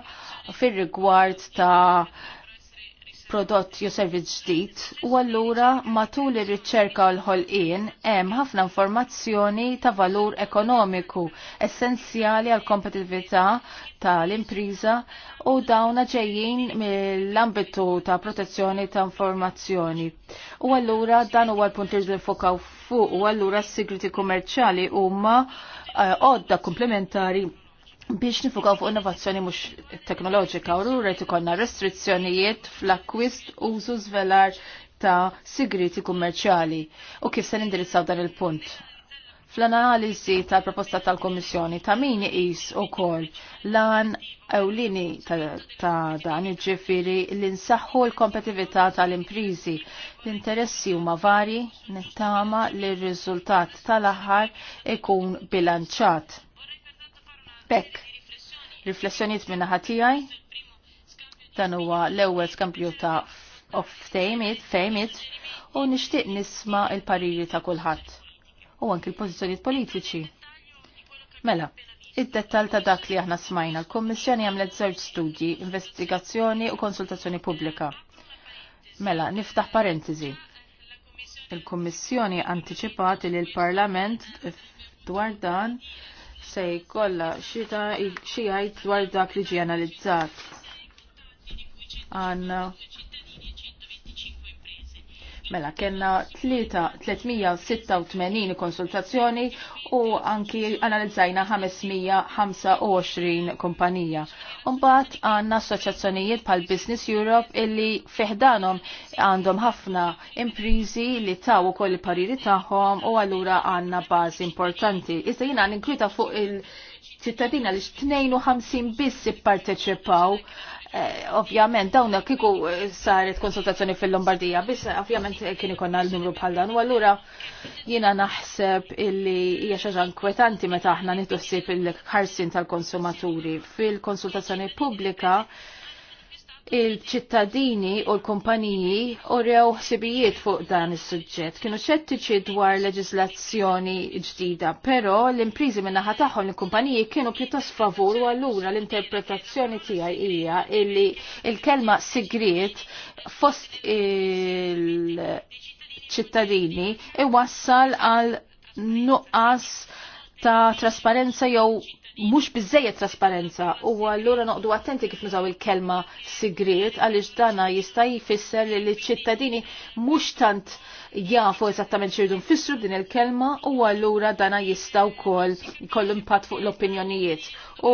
fir-rigward ta' prodott jew servizz ġdid u allura matul ir-riċerka l ħolqien hemm ħafna informazzjoni ta' valur ekonomiku essenzjali għal kompetitività tal-impriża u dawna ġejjin mill-ambitu ta' protezzjoni ta' informazzjoni. U allura dan huwa l-punt li fuq u allura s-sigriti kummerċjali huma eh, għodda komplementari biex nifukaw fuq innovazzjoni mhux teknoloġika u rrid ikonna restrizzjonijiet fl-akkwist użu żvelar ta' sigriti kummerċjali u kif se nindirizzaw dan il-punt. Fl-analiżi tal-proposta tal komissjoni ta' min u ukoll lan ewlini ta', dan iġifieri li nsaħħu l-kompetività tal-imprizi. L-interessi huma vari nittama li r-riżultat tal-aħħar ikun bilanċat Bekk, riflessjoniet minna ħatijaj, dan huwa l-ewwel skampju ta' of fejmit, fejmit, u nixtieq nisma il-pariri ta' kulħadd u anki l-pożizzjonijiet politiċi. Mela, id-dettal ta' dak li aħna smajna, l-Kommissjoni għamlet żewġ studji, investigazzjoni u konsultazzjoni pubblika. Mela, niftaħ parentesi. Il-Kommissjoni antiċipat li l-Parlament dwar dan se jkollha xi xijajt dwar dak li ġie analizzat. Għanna Mela kena 386 konsultazzjoni u anki analizzajna 525 kumpanija. Umbat għanna assoċjazzjonijiet pal Business Europe illi fiħdanom għandhom ħafna imprizi li taw u koll pariri taħħom u għallura għanna bazi importanti. Iżda jina ninkluta fuq il ċittadina li 52 biss parteċipaw Eh, ovvjament dawna kiku eh, saret konsultazzjoni fil-Lombardija, biss eh, ovvjament kien ikonna l-numru bħal dan. U allura jiena naħseb illi hija xi ħaġa meta aħna nitħossib il-ħarsin tal-konsumaturi fil-konsultazzjoni pubblika il-ċittadini u l-kumpaniji urew ħsibijiet fuq dan is-suġġett. Kienu ċettiċi dwar leġislazzjoni ġdida, però l-imprizi minna tagħhom il-kumpaniji kienu pjuttos favur u allura l-interpretazzjoni tiegħi hija illi il-kelma sigriet fost il-ċittadini iwassal għal nuqqas ta' trasparenza jew mhux biżejjed trasparenza u allura noqdu attenti kif nużaw il-kelma sigriet għaliex dana jista' jfisser li l-ċittadini mhux tant jafu eżattament xirdu nfissru din il-kelma u allura dana jista' wkoll koll impatt fuq l-opinjonijiet. U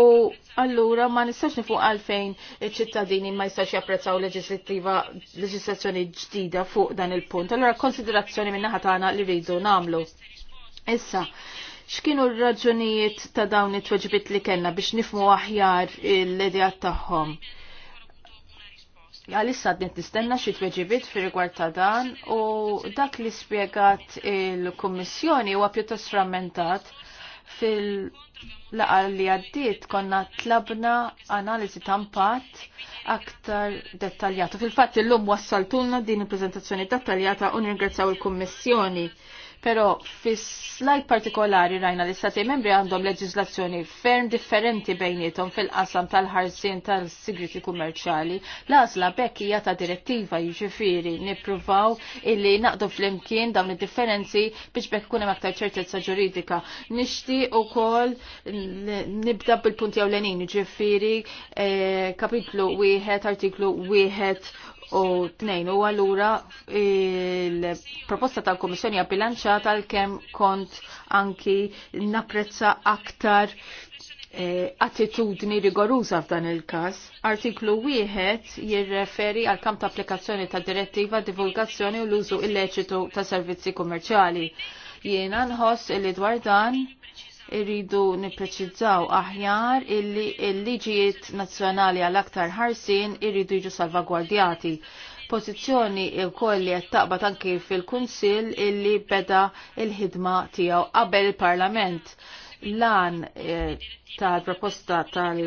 allura ma nistax nifuq għalfejn iċ-ċittadini ma jistax japprezzaw leġislattiva leġislazzjoni ġdida fuq dan il-punt. Allura konsiderazzjoni minnaħa tagħna li rridu nagħmlu. Issa, x'kienu r-raġunijiet ta' dawn it-tweġbit li kellna biex nifmu aħjar l-idejat tagħhom. Għalissa għadni nistenna xi tweġibit fi rigward ta' dan u dak li spjegat il-Kummissjoni huwa pjuttost frammentat fil-laqal li għaddiet konna tlabna analiżi ta' impatt aktar dettaljata. Fil-fatt illum wassaltuna din il-preżentazzjoni dettaljata u ringrazzaw il kummissjoni Pero fis slajd partikolari rajna li stati membri għandhom leġislazzjoni ferm differenti bejnietom fil-qasam tal-ħarsien tal-sigriti kummerċali. L-għazla bekk hija ta' direttiva jiġifieri nippruvaw illi naqdu flimkien dawn id-differenzi biex bekk kunem aktar ċertezza ġuridika. Nixti u kol nibda bil-punti għawlenin ġifiri eh, kapitlu wieħed, artiklu wieħed u tnejn u għallura il-proposta tal-Komissjoni għabilanċa tal-kem kont anki napprezza aktar eh, attitudni rigoruza f'dan il-kas. Artiklu wieħed jirreferi għal kam ta' applikazzjoni ta' direttiva divulgazzjoni u l-użu illeċitu ta' servizzi kummerċjali. Jiena nħoss li dwar dan irridu nippreċizzaw aħjar illi l-liġijiet nazzjonali għal-aktar ħarsin irridu jiġu salvagwardjati. Pożizzjoni wkoll li qed taqbad anki fil-Kunsill illi beda il-ħidma tiegħu qabel il-Parlament. Lan eh, tal-proposta tal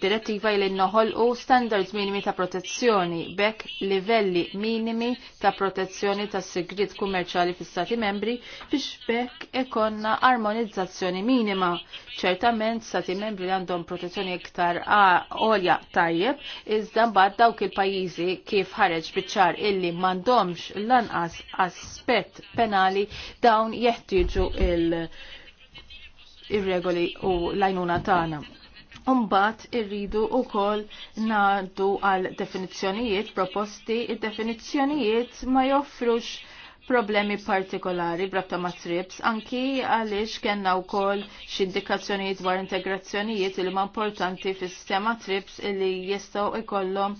direttiva li u standards minimi ta' protezzjoni bekk livelli minimi ta' protezzjoni ta' segret kummerċali fis stati membri biex bekk ikonna armonizzazzjoni minima. Ċertament stati membri li għandhom protezzjoni iktar għolja tajjeb, iżda mbagħad dawk il-pajjiżi kif ħareġ biċċar illi m'għandhomx lanqas aspett penali dawn jeħtieġu il-regoli u l-għajnuna tagħna Umbat irridu u kol nadu għal definizjonijiet proposti, il-definizjonijiet ma joffrux problemi partikolari brabta ma trips, anki għalix kena u kol xindikazzjonijiet dwar integrazzjonijiet il ma importanti fis sistema trips illi jistaw ikollom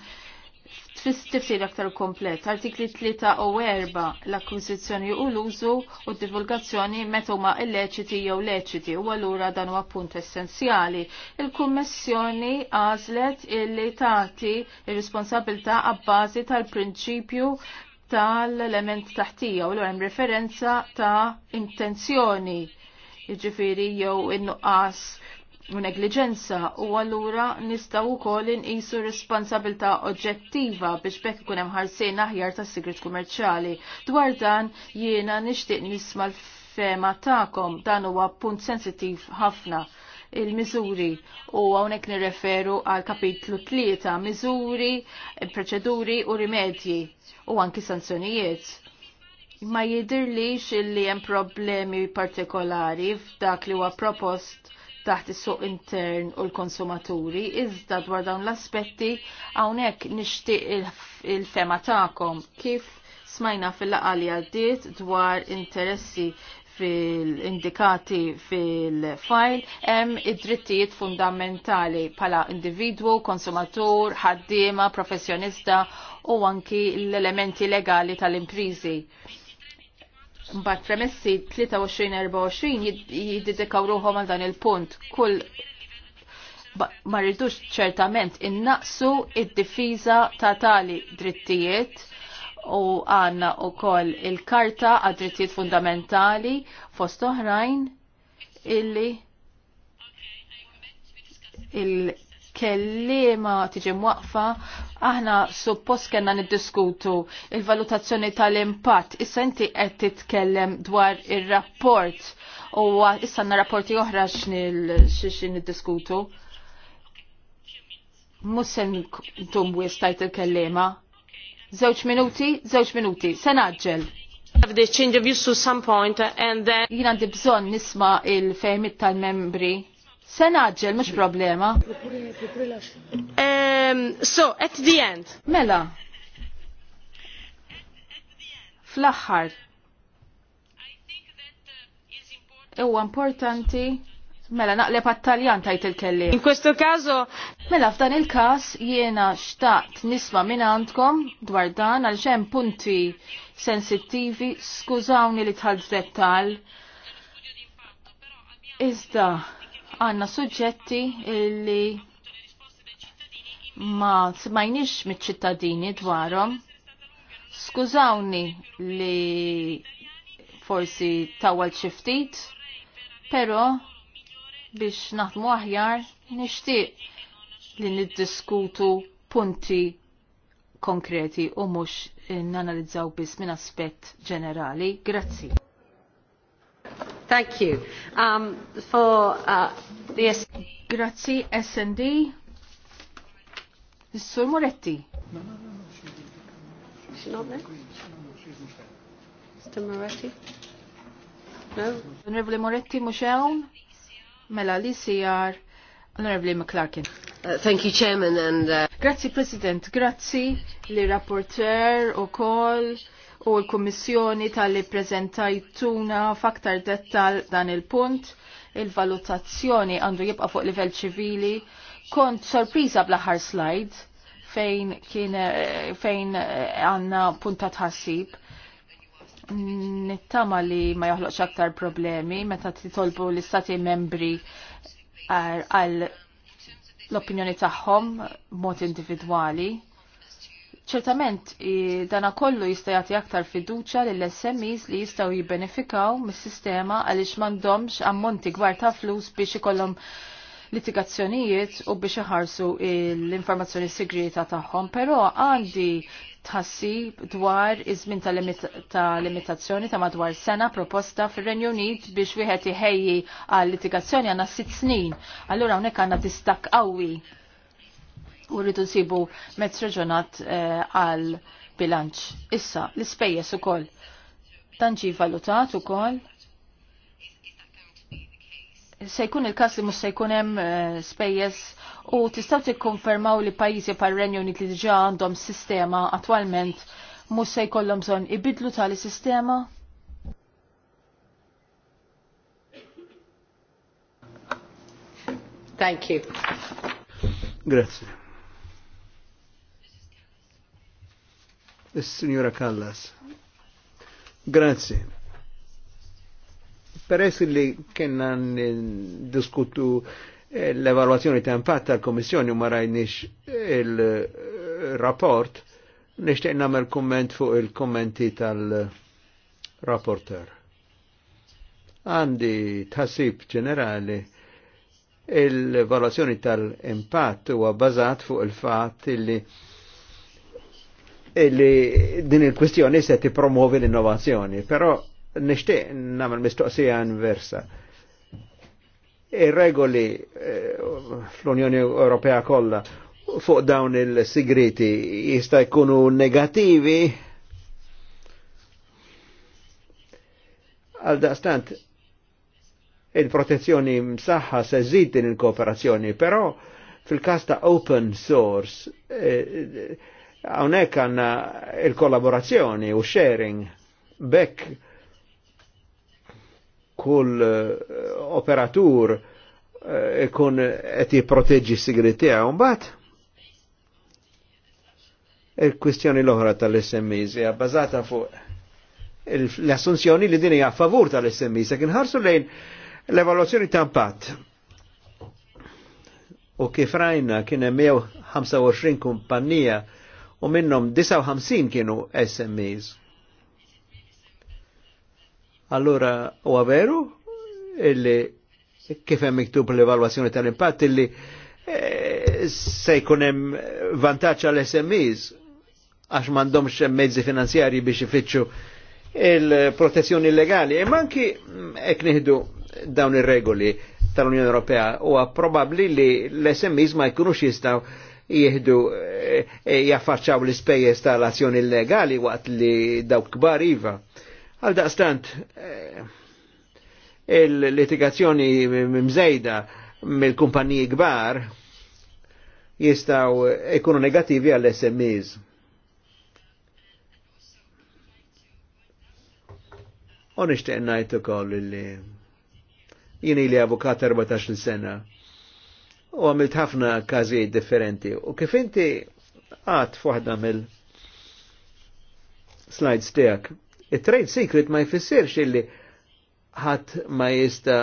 tfistifir aktar komplet. Artikli 3 u 4 l akkwizizjoni u l-użu u divulgazzjoni meta huma illeċiti jew leċiti u allura dan huwa punt essenzjali. Il-Kummissjoni għażlet illi tagħti ir-responsabilità għabbażi tal-prinċipju tal-element taħtija u l-għem referenza ta' intenzjoni, ġifiri jew in u negliġenza u allura nistgħu wkoll inqisu responsabilità oġġettiva biex bekk ikun hemm ħarsien aħjar tas-sigrit kummerċjali. Dwar dan jiena nixtieq nisma' l-fema tagħkom dan huwa punt sensittiv ħafna il-miżuri u għonek nirreferu għal kapitlu 3 miżuri, proċeduri u rimedji u anki sanzjonijiet. Ma jidirlix li hemm problemi partikolari f'dak li huwa propost taħt is-suq intern u l-konsumaturi, iżda dwar dawn l-aspetti hawnhekk nixtieq il-fema tagħkom kif smajna fil-laqgħa li għaddiet dwar interessi fil-indikati fil-fajl hemm id-drittijiet fundamentali pala individwu, konsumatur, ħaddiema, professjonista u anki l-elementi legali tal-imprizi Mbagħad premessi 23-24 jiddedikaw ruħhom għal dan il-punt. Kull ma rridux ċertament innaqsu id-difiża ta' tali drittijiet u għanna u koll il-karta għad drittijiet fundamentali fost oħrajn illi il kellima tiġi mwaqfa, aħna suppost kena niddiskutu il-valutazzjoni tal-impatt. Issa inti qed titkellem dwar ir-rapport u issa għandna rapporti oħra x'nil niddiskutu. Mussen tum wistajt il-kellima. Zewċ minuti, zewċ minuti, senaġġel have the change of use to some point and then Jina għandi bżon nisma il-fehmit tal-membri Se naġġel, mhux problema. Ehm, so, at the end. Mela. Fl-aħħar. importanti Mela naqleb għat-Taljan tajt il-kelli. In questo caso. Mela f'dan il-kas jiena xtaqt nisma minn għandkom dwar dan għal punti sensittivi, skużawni li tħalt dettal. Iżda, għanna suġġetti li ma smajnix mit-ċittadini dwarhom. Skużawni li forsi tawal ċiftit, pero biex naħdmu aħjar nixtieq li niddiskutu punti konkreti u mhux nanalizzaw biss minn aspett ġenerali. Grazzi. Thank you. Um, for uh, the S Grazzi SND. Sur Moretti. No, no, no, no. She's not there. Mr. Moretti. No. Honorable Moretti Michelle? Mela li Honorable McClarkin. Uh, thank you, Chairman. And, uh... Grazie, President. Grazie, le rapporteur, u call u l-Kummissjoni tal-li prezentajtuna faktar dettal dan il-punt il-valutazzjoni għandu jibqa fuq livell ċivili. Kont sorpriża bl-aħħar slide fejn kien eh, fejn eh, għanna punta tħassib. Nittama li ma joħloqx aktar problemi meta titolbu l-istati membri eh, għal l-opinjoni tagħhom mod individwali ċertament dana kollu jista' jagħti aktar fiduċja lill SMEs li jistgħu jibbenefikaw mis-sistema għaliex m'għandhomx ammonti gwar ta' flus biex ikollhom litigazzjonijiet u biex iħarsu l-informazzjoni segreta tagħhom, però għandi tħassib dwar iż-żmien ta', limitazzjoni ta' madwar sena proposta fir-Renju Unit biex wieħed iħejji għal litigazzjoni għandna sitt snin. Allura hawnhekk għandna tistak qawwi u rridu nsibu mezz raġunat eh, għal bilanċ. Issa, l-ispejjeż ukoll. koll. Tanġi valutat ukoll. Se jkun il-każ li mhux se jkun hemm eh, spejjeż u tistgħu tikkonfermaw li pajjiżi par renju Unit li diġà għandhom sistema attwalment mhux se jkollhom bżonn ibidlu tali sistema Thank you. Grazie. Is-Sinjura Kallas. Grazzi. Peress li kena diskutu eh, l-evaluazzjoni ta' impatt tal la Commissione, ma rajniex eh, il-rapport, nixtieq il kumment fu il-kommenti tal-rapporter. Andi, tħassib generali, il-valwazzjoni tal-impatt huwa bażat fuq il-fatt li illi din il-kwistjoni se tippromuovi l-innovazzjoni, però nixtieq nagħmel mistoqsija inversa. Ir-regoli eh, fl-Unjoni Ewropea kollha fuq dawn il-sigriti jista' jkunu negativi għal daqstant il-protezzjoni msaħħa se żid din il-kooperazzjoni, però fil-kas ta' open source eh, għonek għanna il-kollaborazzjoni u sharing bekk kull eh, operatur eh, ikun qed jipproteġġi s sigriti għon bat. il-kwistjoni l ohra tal smis hija bazata fuq l-assunzjoni li dini hija favur tal smis se ħarsu lejn l evaluazzjoni tampat. U kif rajna kien hemm 125 kumpanija u minnhom 59 kienu SMEs. Allura u għaveru, illi kif hemm miktub l-evalwazzjoni tal-impatt illi e, se jkun hemm vantaġġ għal SMEs għax m'għandhomx mezzi finanzjari biex ifittxu il-protezzjoni legali. e manki mm, hekk nieħdu dawn ir-regoli tal-Unjoni Ewropea huwa probabbli li l-SMEs ma jkunux jistgħu jihdu eh, eh, jaffaċċaw l-ispejjeż tal-azzjoni illegali waqt li dawk kbar iva. Għal daqstant eh, il-litigazzjoni mżejda mill-kumpaniji kbar jistaw ikunu negativi għall smes U koll li jini li avukat 14 sena u għamilt ħafna każijiet differenti. U kif inti għat fuħda mill slides tiegħek, it-trade secret ma jfissirx illi ħadd ma jista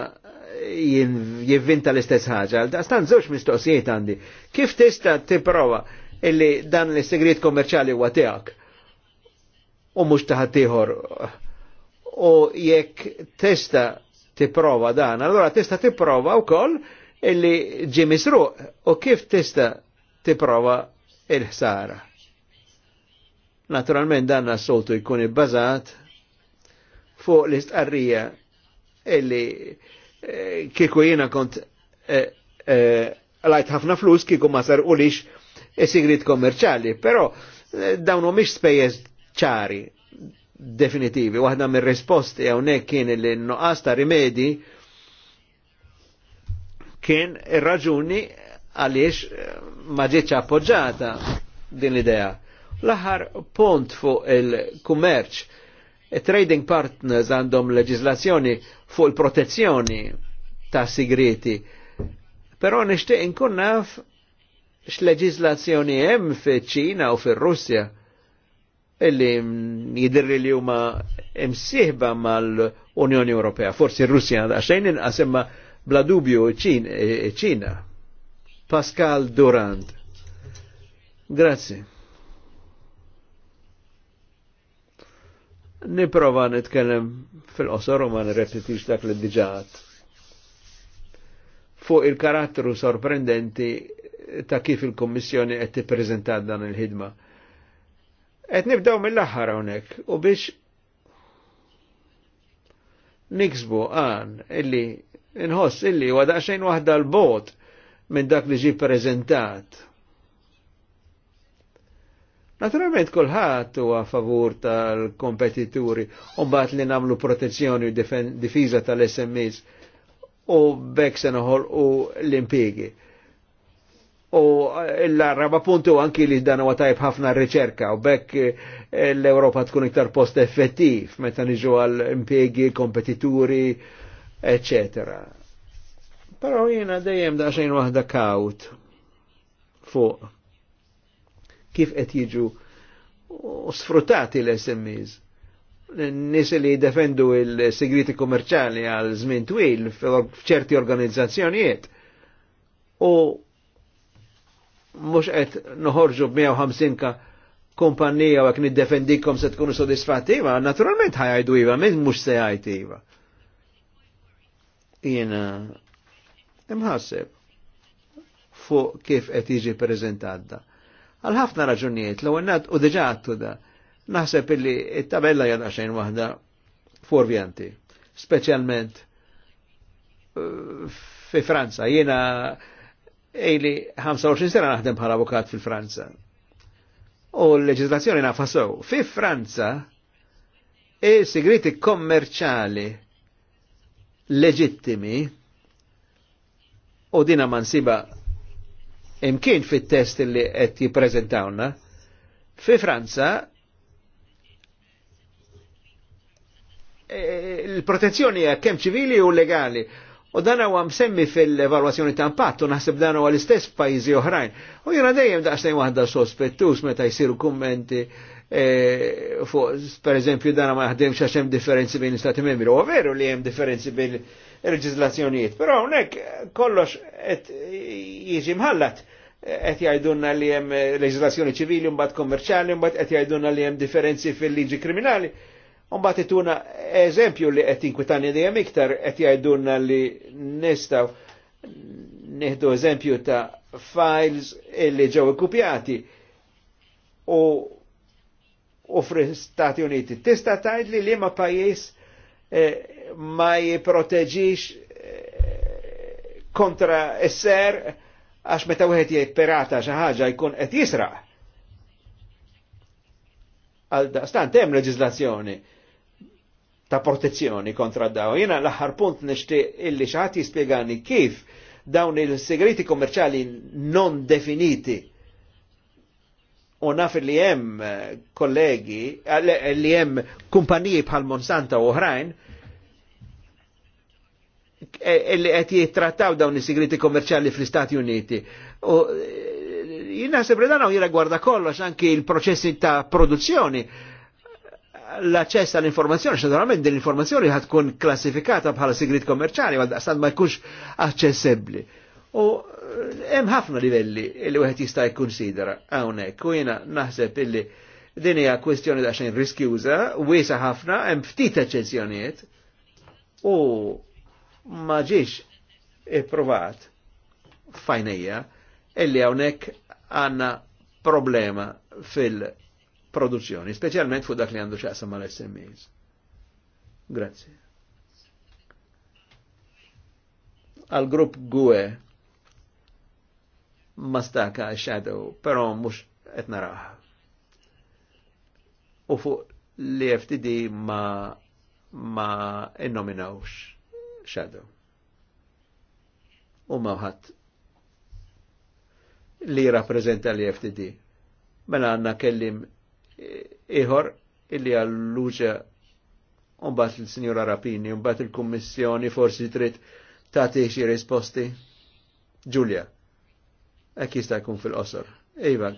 jivvinta l-istess ħaġa. Stan żewġ mistoqsijiet għandi. Kif tista' tipprova illi dan l-segret kommerċali huwa tiegħek u mhux taħat ieħor u jekk testa tipprova dan, allora testa tipprova wkoll illi ġi misruq u kif tista tiprova il-ħsara. Naturalment danna s-soltu jkun ibbażat fuq l-istqarrija illi eh, kiku jina kont eh, eh, lajt ħafna flus kiku ma sar ulix sigrit kommerċali, pero dawnu miex spejjeż ċari definitivi. Waħda mir risposti hawnhekk kien li n ta' rimedi kien raġuni għaliex eh, ma ġietx appoġġata din l-idea. L-aħħar punt fuq il-kummerċ, trading partners għandhom leġizlazzjoni fuq il-protezzjoni ta' sigreti. Però nixtieq inkun naf x'leġislazzjoni hemm fiċ-Ċina u fir-Russja illi jidirri li huma imsieħba mal-Unjoni Ewropea. Forsi r-Russja għaxejn inqas imma bla dubju ċina. E, e, Pascal Durand. Grazie. Niprofa nitkellem fil-qosor u ma nirrepetix dak li diġat. Fuq il-karattru sorprendenti ta' kif il-Kommissjoni qed tippreżentat dan il-ħidma. Qed nibdew mill-aħħar hawnhekk u biex niksbu għan illi inħoss illi huwa daqsxejn waħda l-bot minn dak li ġi ppreżentat. Naturalment kulħadd huwa favur tal-kompetituri u mbagħad li nagħmlu protezzjoni u difiża tal sms u bekk se u l-impjegi. U l-arraba puntu anki li dan huwa tajb ħafna r-riċerka u bekk eh, l-Ewropa tkun iktar post effettiv meta niġu għall impjegi kompetituri, eccetera. Però jiena dejjem xejn waħda kaut fuq kif qed jiġu sfruttati l-SMEs. Nis li defendu il-segreti kommerċali għal żmien twil f'ċerti organizzazzjonijiet. U mhux qed noħorġu b ka kompanija u għak niddefendikom se tkunu sodisfattiva, naturalment ħajajdu iva, minn mux se ħajt iva jena imħasib fuq kif qed jiġi preżentata. Għal ħafna raġunijiet, l għennat u diġa da, naħseb illi it-tabella jadda xejn wahda forvjanti, specialment uh, fi Franza. Jena ejli 25 sena naħdem bħal avukat fil-Franza. U l leġizlazzjoni nafasow. Fi Franza, il segreti kommerċali leġittimi u dina man siba imkien fit-test li qed jippreżentawna. Fi Franza eh, il-protezzjoni hija kemm ċivili u legali. U dan huwa msemmi fil-evalwazzjoni ta' impatt u naħseb dan huwa l-istess pajjiżi oħrajn. U jiena dejjem daqsnej waħda sospettus meta jsiru kummenti E, fuq, per eżempju, dana ma jaħdemx għax hemm differenzi bejn l-Istati membri. U veru li hemm differenzi bejn il-reġizlazzjonijiet, però hawnhekk kollox qed jiġi mħallat qed jgħidulna li hemm leġislazzjoni ċivili mbagħad kommerċjali, mbagħad qed jgħidulna li hemm differenzi fil-liġi kriminali. Mbagħad ituna eżempju li qed inkwitani dejjem iktar qed jgħidulna li nistgħu neħdu eżempju ta' files illi ġew ikkupjati u u fl-Stati Uniti. Tista tajdli li liema pajis eh, ma jiproteġix eh, kontra esser għax meta wieħed jipperata xi ħaġa jkun qed jisra. Għal stant hemm leġiżlazzjoni ta' protezzjoni kontra daw. Jina l-aħħar punt nishti illi xi ħadd jispjegani kif dawn il-segreti kommerċali non definiti u naf li jem eh, kollegi, eh, eh, li jem kumpaniji bħal Monsanto u oħrajn, li għet jittrattaw dawn i sigriti kommerċjali fl-Istati Uniti. U jina sebredan u jira gwarda kollox anki il-proċessi ta' produzzjoni l access għall-informazzjoni, xadarament din l-informazzjoni ħatkun klassifikata bħala sigrit kommerċali, għad daqstan ma jkunx aċċessibli. U eh, hemm ħafna livelli li wieħed jista' jikkunsidra hawnhekk u jiena naħseb illi din hija kwestjoni ta' xejn riskjuża, wiesa ħafna, hemm ftit eċċezzjonijiet u ma ġiex ipprovat fajnija illi hawnhekk għandna problema fil-produzzjoni, speċjalment fuq dak li għandu xaqsa mal-SMEs. Grazie. Al grupp GUE mastaka shadow, pero mux qed naraħ. U fuq li FTD ma ma innominawx shadow. U ma li rappresenta li FTD. Mela għanna kellim iħor illi għalluġa unbat il sinjura Rapini, unbat il-Kommissjoni forsi trid tagħti xi risposti. Giulia ek jista' jkun fil-qosor. Iva.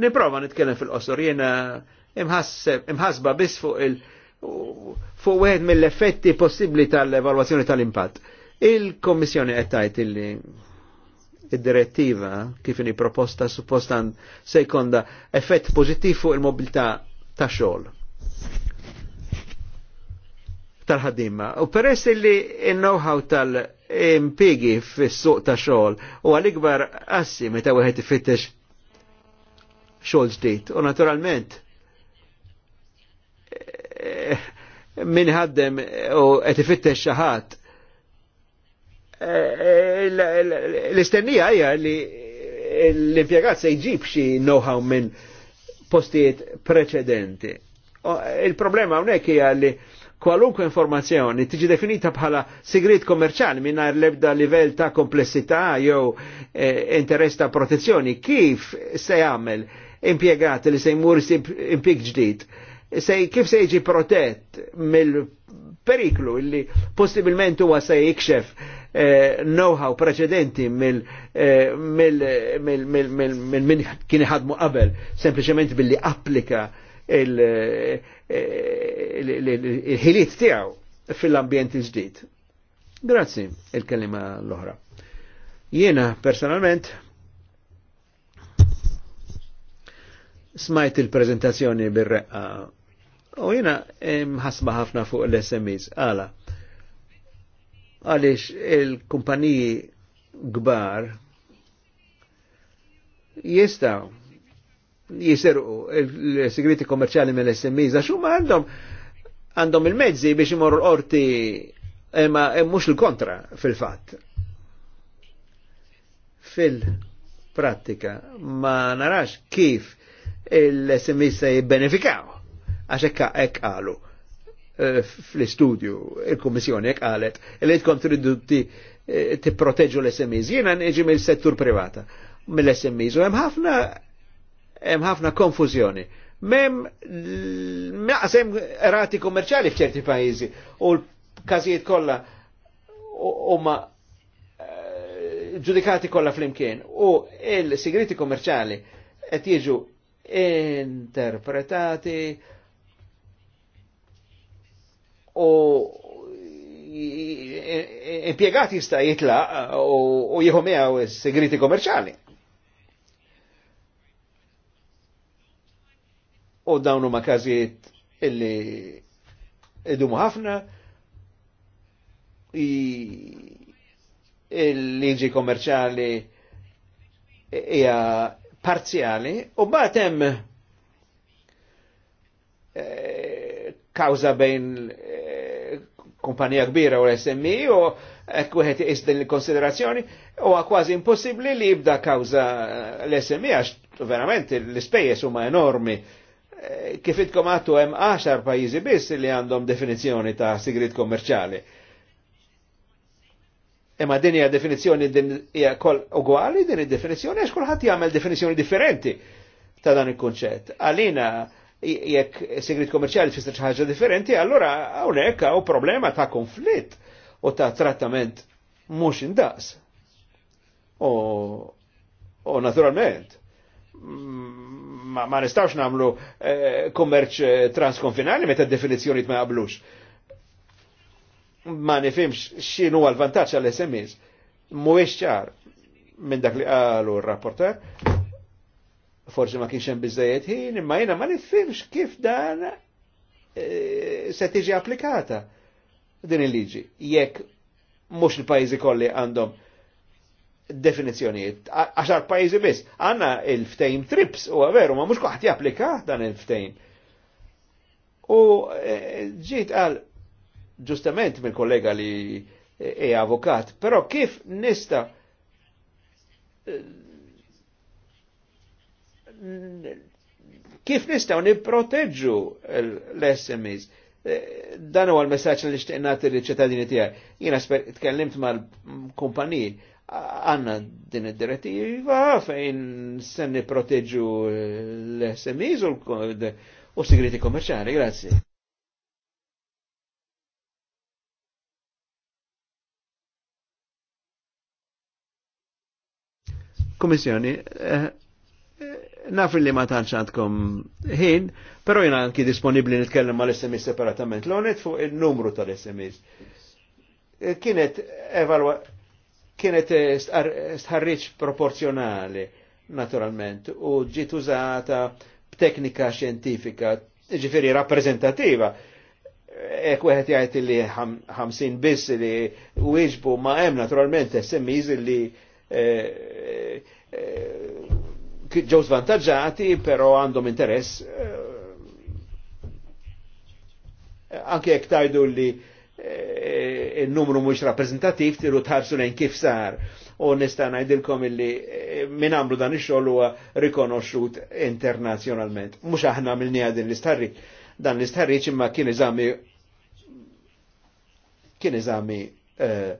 Niprova nitkellem fil-qosor, jena imħasba biss fuq il- fuq wieħed mill-effetti possibbli tal-evalwazzjoni tal-impatt. Il-Kommissjoni qed tgħid illi id-direttiva kif ini proposta suppostan se jkonda effett pożittiv fuq il-mobilità ta' xogħol tal ħaddiema U peress illi il-know-how tal- impigi fis-suq ta' xogħol u għal-ikbar assi meta wieħed ifittex xogħol ġdid. U naturalment eh, min ħaddem u qed ifittex xi ħadd eh, l-istennija hija li l-impjegat se jġib xi know-how minn postijiet preċedenti. Il-problema hawnhekk hija li kwalunkwe informazzjoni tiġi definita bħala sigrit kommerċali mingħajr l-ebda livell ta' komplessità jew eh, interess ta' protezzjoni, kif se jagħmel impjegat li se jmur impjeg ġdid? Se, kif se jiġi protett mill-periklu illi possibilment huwa se jikxef eh, know-how preċedenti mill eh, min kien ħadmu qabel, sempliċement billi applika il-ħiliet tiegħu fil-ambjent il Grazzi il-kelima l-oħra. Jiena personalment smajt il-prezentazzjoni bir-reqqa u jiena mħasba ħafna fuq l-SMEs għala għalix il-kumpaniji gbar jistaw jiserqu il-segreti kommerċali mill-SMEs, għax huma għandhom għandhom il-mezzi biex imorru l-qorti imma mhux il-kontra fil-fatt. Fil-prattika ma narax kif il-SMEs se jibbenefikaw għax hekk għalu. Eh, fl-istudju il-Kummissjoni hekk qalet li tkun ti eh, tipproteġu l-SMEs. Jiena niġi mill-settur privata mill-SMEs u hemm ħafna hemm ħafna konfużjoni. Mem naqsem rati kommerċali f'ċerti pajjiżi u l-każijiet kollha huma eh, ġudikati kollha flimkien u il-sigriti kommerċali qed jiġu interpretati u impiegati jista' jitlaq u jieħu miegħu s sigriti kommerċali. u dawnu ma kazijiet illi idumu ħafna il-liġi kommerċali hija parzjali u batem eh, kawza bejn eh, kumpanija kbira u l SMI e u hekk wieħed iqis din il-konsiderazzjoni huwa kważi impossibli li jibda kawza l-SMI e għax verament l-ispejjeż huma enormi kif itkom għattu hemm 10 pajjiżi biss li għandhom definizzjoni ta' sigrit kommerċali. Imma din hija definizzjoni din hija koll ugwali din id-definizzjoni għax kulħadd jagħmel definizzjoni differenti ta' dan il-kunċett. Għalina jekk sigrit kommerċali tfisser xi ħaġa differenti, allura hawnhekk hawn problema ta' konflitt u ta' trattament mhux indaqs. U naturalment, ma, ma nistawx namlu eh, kummerċ eh, transkonfinali meta d-definizjoni ma jablux. Ma nifimx xinu għal-vantaċ għal sms Mwiex ċar minn dak li għalu r-rapporter, forse ma kienx hemm biżejjed ħin, imma jiena ma nifhimx kif dan eh, se tiġi applikata din il-liġi. Jekk mhux il-pajjiżi kolli għandhom definizjoniet, għaxar pajzi biss, għanna il-ftejm trips, u għaveru, ma mux kuħat japplika dan il-ftejm. U e, ġiet għal, ġustament minn kollega li e avokat, pero kif nista e, kif nistaw niproteġu l-SMEs? E, dan huwa l-messaġġ li xtieq nagħti liċ-ċittadini tiegħek. Jiena tkellimt mal-kumpaniji għanna din id-direttiva fejn senni proteġu l-SMEs u s-sigriti kommerċali. Grazie. Komissjoni, eh, nafri li ma tantx għandkom ħin, però jena anki disponibli nitkellem mal-SMS separatament l-onet fuq il-numru tal-SMS. Eh, kienet evalwa kienet stħarriċ proporzjonali, naturalment, u ġiet użata b'teknika xjentifika, ġifiri rappresentativa. Ek weħet jgħajt li 50 biss li wieġbu ma' hemm naturalment SMEs li eh, eh, ġew svantagġati, però għandhom interess eh, anke jekk tajdu li il-numru mux rappresentativ tiru tħarsu lejn kif sar. U nistan ngħidilkom illi eh, min għamlu dan ix-xogħol huwa rikonoxxut internazzjonalment. Mhux aħna mill għadin l-istarri. Dan l-istarriċ imma kien eżami kien eżami eh,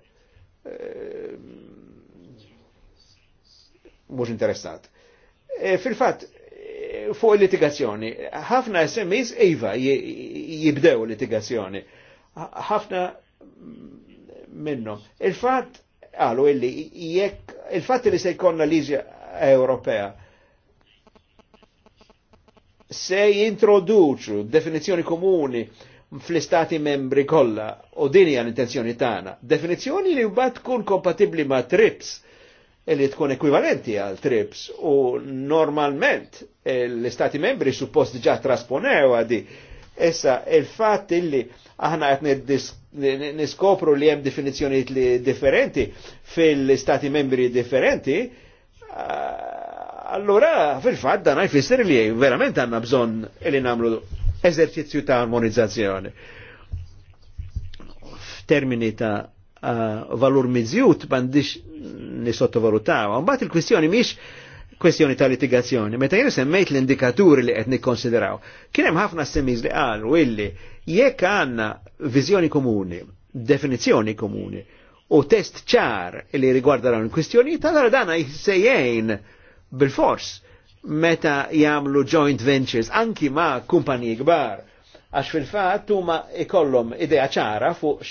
eh, mhux interessat. Fil-fatt, fuq il-litigazzjoni, ħafna SMEs iva jibdew litigazzjoni. ħafna minnhom. il fat għalu illi il fat li se jkollna liġi Ewropea se jintroduċu definizjoni komuni fl-istati membri kolla u dini għan intenzjoni tana, definizjoni li mbagħad tkun kompatibli ma' trips li tkun ekwivalenti għal trips u normalment l-istati membri suppost ġa trasponew għadi. Essa, il fat illi aħna qed niskopru li hemm definizzjonijiet li differenti fil-stati membri differenti, eh, allura fil-fatt dan jfisser li verament għandna bżonn li nagħmlu eżerċizzju ta' armonizzazzjoni. F'termini ta' eh, valur miżjut bandix nisottovalutaw. Mbagħad il-kwistjoni miex kwestjoni ta' litigazzjoni. Meta jien semmejt l-indikaturi li qed konsideraw, kien hemm ħafna semmiz li qalu illi jekk għandna viżjoni komuni, definizzjoni komuni u test ċar li rigwarda dawn il kwestjoni tal dana jsejjejn bil-fors meta jagħmlu joint ventures anki ma' kumpaniji kbar għax fil-fatt huma ikollom idea ċara fuq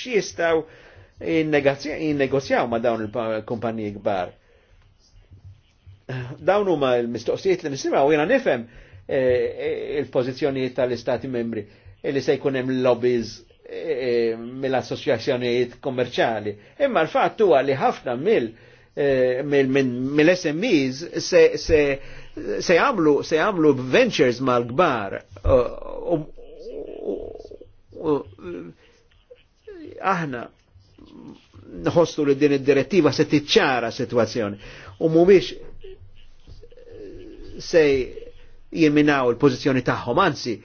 in-negozjaw ma' dawn il-kumpaniji kbar Dawn huma l-mistoqsijiet li nisimgħu jiena nifhem eh, eh, il-pożizzjonijiet tal-Istati membri eh, li se jkun hemm lobbies mill-assoċjazzjonijiet kommerċali. Imma l-fatt huwa li ħafna mill mill-SMEs se jagħmlu se jagħmlu ventures mal-kbar aħna nħossu li din id-direttiva se tiċċara situazzjoni u mhumiex se jiminaw il-pozizjoni tagħhom, anzi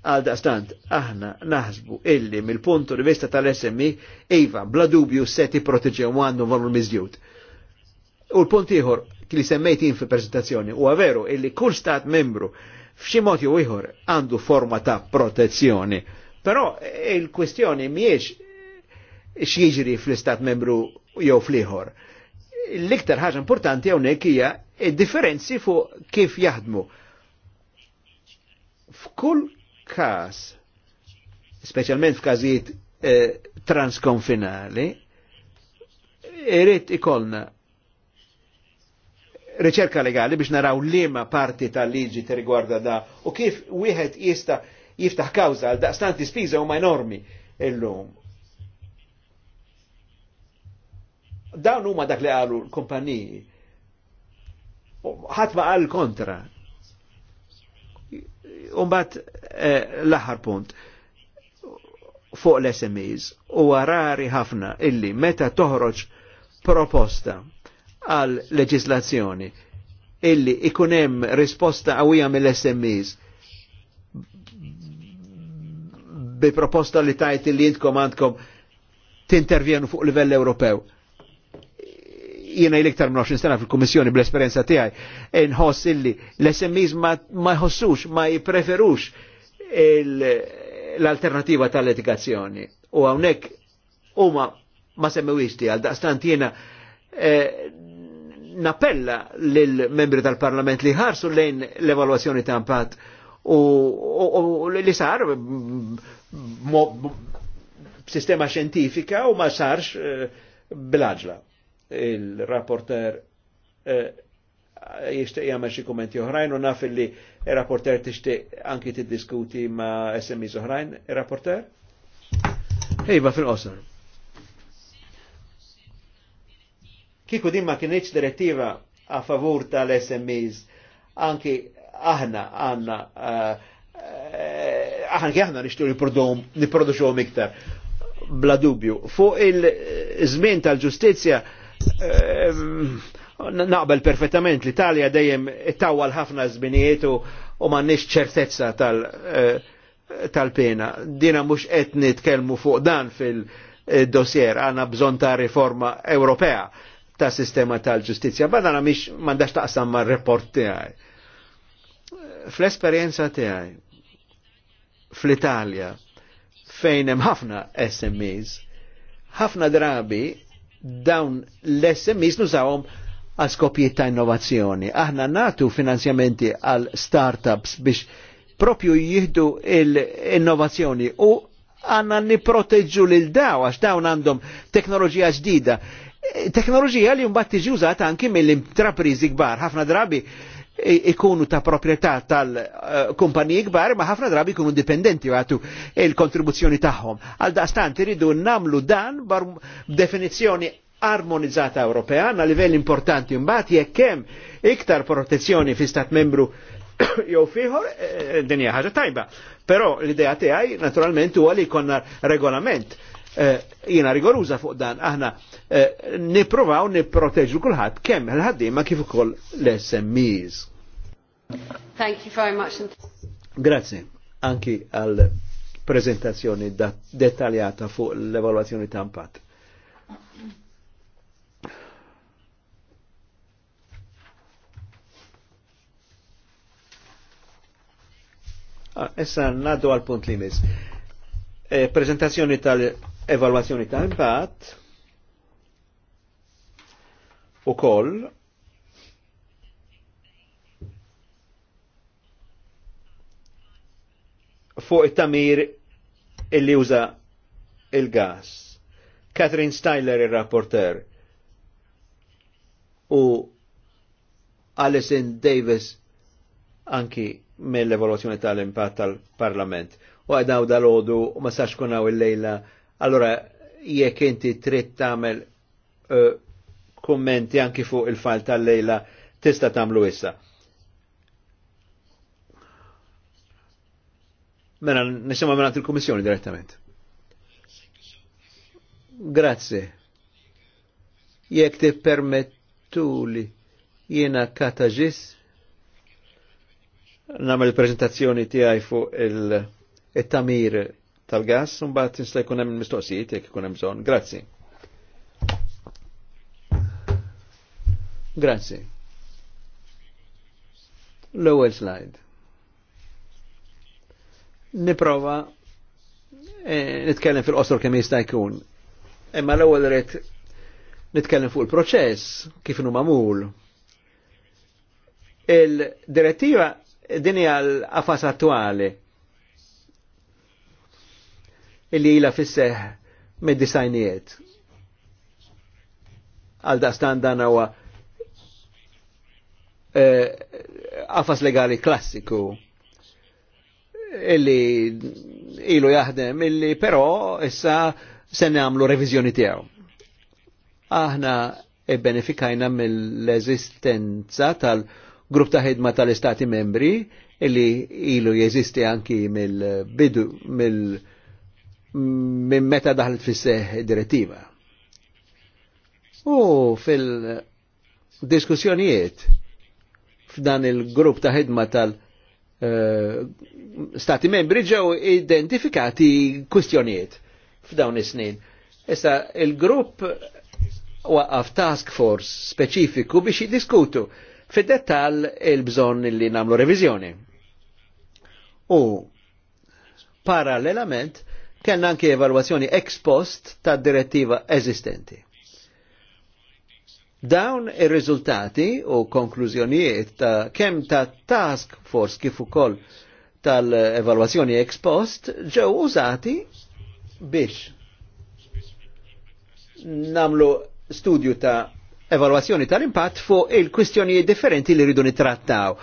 għalda stant, aħna naħsbu illi mill-puntu di vista tal-SMI Iva bla dubju se tipproteġew għandu valur miżjud. U l-punt ieħor li semmejt jien fil-prezentazzjoni huwa veru illi kull stat membru f'xi mod iħor ieħor għandu forma ta' protezzjoni. Però il-kwestjoni mhijiex x'jiġri fl-istat membru jew fl-ieħor l-iktar ħaġa importanti hawnhekk hija differenzi fuq kif jaħdmu. F'kull każ, speċjalment f'każijiet eh, transkonfinali, irrid ikollna riċerka legali biex naraw liema parti tal-liġi ti rigwarda da u kif wieħed jista' jiftaħ kawża għal daqstant spiża huma enormi illum Dawn huma dak li għalu l-kompaniji. Ħadd ma qal kontra. Umbat eh, l-aħħar punt fuq l-SMEs u rari ħafna illi meta toħroġ proposta għal leġislazzjoni illi ikunem risposta għawija mill-SMEs bi proposta li tajt li jintkom għandkom tintervjenu fuq livell Ewropew jiena jil iktar minn 20 sena fil-Kummissjoni bl-esperjenza tiegħi nħoss illi l-SMEs ma jħossux, ma jipreferux l-alternativa tal-edukazzjoni. U hawnhekk huma ma semmewisti għal daqstant jiena eh, napella lill-membri tal-Parlament li ħarsu lejn l-evalwazzjoni ta' impatt u li sar sistema xjentifika u ma sarx eh, bil-aġla il-rapporter eh, jishtiq jagħmel xi kummenti oħrajn u naf li rapporter tixtieq anki tiddiskuti ma' SMI oħrajn, rapporter? Iva fil-qosor. Kiku din ma kienieċ direttiva a favur tal-SMEs, anki aħna għanna aħanki eh, eh, aħna nishtu niproduxu iktar bla dubju. Fuq il-żmien tal-ġustizja, Ehm, naqbel perfettament l-Italja dejjem tawwal ħafna żbinijiet u m'għandniex ċertezza eh, tal-pena. Dina mhux qed nitkellmu fuq dan fil-dossier għandna bżonn ta' riforma Ewropea ta' sistema tal-ġustizja. Badana miex mandax taqsam mar report tiegħi. Fl-esperjenza tiegħi fl-Italja fejn hemm ħafna SMEs, ħafna drabi dawn l-SMEs nużawhom għal skopijiet ta' innovazzjoni. Aħna natu finanzjamenti għal startups biex propju jihdu l-innovazzjoni u għanna niproteġu lil daw għax dawn għandhom teknoloġija ġdida. Teknoloġija li mbagħad ġużat anki mill intraprizi kbar. Ħafna drabi E, ikunu ta' proprjetà tal-kumpaniji kbar, ma ħafna drabi ikunu dipendenti għatu il-kontribuzzjoni tagħhom. Għal daqstant iridu namlu dan bar definizzjoni armonizzata Ewropea na livell importanti mbagħad jekk hemm iktar protezzjoni fi stat membru jew fiħor e, e, din hija ħaġa tajba. Però l-idea tiegħi naturalment huwa li jkollna regolament jiena rigoruża fuq dan aħna nippruvaw nipproteġu kulħadd kemm il-ħaddiema kif ukoll l-SMEs. Thank you very much. Grazie anki għal prezentazzjoni dettaljata fuq l-evaluazzjoni ta' impatt. Ah, essa naddu għal punt li mis. E, eh, prezentazzjoni tal-evaluazzjoni ta' impatt u koll fuq it-tamir illi uża il-gas. Catherine Styler il-rapporter u Alison Davis anki mill-evoluzzjoni tal-impatt tal-parlament. U għadaw dal-ħodu ma sax kunaw il-lejla. Allora, jek inti trid tagħmel uh, kummenti anki fuq il-fall tal-lejla tista' tagħmlu issa. mena nisema mena il-Kummissjoni direttament. Grazie. Jek te permettu li jena kataġis namel il-preżentazzjoni tiegħi fuq il-tamir tal-gas, mbagħad nista' jkun hemm mistoqsijiet jekk ikun hemm Grazie. Grazie. Lowell slide. Niprova eh, nitkellem fil-qosor kemm jista' jkun. Imma l-ewwel rid nitkellem fuq il-proċess kif inhu magħmul. Il-direttiva din hija l-qafas attwali illi ila fisseħ mid-disajnijiet. Għal daqstan dan huwa eh, qafas legali klassiku illi ilu jaħdem illi però issa se nagħmlu reviżjoni tiegħu. Aħna e benefikajna mill-eżistenza tal-grupp ta' ħidma tal-Istati membri illi ilu jeżisti anki mill-bidu mill minn meta daħlet fis direttiva. U fil-diskussjonijiet f'dan il-grupp ta' ħidma tal Eh, stati membri ġew identifikati kwistjonijiet f'dawn is-snin. Issa il-grupp waqaf task force speċifiku biex jiddiskutu fid dettall il-bżonn li nagħmlu revizjoni. U parallelament kellna anke evalwazzjoni ex post tad direttiva eżistenti. Dawn ir-riżultati u konklużjonijiet ta' kemm ta' task force kif ukoll tal-evalwazzjoni ex post ġew użati biex namlu studju ta' evalwazzjoni tal-impatt fuq il-kwistjonijiet differenti li rridu nittrattaw.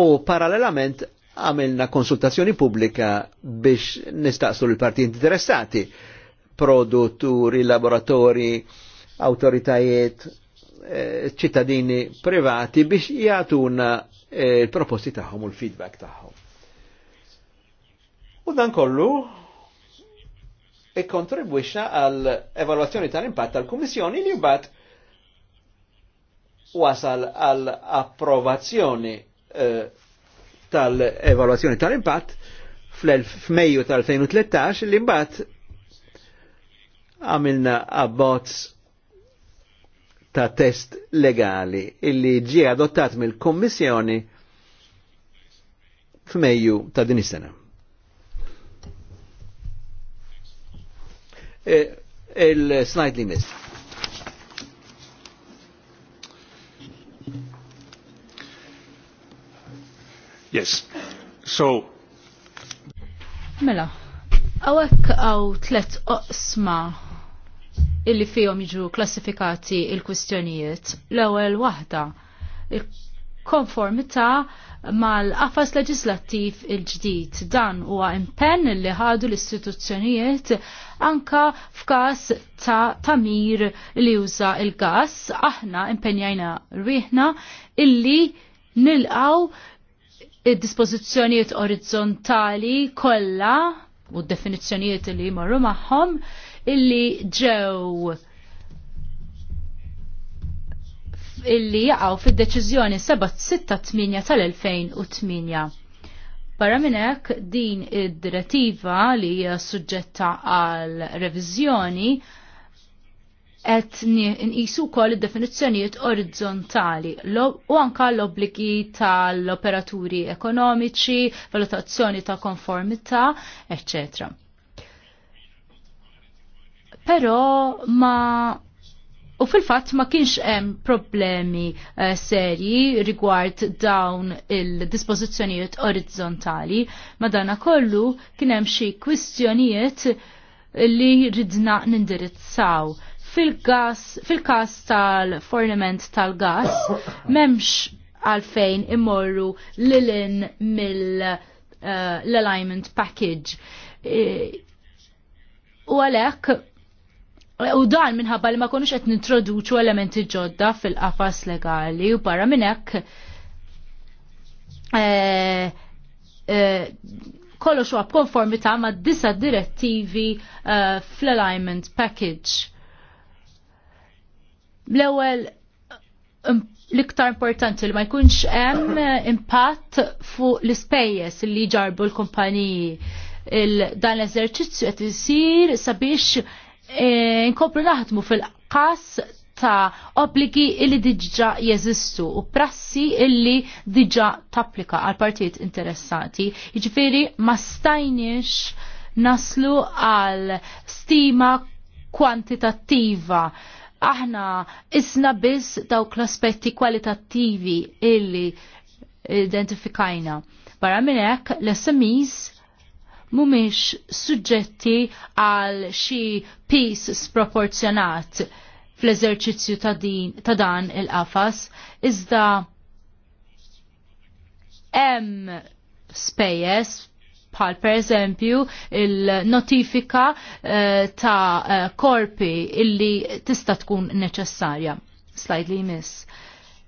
U parallelament għamilna konsultazzjoni pubblika biex nistaqsu l-parti interessati, produtturi, laboratori, autoritajiet, Eh, ċittadini privati biex jgħatuna eh, il-proposti tagħhom u l-feedback tagħhom. U dan kollu ikkontribwixxa għal evalwazzjoni tal-impatt tal-Kummissjoni li mbagħad wasal għal approvazzjoni eh, tal-evalwazzjoni tal-impatt fl-Mejju tal-2013 li mbagħad għamilna abbozz ta' test legali illi ġie adottat mill-Kommissjoni f'Mejju ta' din is-sena. E, il-slide li miss. Yes. So. Mela, għawek għaw tlet oqsma illi fihom jiġu klassifikati il-kwistjonijiet. L-ewwel waħda konformità mal-qafas leġislattiv il-ġdid. Dan huwa impenn li ħadu l-istituzzjonijiet anka f'każ ta' tamir li juża il-gas. Aħna impenjajna rieħna illi nilqaw id-dispożizzjonijiet orizzontali kollha u d-definizzjonijiet li jmorru magħhom illi ġew illi jaqaw fid-deċiżjoni 8 tal-2008. Barra minnek din id-direttiva li hija suġġetta għal revizjoni qed nqisu wkoll id-definizzjonijiet orizzontali u anka l-obbligi tal-operaturi ekonomiċi, valutazzjoni ta' konformità, eccetera. Pero ma U fil-fatt ma kienx hemm problemi uh, serji rigward dawn il-dispożizzjonijiet orizzontali, dana kollu kien hemm xi kwistjonijiet li ridna nindirizzaw. Fil-gas, fil-kas tal-forniment tal-gas, memx għalfejn immorru lilin mill-alignment eh, uh, package. E, u għalek, U dan minħabba li ma konux qed nintroduċu elementi ġodda fil-qafas legali u barra minn hekk eh, eh, kollox huwa b'konformità ma' disa direttivi eh, fl-alignment package. L-ewwel l-iktar importanti li ma jkunx hemm impatt fuq l-ispejjeż li ġarbu l-kumpaniji. dan l-eżerċizzju qed isir sabiex inkopru e, naħdmu fil-qas ta' obbligi illi diġa jeżistu u prassi illi diġa tapplika għal partijiet interessati. Iġveri ma stajniex naslu għal stima kwantitattiva. Aħna isna biss dawk l-aspetti kwalitattivi illi identifikajna. Barra minnek l-SMEs mumiex suġġetti għal xi pis sproporzjonat fl-eżerċizzju ta' dan il-qafas, iżda hemm spejjeż bħal per eżempju il-notifika eh, ta' eh, korpi illi tista' tkun neċessarja. Slide li jmiss.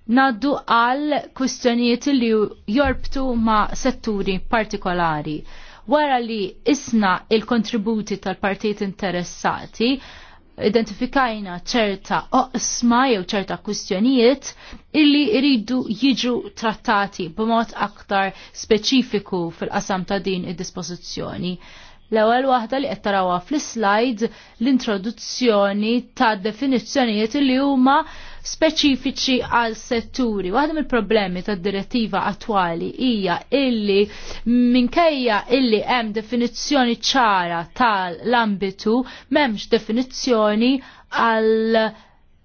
Naddu għal kwistjonijiet li jorbtu ma' setturi partikolari wara li isna il-kontributi tal-partijiet interessati, identifikajna ċerta oqsma jew ċerta kwistjonijiet illi iridu jiġu trattati b'mod aktar speċifiku fil-qasam ta' din id-dispożizzjoni. L-ewwel waħda li qed tarawha fl-slide l-introduzzjoni ta' definizzjonijiet li huma speċifiċi għal setturi. Waħda mill-problemi tad direttiva attwali hija illi minkejja illi hemm definizzjoni ċara tal-ambitu m'hemmx definizzjoni għal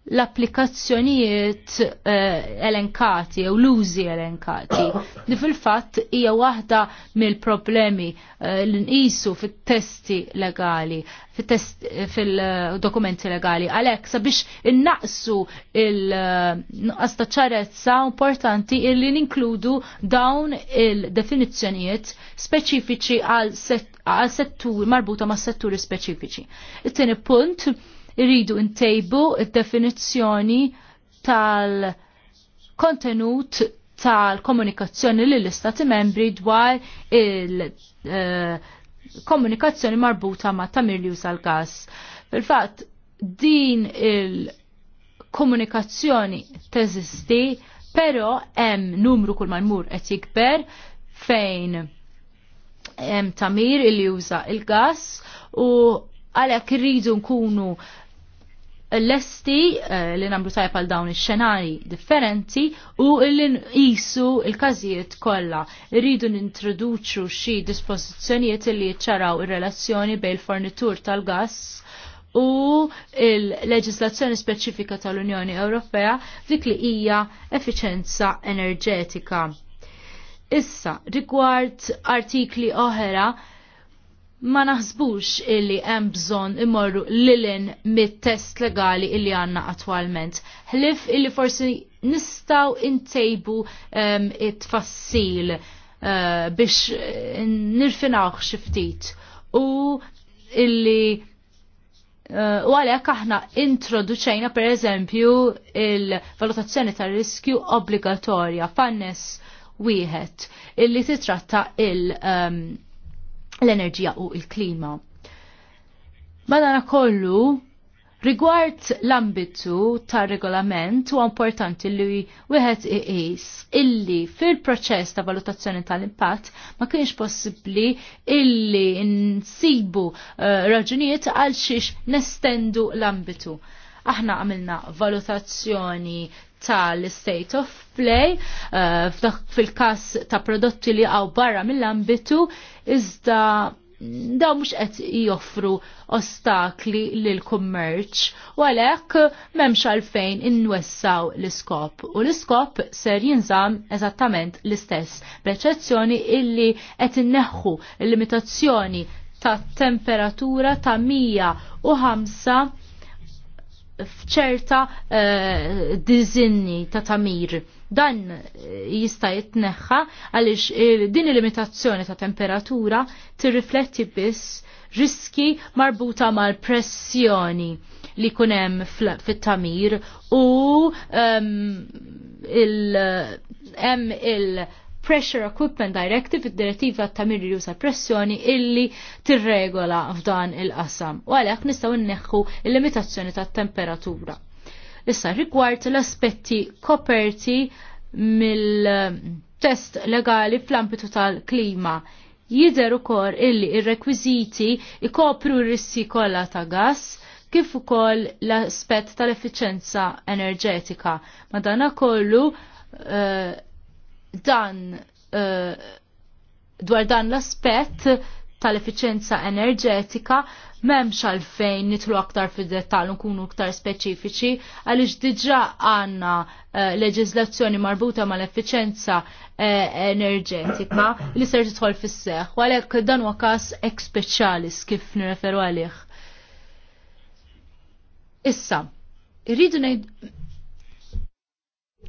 l-applikazzjonijiet eh, elenkati u l-użi elenkati. Di fil-fatt hija waħda mill-problemi eh, li nqisu fit-testi legali, eh, fil-dokumenti legali. Għalhekk sabiex innaqsu il-nuqqas ta' ċarezza importanti illi ninkludu dawn il-definizzjonijiet speċifiċi għal settur marbuta ma' setturi speċifiċi. It-tieni punt irridu ntejbu id-definizzjoni tal-kontenut tal-komunikazzjoni lill istati membri dwar il-komunikazzjoni eh, marbuta ma' tamir li juża l-gas. Fil-fatt, din il-komunikazzjoni teżisti, pero hemm numru kull marmur qed jikber fejn hemm tamir li juża il-gas u għalhekk irridu nkunu lesti esti eh, li namlu tajja għal dawn ix-xenari differenti u li nqisu il-każijiet kollha. Irridu introduċu xi dispozizjoniet li jiċċaraw ir-relazzjoni bejn l fornitur tal-gass u il-leġislazzjoni speċifika tal-Unjoni Ewropea dik li hija effiċenza enerġetika. Issa, rigward artikli oħra ma naħsbux illi hemm bżonn imorru lilin mit-test legali illi għandna attwalment. Ħlif illi forsi nistaw intejbu um, it-tfassil uh, biex eh, nirfinawh xi ftit u illi uh, u għalhekk aħna introduċejna pereżempju il-valutazzjoni tar-riskju obbligatorja fannes wieħed illi titratta il- um, l-enerġija u il-klima. Madana kollu, rigward l-ambitu tar regolament huwa importanti li wieħed iqis illi fil-proċess ta' valutazzjoni tal-impatt ma kienx possibbli illi nsibu uh, raġunijiet għal xiex nestendu l-ambitu aħna għamilna valutazzjoni tal-state of play uh, fil-kas ta' prodotti li għaw barra mill-ambitu iżda daw mux qed joffru ostakli lil kummerċ u għalhekk m'hemmx għalfejn inwessaw l-iskop u l-iskop ser jinżam eżattament l-istess preċezzjoni illi qed inneħħu l limitazzjoni ta' temperatura ta' 105 fċerta uh, eh, dizinni ta' tamir. Dan eh, jista' jitneħħa għaliex eh, din il-limitazzjoni ta' temperatura tirrifletti biss riski marbuta mal-pressjoni li kunem fit-tamir u um, ehm, il-em il-, um, il Pressure Equipment Directive, id-direttiva ta' mirri jusa pressjoni illi tirregola f'dan il-qasam. U għalhekk nistgħu nneħħu il-limitazzjoni tat-temperatura. Issa rigward l-aspetti koperti mill-test legali fl-ambitu tal-klima jider ukoll illi il rekwiżiti ikopru r-rissi kollha ta' gass kif ukoll l-aspett tal-effiċenza enerġetika. Madana kollu uh, eh, dan uh, dwar dan l-aspett tal-efficienza enerġetika memx għalfejn nitlu aktar fid-dettal nkunu aktar speċifiċi għaliex diġà għandna uh, eh, leġizlazzjoni marbuta mal-efficienza uh, enerġetika li ser tidħol fis-seħħ u għalhekk dan huwa każ ek speċjalis kif nirreferu għalih. Issa, irridu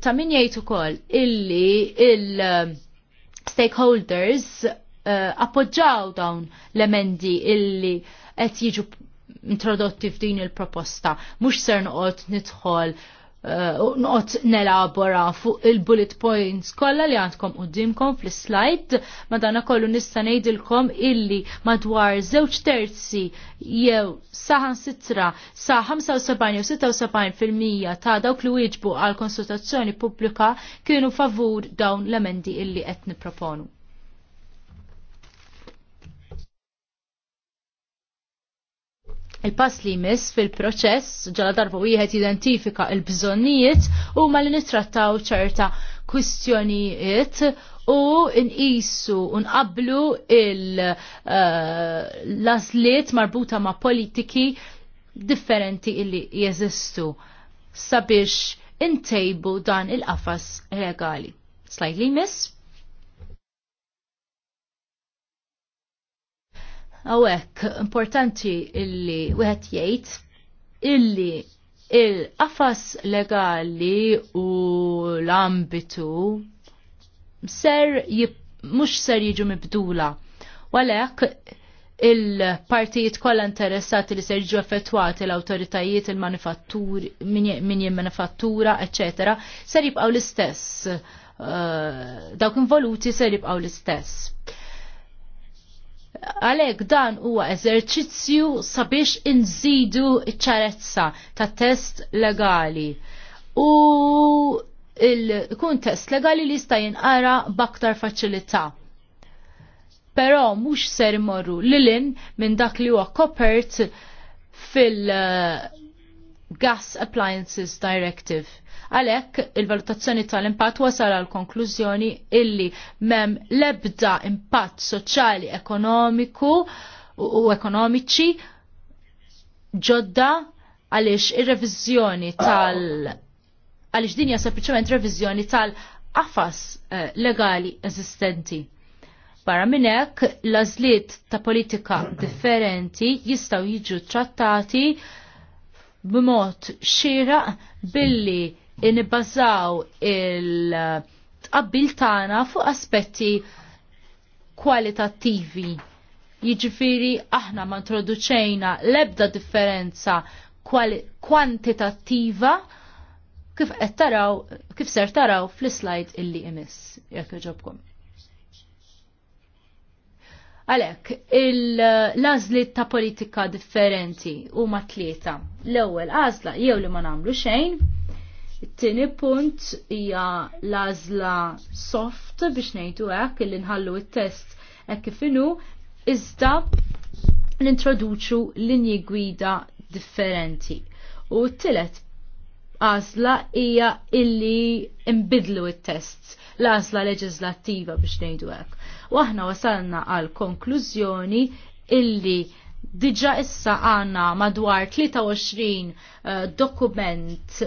ta' min jgħid ukoll illi il-stakeholders um, uh, appoġġaw dawn l-emendi illi qed jiġu introdotti f'din il-proposta. Mhux ser noqgħod nidħol uh, eh, Nela nelabora fuq il-bullet points kollha li għandkom dimkom fl-slide, madana kollu nista' ngħidilkom illi madwar żewġ terzi jew saħan sitra sa 75 jew 76 fil-mija ta' dawk li wieġbu għal konsultazzjoni pubblika kienu favur dawn l-emendi illi qed nipproponu. Il-pass li jmiss fil-proċess ġala darba wieħed identifika il-bżonnijiet u ma li nittrattaw ċerta kwistjonijiet u nqisu u nqablu il-lasliet eh, marbuta ma' politiki differenti illi jeżistu sabiex intejbu dan il-qafas legali. Slajd li jmiss? Għawek, importanti illi wieħed jgħid illi il-qafas legali u l-ambitu ser mux ser jiġu mibdula. Għalek, il-partijiet kollha interessati li ser jiġu effettwati l-autoritajiet, il manifatturi min manifattura, etc. ser jibqaw l-istess. Uh, dawk involuti ser jibqaw l-istess. Għalek dan huwa eżerċizzju sabiex inżidu ċarezza ta' test legali. U il test legali li sta jinqara baktar faċilità. Però mhux ser imorru lilin minn dak li huwa kopert fil-Gas Appliances Directive Għalhekk il-valutazzjoni tal-impatt wasal għal konklużjoni illi mem lebda impatt soċjali ekonomiku u ekonomiċi ġodda għaliex ir revizjoni tal- għaliex dinja sempliċement reviżjoni tal afas eh, legali eżistenti. Barra minnek, lażliet ta' politika differenti jistaw jiġu trattati b'mod xira billi inibbażaw il-tqabbil tagħna fuq aspetti kwalitattivi. Jiġifieri aħna ma introduċejna l-ebda differenza kwantitattiva kif qed taraw kif ser taraw fl-slide illi imiss jekk iġobkom. Għalek, l-azlit ta' politika differenti u matlieta tlieta. L-ewwel għażla jew li ma nagħmlu xejn, Tini punt hija lażla soft biex ngħidu hekk li nħallu it-test hekk kif inhu iżda nintroduċu linji gwida differenti. U t-tielet għażla hija illi imbidlu it-tests l-għażla leġislattiva biex ngħidu hekk. U aħna wasalna għal konklużjoni illi diġa issa għanna madwar 23 uh, eh, dokument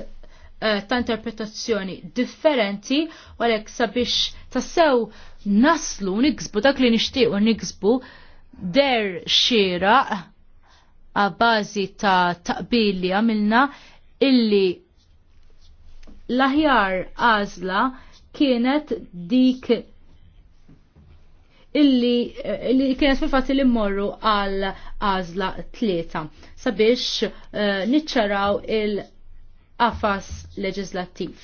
Eh, ta' interpretazzjoni differenti u għalhekk sabiex tassew naslu niksbu dak li nixtiequ niksbu der xira għabbażi ta' taqbil li għamilna illi l-aħjar għazla kienet dik illi, illi eh, kienet fil-fat li morru għal għazla tlieta sabiex uh, niċċaraw il- qafas leġislattiv.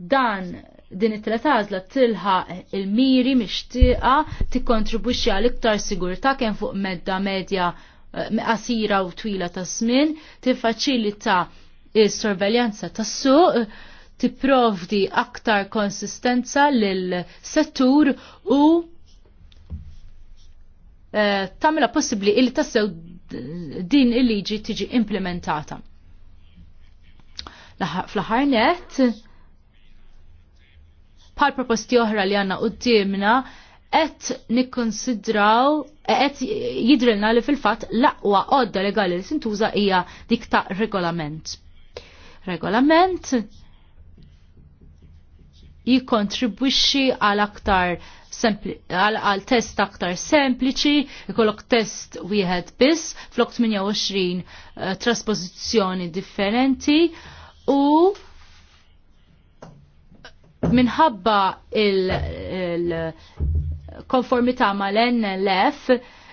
Dan din it-tlet għażla tilħaq il-miri mixtieqa tikkontribwixxi għal iktar sigurtà kemm fuq medda medja eh, qasira u twila ta' żmien, tiffaċilita s sorveljanza tas-suq, tipprovdi aktar konsistenza lil settur u eh, tamela possibli il tassew din il-liġi tiġi implementata fl-aħħar net bħal proposti oħra li għanna dimna, qed nikkonsidraw qed jidrilna li fil-fatt l-aqwa għodda legali li sintuża hija dik ta' regolament. Regolament jikkontribwixxi għal aktar għal test aktar sempliċi, ikollok test wieħed biss, flok 28 uh, eh, trasposizzjoni differenti, u minħabba il-konformità il ma l-NLF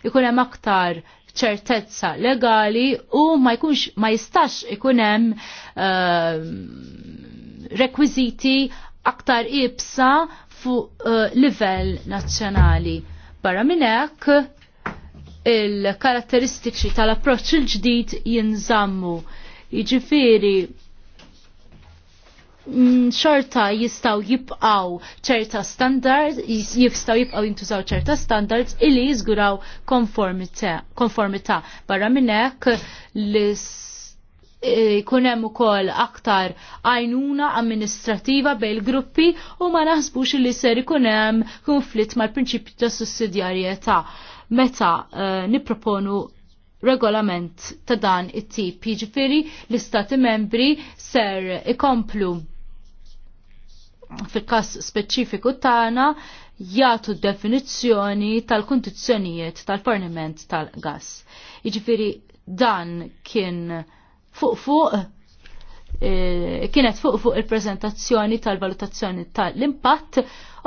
ikun hemm aktar ċertezza legali u ma jkunx ma jistax ikun hemm uh, rekwiziti aktar ibsa fuq uh, eh, livell nazzjonali. Barra minn hekk il-karatteristiċi tal-approċċ il-ġdid jinżammu. Jiġifieri Mm, xorta jistaw jibqaw ċerta standards jistaw jibqaw jintużaw ċerta standards illi jizguraw konformita. Barra minnek li e, kunem u kol aktar għajnuna amministrativa bejn gruppi u ma naħsbux li ser kunem konflitt mal prinċipju ta' sussidjarjetà meta uh, e, niproponu regolament ta' dan it-tip. Jiġifieri l-istati membri ser ikomplu fil-kas speċifiku tagħna jagħtu definizzjoni tal-kundizzjonijiet tal-forniment tal-gas. Jiġifieri dan kien fuq fuq e, kienet fuq fuq il-prezentazzjoni tal-valutazzjoni tal-impatt,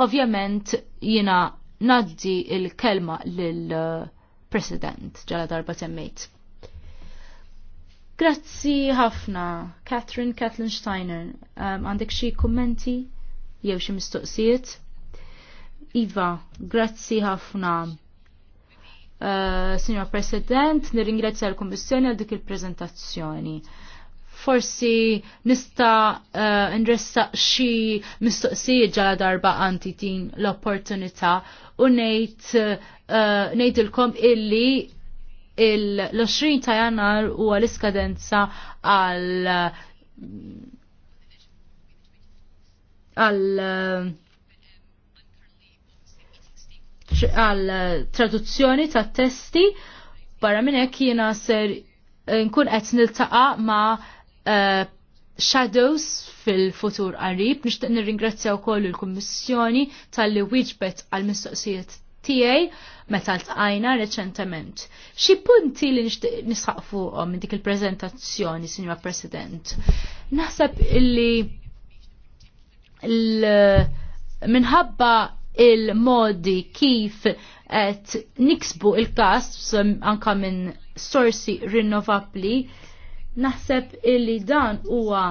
ovvjament jina naddi il-kelma lill-President ġala darba semmejt. Grazzi ħafna, Catherine Kathleen Steiner. Um, għandek um, xie kummenti? jew xi mistoqsijiet. Iva, grazzi ħafna. Uh, Signor President, nirringrazzja l-Kommissjoni għal dik il-prezentazzjoni. Forsi nista uh, nressa xi mistoqsijiet ġala darba għanti din l-opportunità u ngħid uh, ngħidilkom illi l-20 ta' jannar huwa l-iskadenza għal uh, għal għal traduzzjoni ta' testi barra minn hekk jiena ser nkun qed niltaqa' ma' uh, shadows fil-futur qarib. Nixtieq nirringrazzja wkoll il-Kummissjoni tal-li wieġbet għal mistoqsijiet tiegħi meta ltqajna reċentement. Xi punti li nisħaq fuqhom minn dik il-preżentazzjoni, Sinjora President. Naħseb illi minħabba il-modi kif qed niksbu il-kas anka minn sorsi rinnovabbli, naħseb illi dan huwa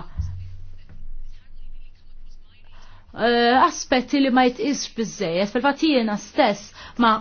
eh, aspetti li ma jitqis bizzejet, fil-fatt jiena stess ma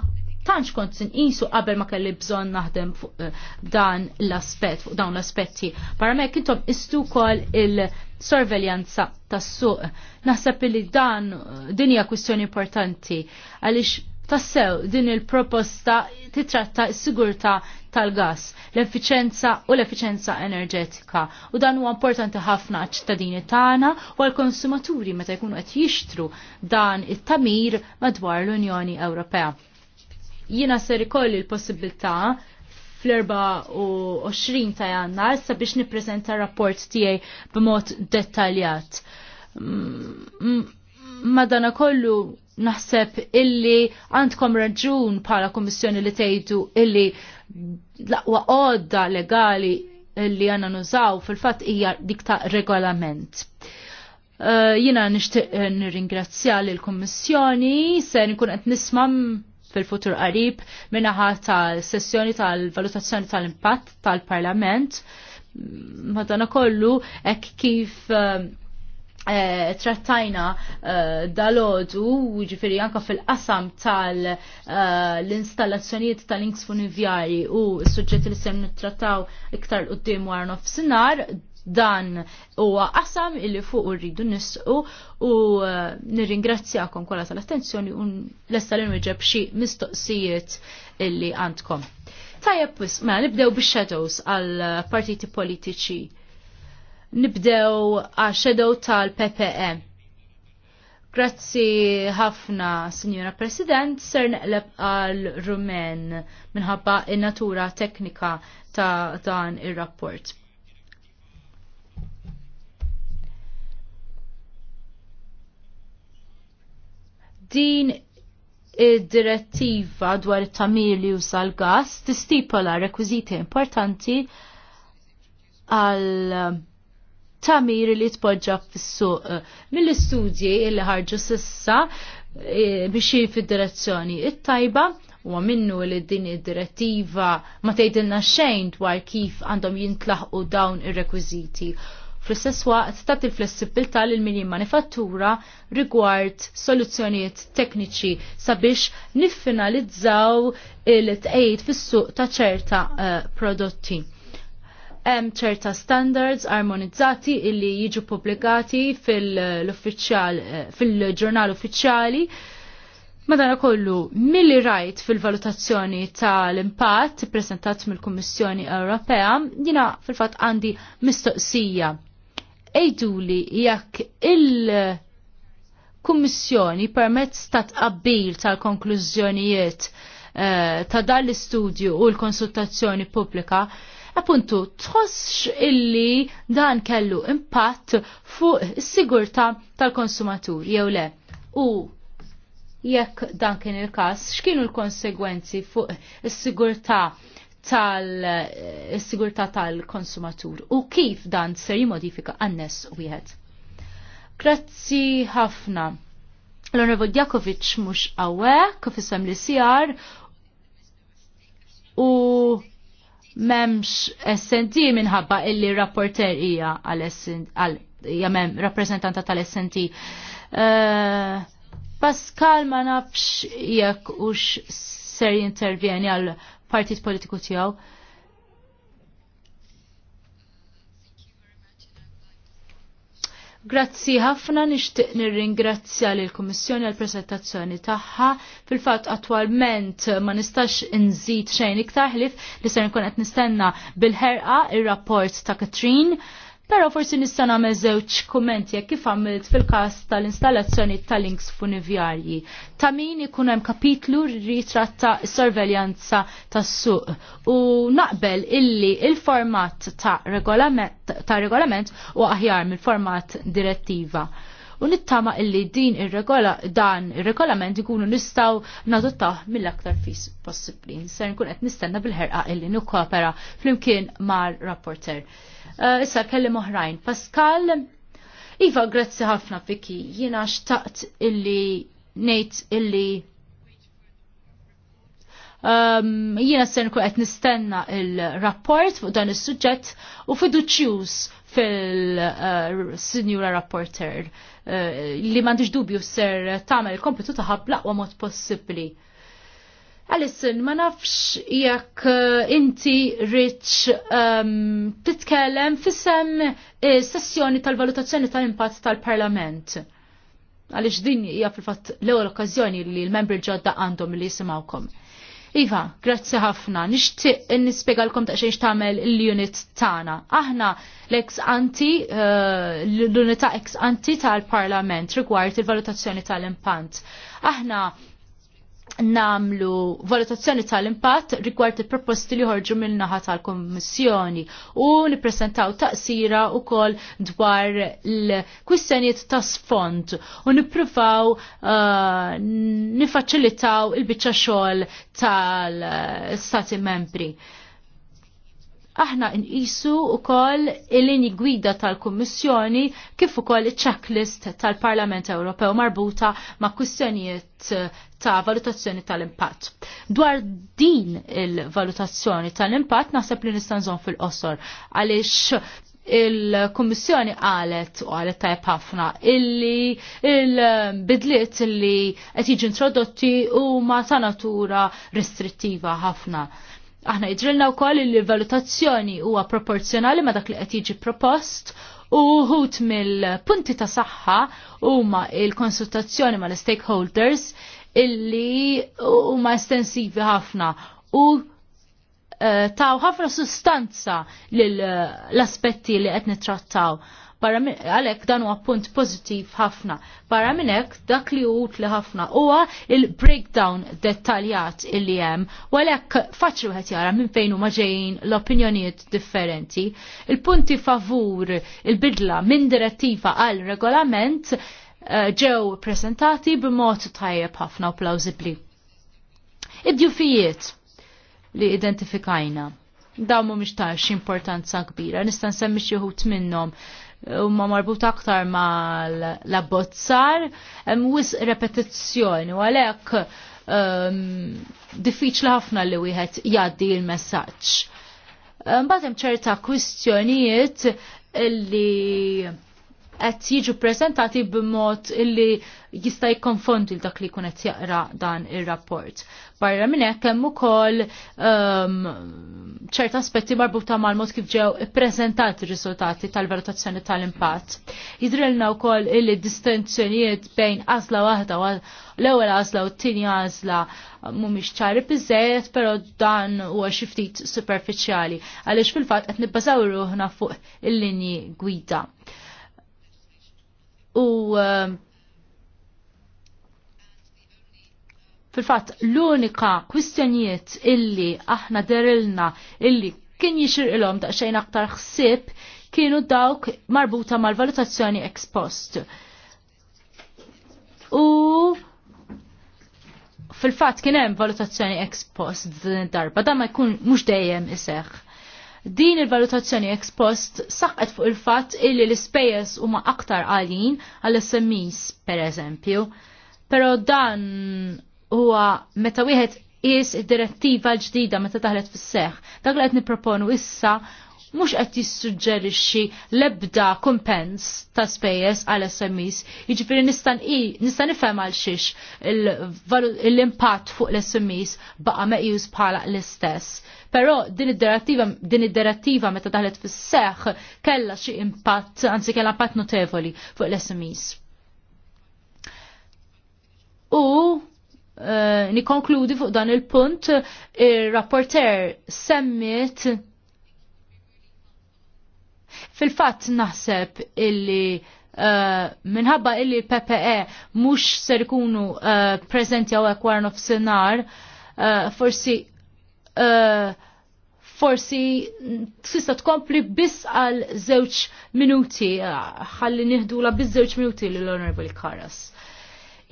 tantx kont sinqisu qabel ma kelli bżonn naħdem fuq eh, dan l-aspett, fuq dawn l-aspetti. Barra mek istu wkoll il-sorveljanza tas-suq. Naħseb li dan eh, din hija kwistjoni importanti għaliex tassew din il-proposta titratta s-sigurta tal-gas, l-efficienza u l-efficienza enerġetika. U dan huwa importanti ħafna ċittadini tagħna u għal-konsumaturi meta jkunu qed jixtru dan it-tamir madwar l-Unjoni Ewropea. Jiena ser ikolli l-possibilità fl-24 ta' jannar sabiex nippreżenta rapport tiegħi b'mod dettaljat. Madana kollu naħseb illi għandkom raġun bħala kommissjoni li tgħidu illi l-aqwa għodda legali illi għanna nużaw fil-fatt hija dik ta' regolament. Uh, jina nishtiq nirringrazzja l-Kommissjoni, se nkun qed nisma' fil-futur qarib minnaħa tal-sessjoni tal-valutazzjoni tal-impatt tal-Parlament. Madonna kollu ek kif eh, eh, trattajna e, dal-ħodu, ġifiri anka fil-qasam tal-installazzjonijiet tal-inks funivjari u s-sujġet li sem nittrattaw iktar qoddim war nofsinar, Dan huwa qasam illi fuq rridu nisqu u eh, nirringrazzjakom kollha tal-attenzjoni u lesta li nweġeb xi mistoqsijiet illi għandkom. Tajjeb, ma mela, nibdew bix-shadows għal partiti politiċi. Nibdew għal shadow tal-PPE. Grazzi ħafna, Signora President, ser neqleb għal rumen minħabba in-natura teknika ta' dan ir-rapport. Din id-direttiva dwar it li u l gas tistipola rekwiziti importanti għal eh, tamir li tpoġġa fis-suq. Eh, mill-istudji li ħarġu sissa eh, biex fid-direzzjoni it-tajba u minnu li din id-direttiva ma tgħidilna xejn dwar kif għandhom jintlaħqu dawn ir-rekwiżiti fl-istess waqt tat il-flessibilità lil min manifattura rigward soluzzjonijiet tekniċi sabiex niffinalizzaw il-tqejt fis-suq ta' ċerta eh, prodotti. Hemm ċerta standards armonizzati illi jiġu pubblikati fil-uffiċjal eh, fil-ġurnal uffiċjali Madana kollu, milli rajt fil-valutazzjoni tal-impatt prezentat mill-Kommissjoni Ewropea, jina fil-fat għandi mistoqsija ejduli jekk il-Kummissjoni permezz ta' tqabbil tal-konklużjonijiet eh, ta' dan l-istudju u l-konsultazzjoni pubblika, appuntu tħossx illi dan kellu impatt fuq is-sigurtà tal-konsumatur jew le. U jekk dan kien il-każ, x'kienu l-konsegwenzi fuq is-sigurtà tal-sigurtà tal-konsumatur u kif dan ser jimodifika għannes wieħed. Grazzi ħafna. L-Onorevol Djakovic mux għawek, fissem li sijar, u memx SNT minħabba illi rapporter hija għal jamem rappresentanta tal-SNT. Eh, Pascal ma nafx jekk ux ser jintervjeni għal partit politiku tiegħu. Grazzi ħafna nixtieq nirringrazzja lill kummissjoni għal presentazzjoni tagħha. Fil-fatt attwalment ma nistax inżid xejn iktar ħlif li ser nkun qed nistenna bil-ħerqa ir-rapport ta' Katrin Pero forsi nista' nagħmel żewġ kummenti jekk kif għamilt fil-każ tal-installazzjoni tal-links funivjarji. Ta' min ikun hemm kapitlu ritratta sorveljanza tas-suq u naqbel illi il-format ta' regolament ta' regolament u aħjar mill-format direttiva u nittama illi din regola dan ir-regolament ikunu nistaw nadottaw mill-aktar fis possibbli. Ser nkun qed nistenna bil-ħerqa illi nikkopera flimkien mar rapporter. Eh, issa kelli moħrajn. Pascal, Iva, grazzi ħafna fiki, jina xtaqt illi nejt illi um, jina sen qed nistenna il-rapport fuq dan is-suġġett u ċjus fil-sinjura eh, uh, rapporter uh, li m'għandix dubju ser tagħmel il-kompitu taħab laqwa mod possibbli. Alison, ma nafx jekk eh, inti rich um, titkellem fissem eh, sessjoni tal-valutazzjoni tal-impatt tal-parlament. Għalix din hija fil-fatt l-ewwel okkażjoni li l-membri ġodda għandhom li jisimawkom. Iva, grazzi ħafna. Nixtieq nispjegalkom ta' xejn x'tagħmel l-unit tagħna. Aħna l-ex anti uh, eh, l-unità ex anti tal-Parlament rigward il-valutazzjoni tal impant Aħna namlu valutazzjoni tal-impatt rigward il-proposti li ħorġu mill-naħa tal-Kommissjoni u nippresentaw taqsira wkoll dwar l kwistjonijiet ta' sfond u nippruvaw uh, nifaċilitaw il biċċa xogħol tal-Stati membri aħna nqisu wkoll il lini gwida tal-Kummissjoni kif ukoll iċ-checklist tal-Parlament Ewropew marbuta ma' kwistjonijiet ta' valutazzjoni tal-impatt. Dwar din il-valutazzjoni tal-impatt naħseb li nistanżon fil-qosor għaliex il-Kommissjoni għalet u għalet ta' ħafna illi il-bidliet illi qed jiġi introdotti huma ta' natura restrittiva ħafna. Aħna jidrilna wkoll li l-valutazzjoni huwa proporzjonali ma dak li qed jiġi propost u ħut mill-punti ta' saħħa huma il-konsultazzjoni mal stakeholders illi huma estensivi ħafna u eh, taw ħafna sustanza l-aspetti li qed nittrattaw. Barra għalek dan huwa punt pożittiv ħafna. Barra minn hekk dak li utli ħafna huwa il-breakdown dettaljat illi hemm u għalhekk faċli wieħed jara minn fejn huma ġejjin l-opinjonijiet differenti. Il-punti favur il-bidla minn direttiva għal regolament eh, ġew presentati b'mod tajjeb ħafna u plawzibli. Id-djufijiet li identifikajna dawn mhumiex ta' importanza kbira, nista' semmi xieħut wħud minnhom huma marbut aktar ma abbozzar hemm wis repetizzjoni u għalhekk ehm, diffiċli ħafna li wieħed jgħaddi l-messaġġ. Ehm, mbagħad hemm ċerta kwistjonijiet li qed jiġu prezentati b'mod illi jista' jikkonfondi l dak li jkun qed jaqra dan ir-rapport. Barra minn hekk hemm ukoll ehm, ċerta aspetti marbuta mal-mod kif ġew ippreżentati r-riżultati tal-valutazzjoni tal-impatt. Jidrilna wkoll illi distinzjonijiet bejn għażla waħda l-ewwel għażla u t-tieni għażla mhumiex ċari biżejjed, però dan huwa xi ftit superfiċjali għaliex fil-fatt qed nibbażaw ruħna fuq il-linji gwida u ehm, fil-fatt l-unika kwistjonijiet illi aħna derilna illi kien jixirqilhom daqsxejn aktar ħsieb kienu dawk marbuta mal-valutazzjoni ex post. U fil-fatt kien hemm valutazzjoni ex post darba, da ma jkun mhux dejjem iseħħ. Din il-valutazzjoni ex post saqqet fuq il-fatt illi l-ispejjeż huma aktar għalin għall smis per eżempju, però dan huwa meta wieħed is id-direttiva l-ġdida meta taħlet fis-seħħ. Dak li qed nipproponu issa mhux qed jissuġġerixxi l-ebda kumpens ta' spejjeż għal SMEs. Jiġifieri nista' nistan nifhem għal xiex l-impatt fuq l-SMEs baqa' meqjus bħala l-istess. Però din id-direttiva din id-direttiva meta daħlet fis-seħħ kellha xi impatt, anzi kellha impatt notevoli fuq l-SMEs. U eh, nikonkludi fuq dan il-punt, il-rapporter semmit Fil-fatt naħseb illi Uh, minħabba illi PPE mux ser ikunu uh, prezenti ekwarn of senar, uh, forsi uh, forsi tista tkompli biss għal żewġ minuti, uh, ħalli uh, nieħdu la bis zewċ minuti l-Honorable Karas.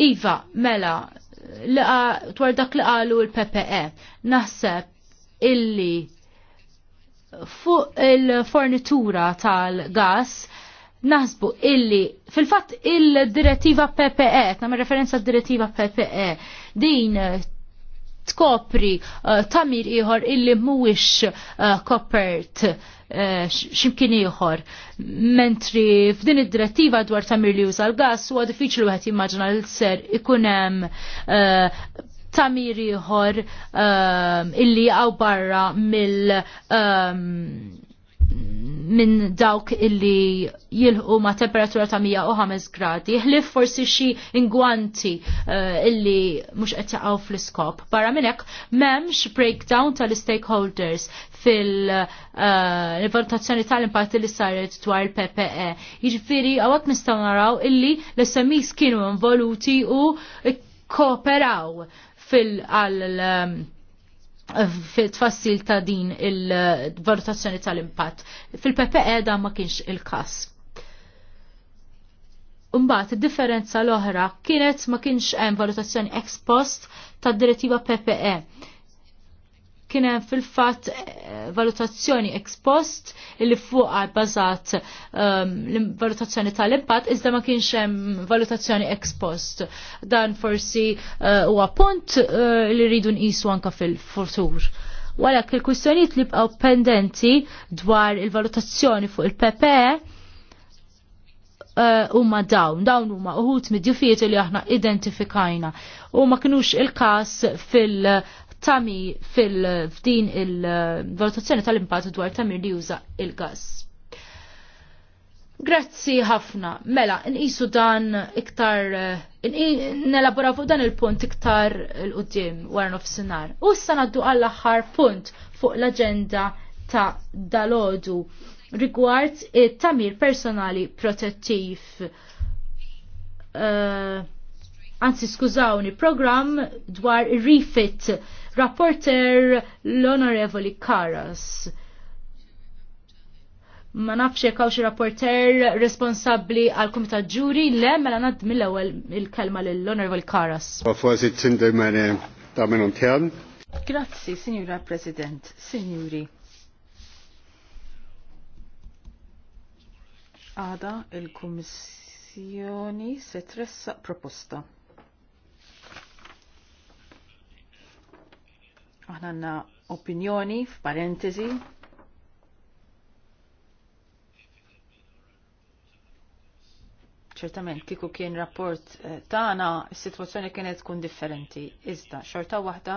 Iva, mela, laqa, dwar dak li qalu l-PPE, naħseb illi fuq il-fornitura tal-gas naħsbu illi fil-fatt il-direttiva PPE, namme referenza direttiva PPE, din tkopri uh, tamir iħor illi mhuwiex uh, kopert uh, ximkien ieħor. Mentri f'din id-direttiva dwar tamir li juża l-gas huwa diffiċli wieħed jimmaġna l ser ikun hemm ta' miriħor um, ehm, illi għaw barra mill um, minn dawk illi jilħu ma' temperatura ta' 105 gradi, ħlif forsi xi ingwanti uh, illi mhux qed jaqgħu fl-iskop. Barra minnek memx m'hemmx breakdown tal-stakeholders fil-valutazzjoni eh, uh, tal-impatt li saret dwar il-PPE. Jiġifieri għawak nistaw naraw illi l smis kienu involuti u kooperaw fil-għal um, fit-tfassil ta' din il-valutazzjoni tal-impatt. Fil-PPE da ma kienx il-kas. Umbat, differenza l-oħra kienet ma kienx hemm valutazzjoni ex post ta' direttiva PPE kien hemm fil-fatt eh, valutazzjoni ex post li fuqha bbażat ehm, l-valutazzjoni tal-impatt iżda ma kienx hemm valutazzjoni ex post. Dan forsi eh, huwa punt eh, li rridu nqisu anka fil-futur. Wara il-kwistjonijiet li bqgħu pendenti dwar il-valutazzjoni fuq il-PPE huma dawn, dawn huma uħut mid-djufijiet li aħna identifikajna. U ma kinux il-kas fil- tami fil-fdin il-valutazzjoni tal-impatt dwar tamir li juża il-gas. Grazzi ħafna. Mela, nqisu dan iktar, nelabora fuq dan il-punt iktar l-qoddim wara nofsinhar. U issa ngħaddu għall-aħħar punt fuq l-aġenda ta' dalodu rigward it-tamir personali protettiv. Uh, anzi skużawni, program dwar refit Rapporter l-Onorevoli Karas. Ma nafx jekk hawn xi rapporter responsabbli għal kumitat ġuri le mela ngħadd mill-ewwel il-kelma lill-Onorevoli Karas. Grazzi, Signora President, Signori. Għada il-Kummissjoni se tressaq proposta. Aħna għanna opinjoni f'parentesi ċertament kiku kien rapport eh, tagħna is-sitwazzjoni kienet tkun differenti. Iżda, xorta waħda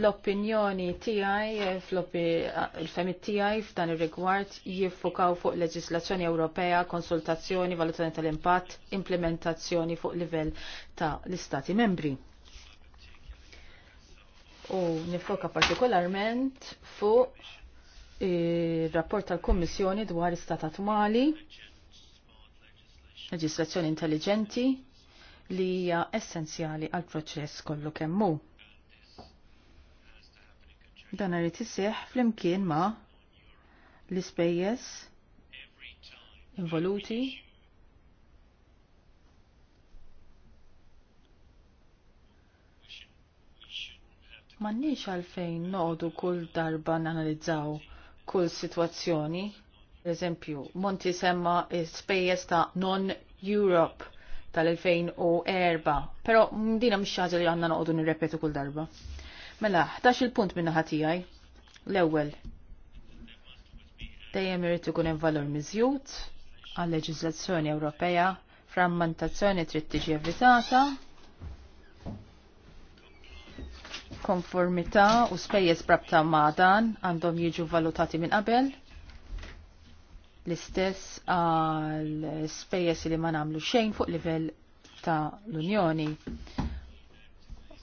l-opinjoni tiegħi l femit tijaj f'dan ir-rigward jiffokaw fuq leġislazzjoni Ewropea, konsultazzjoni, valutazzjoni tal-impatt, implementazzjoni fuq livell ta' l-Istati membri u nifoka partikolarment fuq il-rapport tal-Kommissjoni dwar istatat mali, leġislazzjoni intelligenti li hija essenzjali għal proċess kollu kemmu. Dan irid iseħħ flimkien ma l-ispejjeż involuti Mannix għalfejn noqdu kull darba nanalizzaw kull situazzjoni. Eżempju, Monti semma spejjeż ta' non-Europe tal-2004, pero dina mhix xaġa li għandna noqogħdu nirrepetu kull darba. Mela, ħtax il-punt minna ħatijaj. L-ewwel. Dejjem irid ikun hemm valur miżjud għal leġiżlazzjoni Ewropea, frammentazzjoni trid tiġi evitata, konformità u spejjeż brabta ma' dan għandhom jiġu valutati minn qabel l-istess għal spejjeż li ma nagħmlu xejn fuq livell ta' l-Unjoni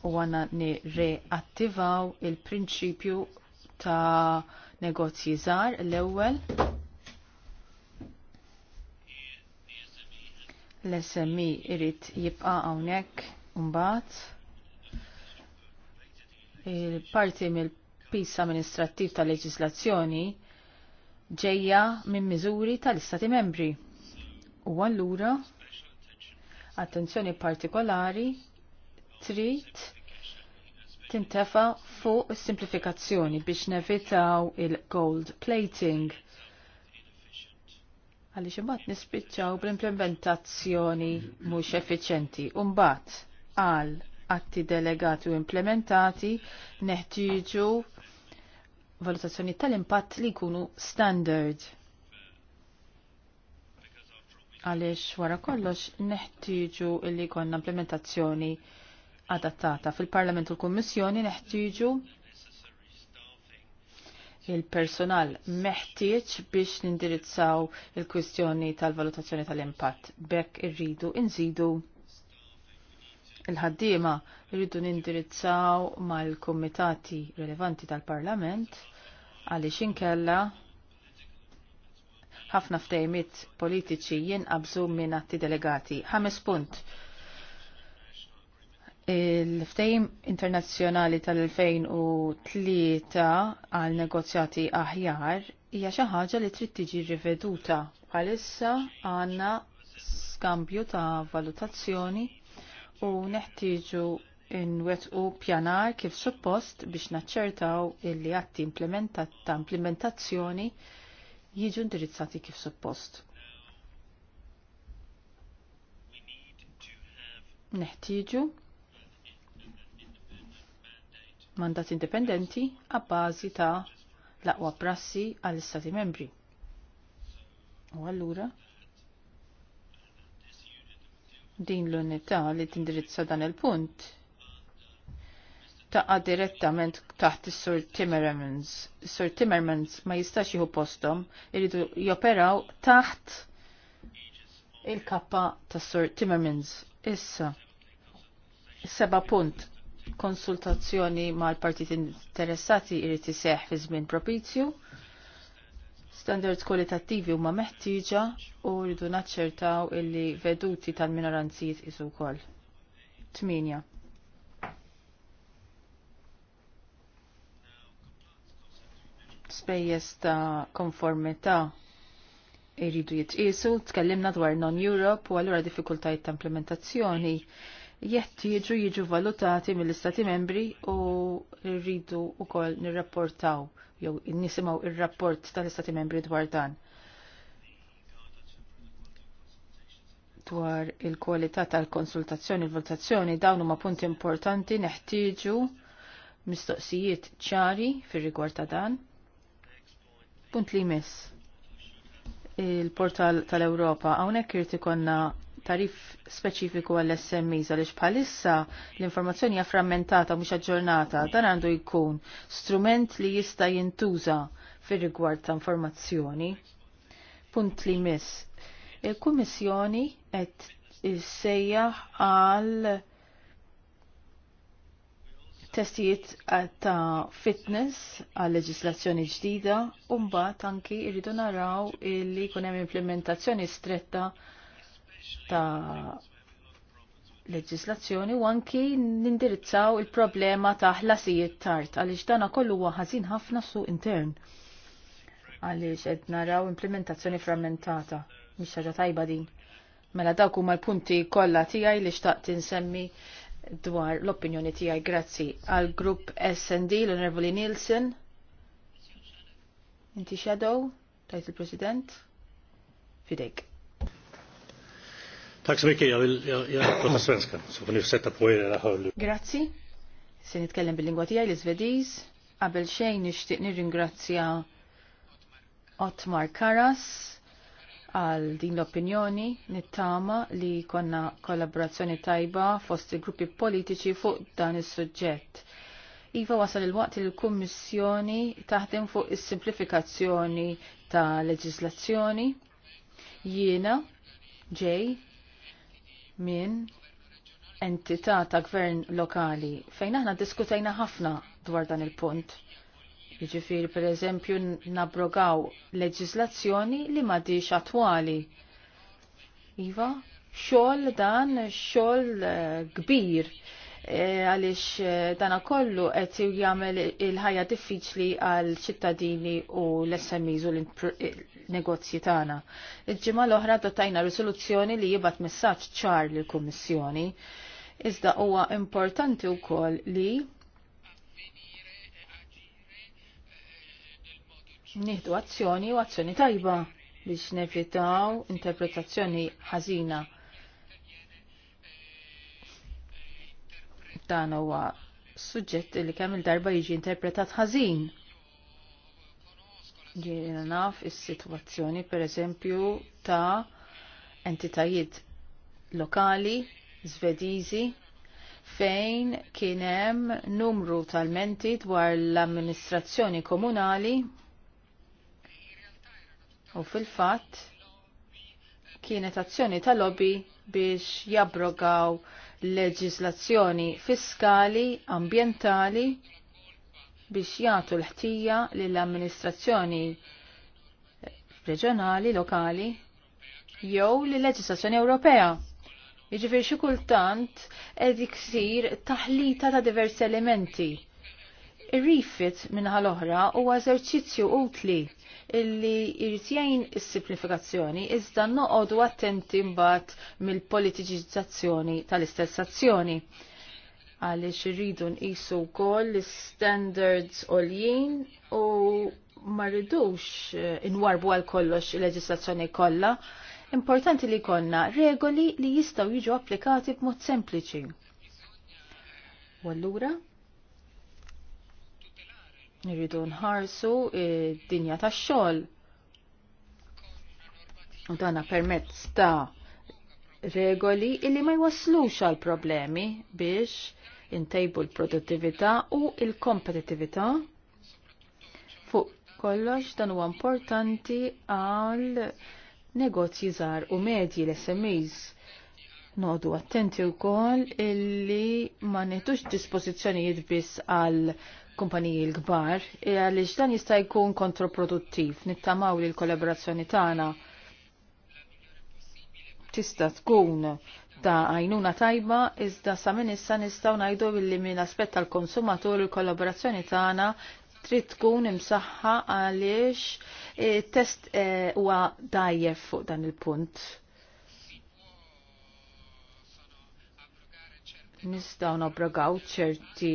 u għanna nirreattivaw il-prinċipju ta' negozji żgħar l-ewwel l-SMI irrit jibqa' hawnhekk mbagħad il-parti mill-pis amministrattiv tal-leġislazzjoni ġejja minn miżuri tal-Istati membri. U allura attenzjoni partikolari trid tintefa fuq simplifikazzjoni biex nevitaw il-gold plating għaliex imbagħad nispiċċaw bl-implementazzjoni mhux effiċjenti. Umbat għal atti delegati u implementati neħtieġu valutazzjoni tal-impatt li jkunu standard. Għaliex wara kollox neħtieġu li jkollna implementazzjoni adattata. Fil-Parlament u l-Kummissjoni neħtieġu il-personal meħtieġ biex nindirizzaw il-kwistjoni tal-valutazzjoni tal-impatt. Bekk irridu inżidu il-ħaddiema rridu nindirizzaw mal-kumitati rilevanti tal-Parlament għaliex inkella ħafna ftejmiet politiċi jinqabżu minn atti delegati. Ħames punt. Il-ftejm internazzjonali tal-2003 għal negozjati aħjar hija xi ħaġa li trid tiġi riveduta bħalissa għandna skambju ta' valutazzjoni u neħtieġu nwettqu pjanar kif suppost biex naċċertaw illi atti ta' implementazzjoni jiġu indirizzati kif suppost. Neħtieġu mandat indipendenti għabbażi ta' laqwa prassi għall istati membri. U allura din l-unità li tindirizza dan il-punt taqa direttament taħt is-Sur Timmermans. Sur Timmermans ma jistax jieħu postom, iridu joperaw taħt il-kappa tas Sur Timmermans. Issa, seba punt konsultazzjoni mal-partit interessati irrid iseħħ fi żmien propizju Standards kwalitattivi huma meħtieġa u rridu naċċertaw illi veduti tal minoranzijiet isu wkoll. 8. Spejjeż ta' konformità jridu jitqisu, tkellimna dwar non-Europe u allura diffikultajiet ta' implementazzjoni Jett jiġu valutati mill-Istati membri u rridu wkoll nirrapportaw jew nisimgħu ir-rapport tal-Istati membri dwar dan. Dwar il-kwalità tal-konsultazzjoni, il valutazzjoni dawn huma punti importanti neħtieġu mistoqsijiet ċari fir-rigward ta' dan. Punt li mis. il-portal tal-Europa, għawnek irti konna tarif speċifiku għall smi għaliex bħalissa l-informazzjoni hija frammentata mhux aġġornata dan għandu jkun strument li jista' jintuża fir-rigward ta' informazzjoni. Punt li miss. Il-Kummissjoni qed issejjaħ għal testijiet ta' fitness għal leġislazzjoni ġdida u mbagħad anki jridu naraw li jkun hemm implementazzjoni stretta ta' leġislazzjoni u anki nindirizzaw il-problema ta' ħlasijiet tard għaliex dana kollu huwa ħażin ħafna suq intern għaliex qed naraw implementazzjoni frammentata mhix ħaġa tajba din. Mela dawk huma l-punti kollha tiegħi li xtaqt insemmi dwar l-opinjoni tiegħi grazzi għal grupp SD l-Onorevoli Nielsen. Inti Shadow, tajt il-President. Fidejk. Tack så mycket. Jag, vill, jag, jag pratar svenska så får ni sätta på er era hörlurar. Grazzi. Se nitkellem bil-lingwa tiegħi l-Iżvediż. Qabel xejn nixtieq nirringrazzja Otmar Karas għal din l-opinjoni nittama li konna kollaborazzjoni tajba fost il-gruppi politiċi fuq dan is-suġġett. Iva wasal il-waqt il kummissjoni taħdem fuq is-simplifikazzjoni ta' leġislazzjoni. Jiena ġej minn entità ta' gvern lokali fejn aħna diskutajna ħafna dwar dan il-punt. Jiġifieri pereżempju nabrogaw leġiżlazzjoni li m'għadix attwali. Iva, xogħol dan xogħol eh, kbir. Uh, E, għaliex e, dana kollu qed jagħmel il-ħajja diffiċli għal ċittadini u l-SMEs u l-negozji e, tagħna. Il-ġimgħa l-oħra dotajna risoluzzjoni li jibgħat messaġġ ċar lill kummissjoni Iżda huwa importanti wkoll li nieħdu azzjoni u azzjoni tajba biex nevitaw interpretazzjoni ħażina Dan huwa suġġett li kemm il-darba jiġi interpretat ħażin. Jiena naf is-sitwazzjoni pereżempju ta' entitajiet lokali Svediżi fejn kien hemm numru tal-menti dwar l-amministrazzjoni komunali u fil-fatt kienet azzjoni tal-lobby biex jabrogaw leġislazzjoni fiskali, ambientali biex jagħtu l-ħtija lill-amministrazzjoni reġjonali, lokali jew lill leġislazzjoni Ewropea. Jiġifieri xi kultant qed iksir taħlita ta' diversi elementi Ir-rifit minnaħa l-oħra huwa eżerċizzju utli illi jirtjajn is-simplifikazzjoni iżda noqogħdu attenti mbagħad mill-politiċizzazzjoni tal-istess azzjoni għaliex irridu nqisu wkoll l-standards għoljien u ma rridux eh, inwarbu għal kollox il-leġislazzjoni kollha. Importanti li konna regoli li jistgħu jiġu applikati b'mod sempliċi. U allura? Irridu nħarsu id-dinja eh, tax xogħol. U dana permezz ta' regoli illi ma jwaslux għal problemi biex intejbu l-produttività u l kompetitività Fuq kollox dan huwa importanti għal negozji żgħar u medji l-SMEs. Nodu attenti wkoll illi ma nitux dispożizzjonijiet biss għal kumpaniji l gbar e għalix dan jista' jkun kontraproduttiv, nittamaw li l-kollaborazzjoni tagħna tista' tkun ta' għajnuna tajba, iżda sa' minn issa nistgħu ngħidu billi minn aspett tal-konsumatur il-kollaborazzjoni tagħna trid tkun imsaħħa għaliex e, test e, huwa dajjef fuq dan il-punt. nistaw nabragaw ċerti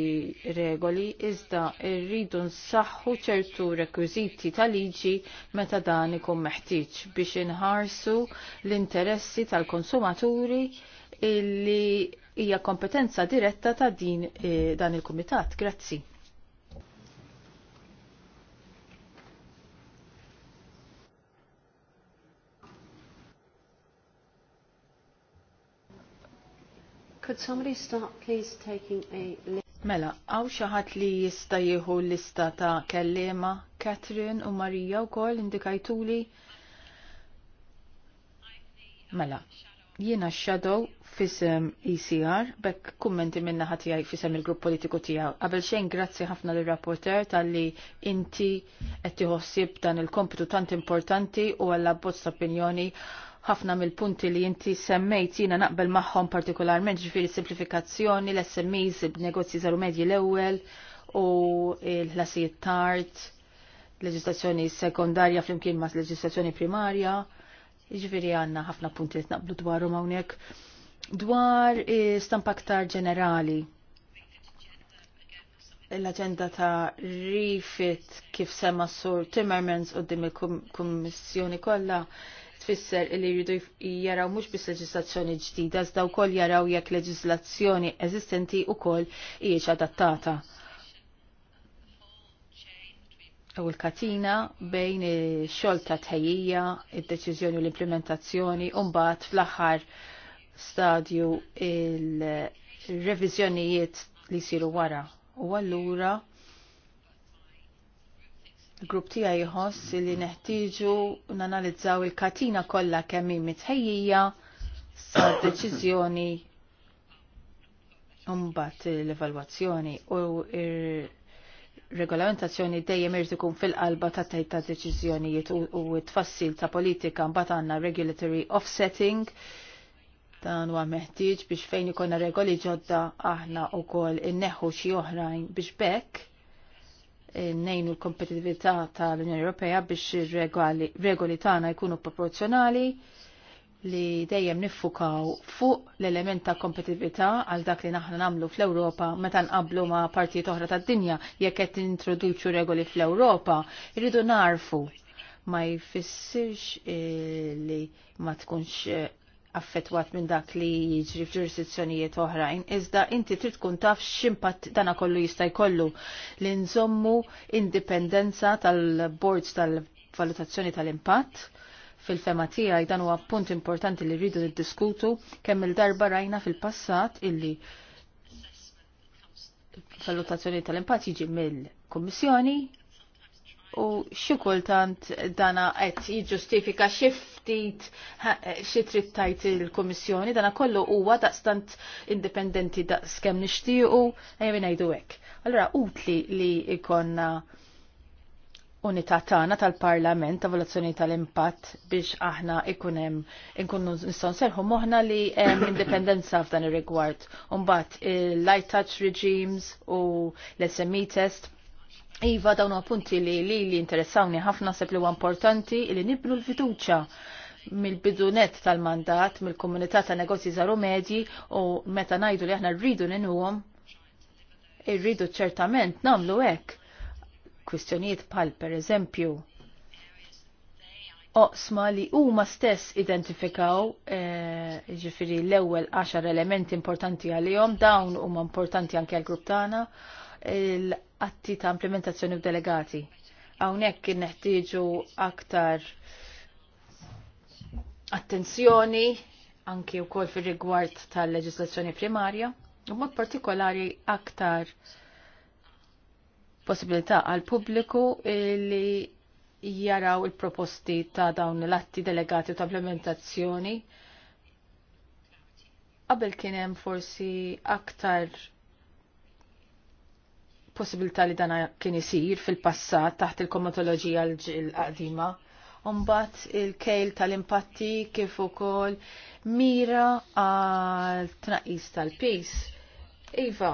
regoli, iżda rridu nsaħħu ċertu rekwiziti tal-liġi meta dan ikun meħtieġ biex inħarsu l-interessi tal-konsumaturi illi hija kompetenza diretta ta' din eh, dan il-kumitat. Grazzi. Could somebody start please taking a Mela, għaw xaħat li jista jieħu lista ta' kellema, Catherine u Marija u kol indikajtuli. Mela, jiena shadow fisem ECR, bekk kummenti minna ħatijaj fisem il-grupp politiku tijaw. Qabel xejn grazzi ħafna l rapporter tal-li inti qed tiħossib dan il-kompitu tant importanti u għall abbozz opinjoni ħafna mill-punti li inti semmejt jina naqbel maħħom partikolarment ġifiri simplifikazzjoni, l-SMEs, negozji zaru medji l-ewel u l-ħlasijiet tard, leġislazzjoni sekundarja flimkien ma' leġislazzjoni primarja, ġifiri għanna ħafna punti li naqblu dwarhom hawnhekk. Dwar stampa aktar ġenerali, l-agenda ta' rifit kif sema sur Timmermans u dim il-kommissjoni kolla tfisser li jridu jaraw mhux biss leġislazzjoni ġdida, iżda wkoll jaraw jekk leġislazzjoni eżistenti wkoll hijiex adattata. U l-katina bejn ix-xogħol ta' tħejjija, id-deċiżjoni u l-implementazzjoni, u mbagħad fl-aħħar stadju il-reviżjonijiet li jsiru wara. U allura il-grupp tija jħoss li neħtiġu nanalizzaw il-katina kollha kemm mitħejjija sa deċiżjoni mbagħad l-evalwazzjoni u regolamentazzjoni dejjem irid ikun fil-qalba ta' tajta ta' deċiżjonijiet u t-tfassil ta' politika mbagħad għandna regulatory offsetting dan huwa meħtieġ biex fejn ikonna regoli ġodda aħna wkoll inneħħu xi oħrajn biex bekk Eh, nejnu l-kompetitività tal-Unjoni Ewropea biex regoli tagħna jkunu proporzjonali li dejjem niffukaw fuq l-element ta' kompetitività għal dak li naħna namlu fl-Ewropa meta nqablu ma' partijiet oħra tad-dinja jekk qed introduċu regoli fl-Ewropa, irridu narfu ma jfissirx eh, li ma tkunx eh, affettwat minn dak li jiġri f'ġurisdizzjonijiet oħrajn, iżda inti trid tkun taf x'impatt dana kollu jista' jkollu li nżommu indipendenza tal-boards tal-valutazzjoni tal-impatt fil-fema tiegħi dan huwa punt importanti li rridu niddiskutu kemm il-darba rajna fil-passat illi valutazzjoni tal-impatt jiġi mill-Kummissjoni u xikultant dana qed jiġġustifika xi ftit eh, xi trid tajt il-Kummissjoni dana kollu huwa daqstant indipendenti daqskemm nixtiequ ejja ngħidu hekk. Allura utli li ikonna unità tagħna tal-Parlament ta' valutazzjoni tal-impatt biex aħna ikun hemm inkunu serħu moħna moħħna li hemm indipendenza f'dan ir-rigward. Imbagħad il-light touch regimes u l-SME test Iva dawn appunti li li li interessawni ħafna sepp li importanti li nibnu l-fiduċa mill-bidunet tal-mandat, mill-komunità ta' negozji zaru medji u meta najdu li aħna rridu ninuhom, irridu ċertament namlu hekk. Kwistjonijiet bħal per eżempju oqsma li huma stess identifikaw eh, ġifiri l-ewwel 10 elementi importanti għalihom, dawn huma importanti anke għall-grupp tagħna l-atti ta' implementazzjoni u delegati. Hawnhekk neħtieġu aktar attenzjoni anki wkoll fir-rigward tal-leġislazzjoni primarja u mod partikolari aktar possibilità għal pubbliku li jaraw il-proposti ta' dawn l-atti delegati u ta' implementazzjoni qabel kien hemm forsi aktar possibilità li dana kien isir fil-passat taħt il-komatoloġija l-qadima. Umbat il-kejl tal-impatti kif ukoll mira għal tnaqis tal-pis. Iva,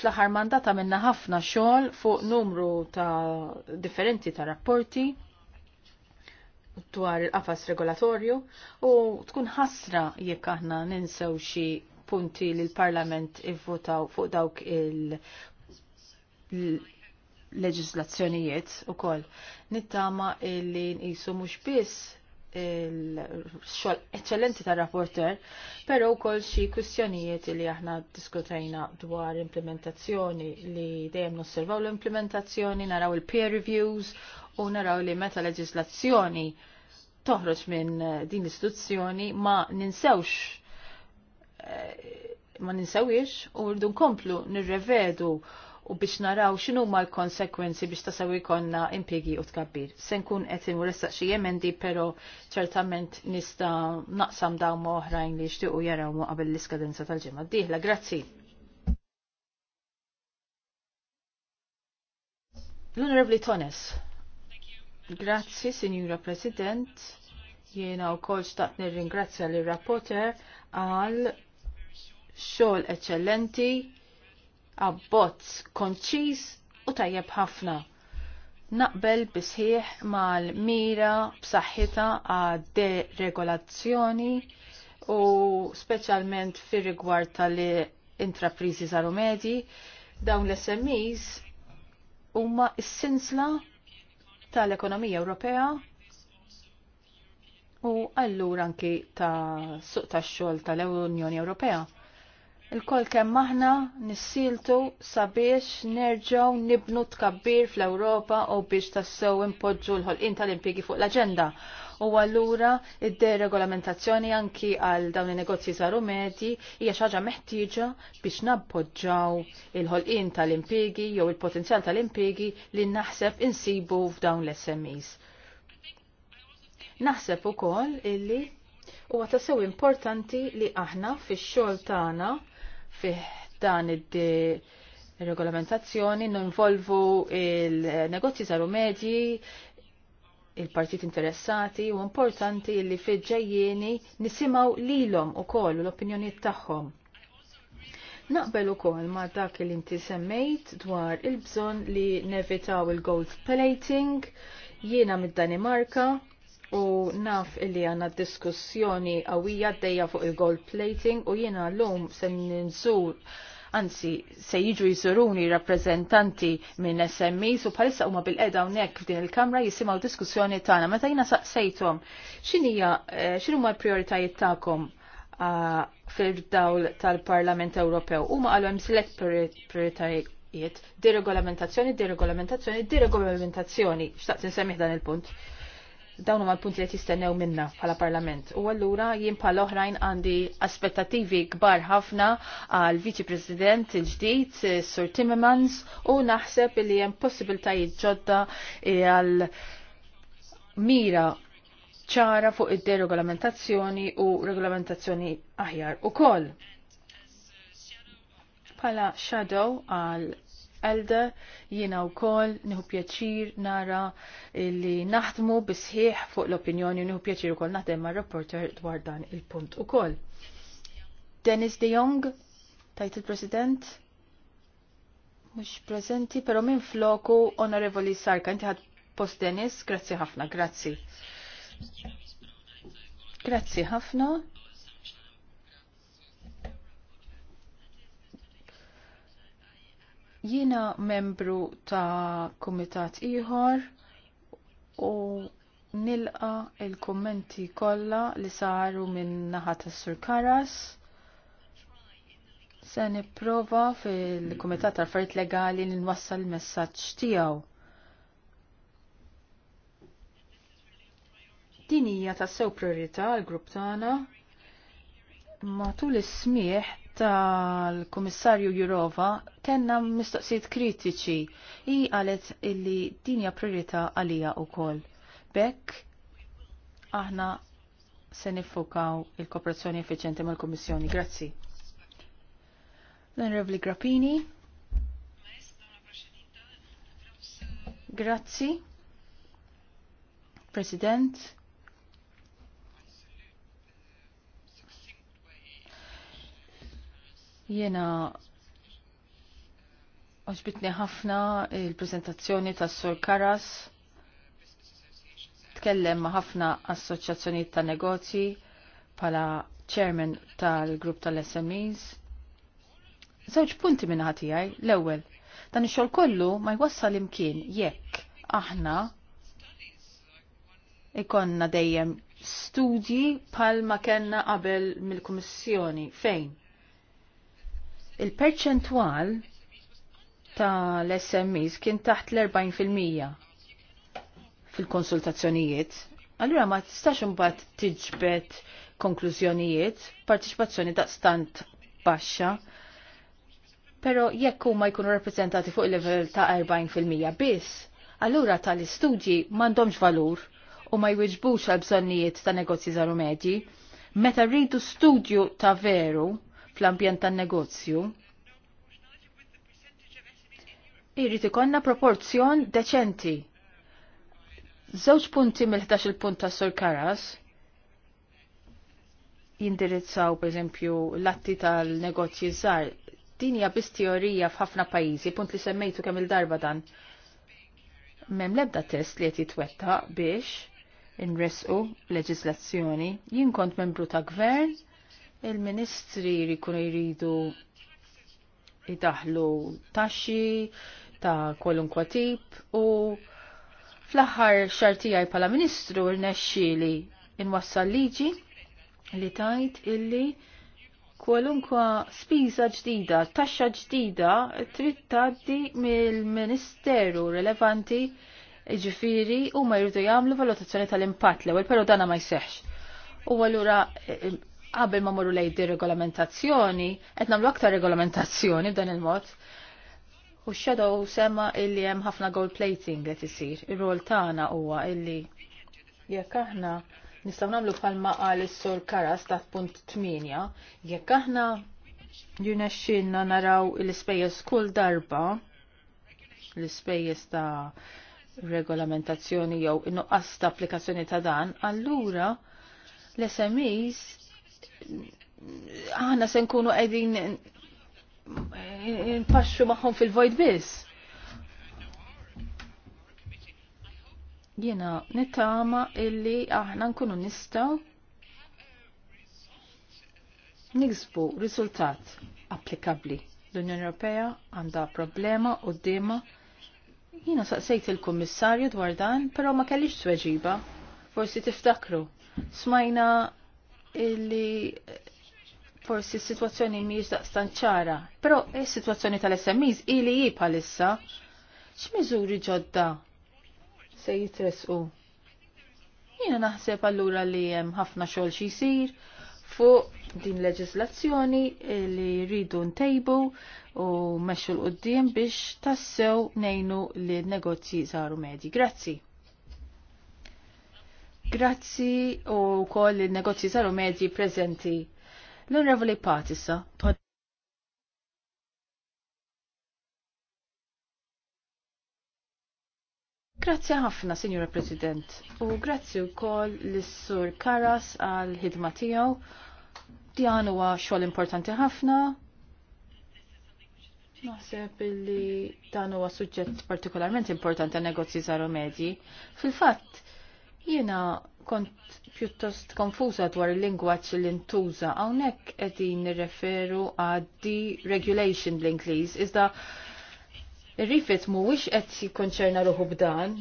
fl-aħħar mandata minna ħafna xogħol fuq numru ta' differenti ta' rapporti dwar il-qafas regolatorju u tkun ħasra jekk aħna ninsew xi punti li l-Parlament ivvotaw fuq dawk il leġislazzjonijiet u koll. Nittama illi nisu mux biss il-xol eccellenti ta' rapporter, pero u koll xie kustjonijiet li aħna diskutajna dwar implementazzjoni li dejjem nosservaw l-implementazzjoni, naraw il-peer reviews u naraw li meta leġislazzjoni toħroġ minn din l-istituzzjoni ma ninsewx eh, ma ninsewix u rridu nkomplu nirrevedu u biex naraw xinu ma l-konsekwenzi biex tasaw ikonna impiegi u tkabbir. Se nkun qed inwressaq xi emendi pero ċertament nista' naqsam dawn moħrajn li jixtiequ jaraw qabel l-iskadenza tal-ġimgħa d Grazzi. L-Onorevli Tones. Grazzi, Signora President. Jiena u kol xtaqt nirringrazzja l rapporter għal xogħol eccellenti abbozz konċis u tajjeb ħafna. Naqbel bisħieħ mal-mira b'saħħita għad deregolazzjoni u speċjalment fir rigward tal-intraprizi zaru medji, dawn l-SMEs huma s-sinsla tal-ekonomija Ewropea u allura anki ta' suq tax-xogħol tal-Unjoni Ewropea. Il-kol kemm aħna nissiltu sabiex nerġgħu nibnu tkabbir fl-Ewropa u biex tassew impoġġu l-ħolqien tal-impjiegi fuq l-aġenda. U allura id-deregolamentazzjoni anki għal dawn in-negozji zaru medji hija xi ħaġa meħtieġa biex nappoġġaw il-ħolqien tal-impjiegi jew il-potenzjal tal-impjiegi li naħseb insibu f'dawn l-SMEs. Naħseb ukoll illi huwa tassew importanti li aħna fix-xogħol tagħna fih dan id-regolamentazzjoni ninvolvu il-negozji saru medji, il-partit interessati u importanti li fil-ġejjeni nisimaw lilom u koll l-opinjoniet tagħhom. Naqbel u koll ma dak li inti semmejt dwar il-bżon li nevitaw il-gold plating jiena mid-Danimarka u naf illi għanna diskussjoni għawija d fuq il-gold plating u jiena l-lum sen nżur anzi se jiġu jizuruni rappresentanti minn SMI su palissa huma bil-qeda hawnhekk f'din il-kamra jisimgħu diskussjoni tagħna meta jiena saqsejthom x'inhija eh, x'inhuma l-prijoritajiet tagħkom ah, fil-dawl tal-Parlament Ewropew. Huma għalu hemm select prioritajiet, deregolamentazzjoni, deregolamentazzjoni, deregolamentazzjoni. Xtaqt insemmih dan il-punt dawn huma l-punti li jistennew minna bħala Parlament. U allura jien bħal oħrajn għandi aspettativi kbar ħafna għal Viċi President il-ġdid Sur Timmermans u naħseb li hemm possibiltajiet ġodda għal mira ċara fuq id-deregolamentazzjoni u regolamentazzjoni aħjar u koll. Pala shadow għal jina jiena wkoll nieħu pjaċir nara li naħdmu bisħiħ fuq l-opinjoni u nieħu pjaċir ukoll naħdem ma' rapporter dwar dan il-punt ukoll. Dennis de Jong, tajt il-President, mux prezenti, pero minn floku onorevoli Sarka, inti ħad post Dennis, grazzi ħafna, grazzi. Grazzi ħafna. Jiena membru ta' kumitat ieħor u nilqa il-kommenti kollha li saru minn naħa tas-Sur Karas. Se nipprova fil-Kumitat tal-Affarijiet Legali li nwassal il-messaġġ tiegħu. din hija tassew priorità għall grupp tagħna matul is-smieħ tal-Kummissarju Jurova kenna mistoqsijiet kritiċi i għalet illi dinja priorità għalija u koll. Bekk aħna se nifukaw il-kooperazzjoni effiċenti mal-Kummissjoni. Grazzi. L-Onorevoli Grappini. Grazzi. President. Jena oġbitni ħafna il-prezentazzjoni tas Sur Karas. Tkellem ma' ħafna assoċjazzjonijiet ta' negozji pala chairman tal-grupp tal-SMEs. Żewġ punti minn ħatijaj, l-ewwel, dan ix-xogħol kollu ma jwassal imkien jekk aħna ikonna dejjem studji ma kenna qabel mill-Kummissjoni fejn il-perċentwal tal-SMEs kien taħt l-40% fil-konsultazzjonijiet. Allura ma tistax imbagħad tiġbed konklużjonijiet, partiċipazzjoni daqstant baxxa, però jekk huma jkunu rappreżentati fuq il-level ta' 40% biss, allura tal-istudji m'għandhomx valur u ma jwiġbux għal bżonnijiet ta' negozji żaru medji. Meta rridu studju ta' veru, fl-ambjent tan-negozju. Irrid ikonna proporzjon deċenti. Żewġ punti mill-11 punt ta' Sur Karas jindirizzaw pereżempju l-atti tal-negozji żgħar. Din hija biss teorija f'ħafna pajjiżi, punt li semmejtu kemm il-darba dan. Mem lebda test li qed jitwettaq biex inresqu leġislazzjoni. Jien kont membru ta' gvern, il-ministri jkunu jridu jidaħlu taxxi ta' kwalunkwa tip u fl-aħħar xartijaj tiegħi bħala ministru rnexxieli inwassal liġi li tajt illi kwalunkwa spiża ġdida, taxxa ġdida trid tgħaddi mill-Ministeru rilevanti ġifiri u ma jridu jagħmlu valutazzjoni tal-impatt l-ewwel, però dana ma jseħħx. U allura eh, qabel ma morru lej di regolamentazzjoni, qed nagħmlu aktar regolamentazzjoni b'dan il-mod. U x sema semma illi hemm ħafna gold plating qed isir. Ir-rol tagħna huwa illi jekk aħna nistgħu nagħmlu bħalma qal is-sur Karas ta' punt 8, jekk aħna jinexxinna naraw l-ispejjeż kull darba l-ispejjeż ta' regolamentazzjoni jew innuqqas ta' applikazzjoni ta' dan, allura l-SMEs aħna se nkunu qegħdin npaxxu magħhom fil-vojt biss. Jiena nittama illi aħna nkunu nistaw nixbu riżultat applikabli. L-Unjoni Ewropea għandha problema qudiema. Jiena saqsejt il-Kummissarju dwar dan, però ma kellix tweġiba. Forsi tiftakru. Smajna illi eh, forsi s-situazzjoni miex daqstan ċara, pero s-situazzjoni tal smis ili ji palissa, x'miżuri ġodda se jitresqu? Jiena naħseb allura li hemm ħafna xogħol xi jsir fuq din leġislazzjoni li rridu ntejbu u meċu l-qudiem biex tassew nejnu li negozji saru medji. Grazzi. Grazzi u koll il-negozji saru medji prezenti. L-Onorevoli Patissa. Grazzi ħafna, Signora President, u grazzi u koll l-Sur Karas għal ħidma tiegħu. Dijan huwa xogħol importanti ħafna. Naħseb li dan huwa suġġett partikolarment importanti għal negozji żaru medji. Fil-fatt, Jiena kont pjuttost konfuza dwar il-lingwaġġ li ntuża hawnhekk qegħdin nirreferu għad deregulation bl-Ingliż iżda ir mhuwiex qed jikkonċerna ruħu b'dan,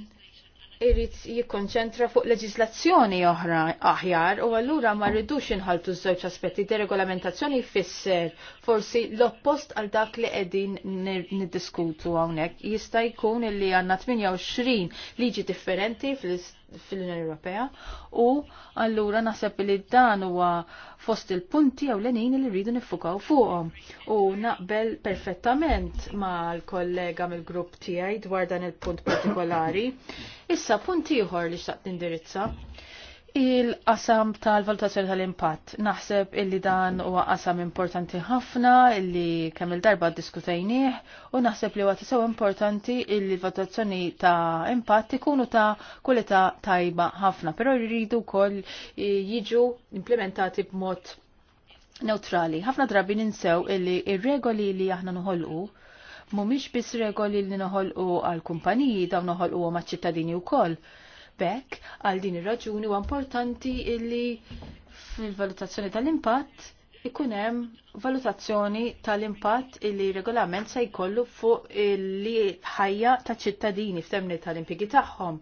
irrit jikkonċentra fuq leġislazzjoni oħra aħjar u allura ma rridux inħaltu żewġ aspetti deregolamentazzjoni jfisser forsi l-oppost għal dak li qegħdin niddiskutu hawnhekk jista' jkun illi għandna 28 liġi differenti fl-ist fil-Unjoni Ewropea u allura naħseb li dan huwa fost il-punti għaw l-enin li rridu nifukaw fuqhom. U naqbel perfettament mal-kollega mill-grupp tiegħi dwar dan il-punt partikolari. Issa punti ieħor li xtaqt indirizza Il-qasam tal-valutazzjoni tal-impatt. Naħseb illi dan huwa qasam importanti ħafna illi kemm il-darba diskutejnieh u naħseb li huwa tisew importanti illi l-valutazzjoni ta' impatt ikunu ta' kwalità tajba ħafna, però jridu wkoll eh, jiġu implementati b'mod neutrali. Ħafna drabi ninsew illi ir-regoli li aħna noħolqu mhumiex biss regoli li noħolqu għall kumpaniji dawn noħolqu maċ ċittadini wkoll feedback għal din ir-raġuni u importanti illi fil-valutazzjoni tal-impatt ikun hemm valutazzjoni tal-impatt illi regolament se jkollu fuq il-ħajja ta' ċittadini f'temni tal-impjegi tagħhom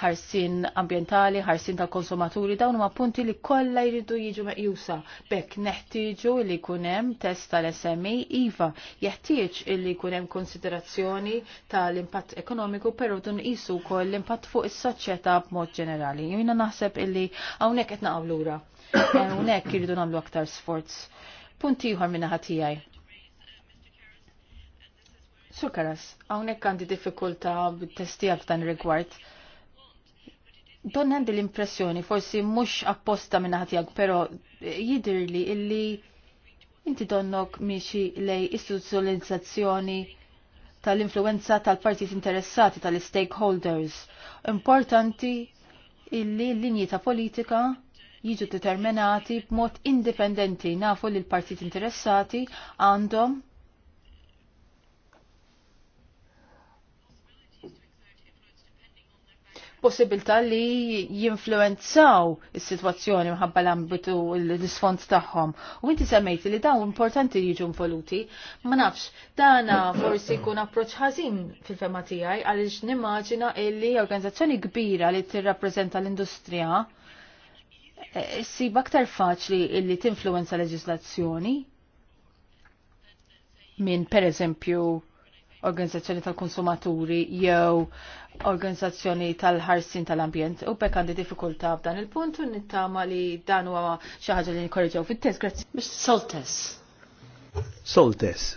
ħarsin ambientali, ħarsin tal-konsumaturi, dawn huma punti li kollha jridu jiġu meqjusa. Bekk neħtieġu li jkun hemm test tal-SMI e, iva, jeħtieġ li jkun hemm konsiderazzjoni tal-impatt ekonomiku però dun qisu wkoll l-impatt fuq is-soċjetà b'mod ġenerali. Jiena naħseb illi hawnhekk qed naqgħu lura. Eh, hawnhekk irridu nagħmlu aktar sforz. Punti ieħor minn ħatijaj. tiegħi. Sur Karas, għawnek għandi diffikulta bit-testijak dan rigward. Don għandi l-impressjoni, forsi mux apposta minna ħatijak, pero jidirli illi inti donnok miexi lej istituzjonalizzazzjoni tal-influenza tal-partit interessati, tal-stakeholders. Importanti illi l-linji ta' politika jiġu determinati b'mod indipendenti nafu li l-partit interessati għandhom possibilità li jinfluenzaw is-sitwazzjoni mħabba l-ambitu l-isfond tagħhom. U inti semmejti li dawn importanti jiġu involuti, ma nafx, dana forsi jkun approċċ ħażin fil-fema tiegħi għaliex nimmaġina illi organizzazzjoni kbira li tirrappreżenta l-industrija eh, ssib aktar faċli illi tinfluenza leġislazzjoni minn per eżempju organizzazzjoni tal-konsumaturi jew organizzazzjoni tal-ħarsin tal-ambjent u bekk għandi diffikulta f'dan il-punt u nittama li dan huwa xi ħaġa li nkorreġew fit-test. Grazzi. Mr. Soltes. Soltes.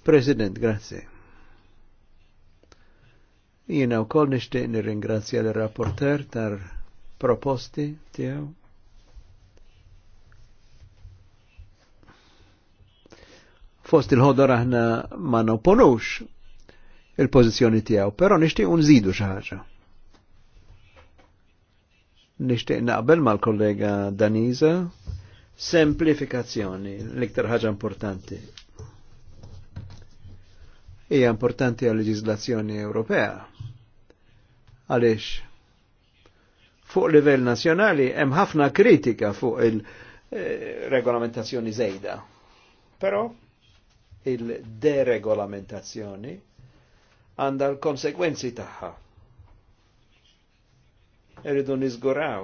President, grazzi. Jiena wkoll nixtieq nirringrazzja l-rapporter tar proposti tiegħu fost il-ħodor aħna ma noponux il-pozizjoni tiegħu, però nixtieq nżidu xi ħaġa. Nixtieq naqbel mal-kollega Daniza semplifikazzjoni l-iktar ħaġa importanti. Hija importanti għal leġizlazzjoni Ewropea. Għaliex fuq livell nazzjonali hemm ħafna kritika fuq il-regolamentazzjoni eh, żejda. Però il-deregolamentazzjoni għandha l-konsekwenzi tagħha. Irridu niżguraw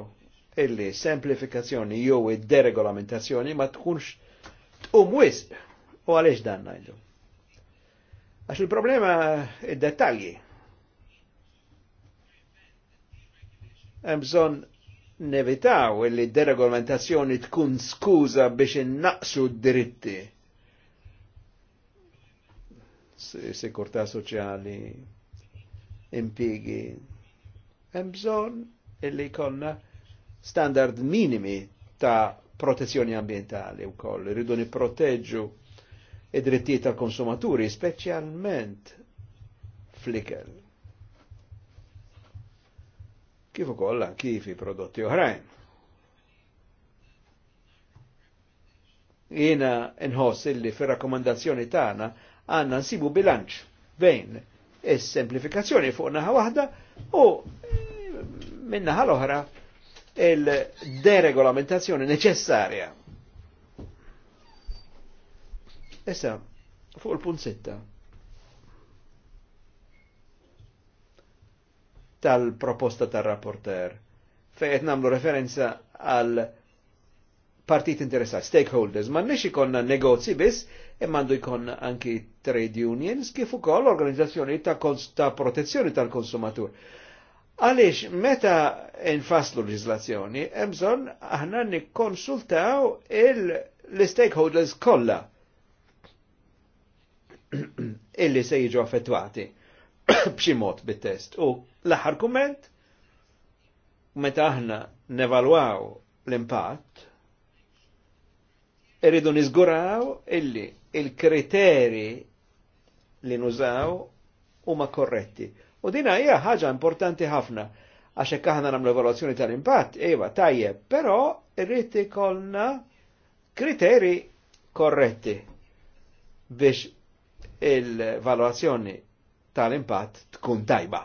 illi semplifikazzjoni jew id-deregolamentazzjoni ma tkunx tqum wisq u għaliex dan ngħidu. Għax il-problema id-dettalji. Hemm bżonn nevitaw illi deregolamentazzjoni tkun skuża biex innaqsu d dritti sekurtà soċjali, impigi. Hemm bżonn illi jkollna standard minimi ta' protezzjoni ambientali wkoll. Irridu nipproteġġu id-drittijiet tal-konsumaturi, speċjalment fl Kif ukoll anki fi prodotti oħrajn. Jiena nħoss illi fir rakkomandazzjoni tagħna għanna nsibu bilanċ bejn is-semplifikazzjoni fuq naħa wahda u eh, minna ħal oħra il-deregolamentazzjoni neċessarja. Issa, fuq il-punt sitta. tal-proposta tal-rapporter Fejt namlu referenza għal partit interessat, stakeholders, ma nix ikonna negozi bis, imma għandu ikonna anki trade unions kif ukoll organizzazzjoni ta', ta protezzjoni tal-konsumatur. Għaliex meta infaslu l-leġislazzjoni, hemm bżonn aħna nikkonsultaw l-stakeholders kollha illi se jiġu affettwati b'xi mod bit-test. U l-aħħar kumment, meta aħna nevalwaw l-impatt, irridu nizguraw illi il-kriteri li nużaw huma korretti. U dina hija ħaġa importanti ħafna għax hekk aħna nagħmlu evalwazzjoni tal-impatt, iva tajjeb, però irrid ikollna kriteri korretti biex il-valwazzjoni tal-impatt tkun tajba.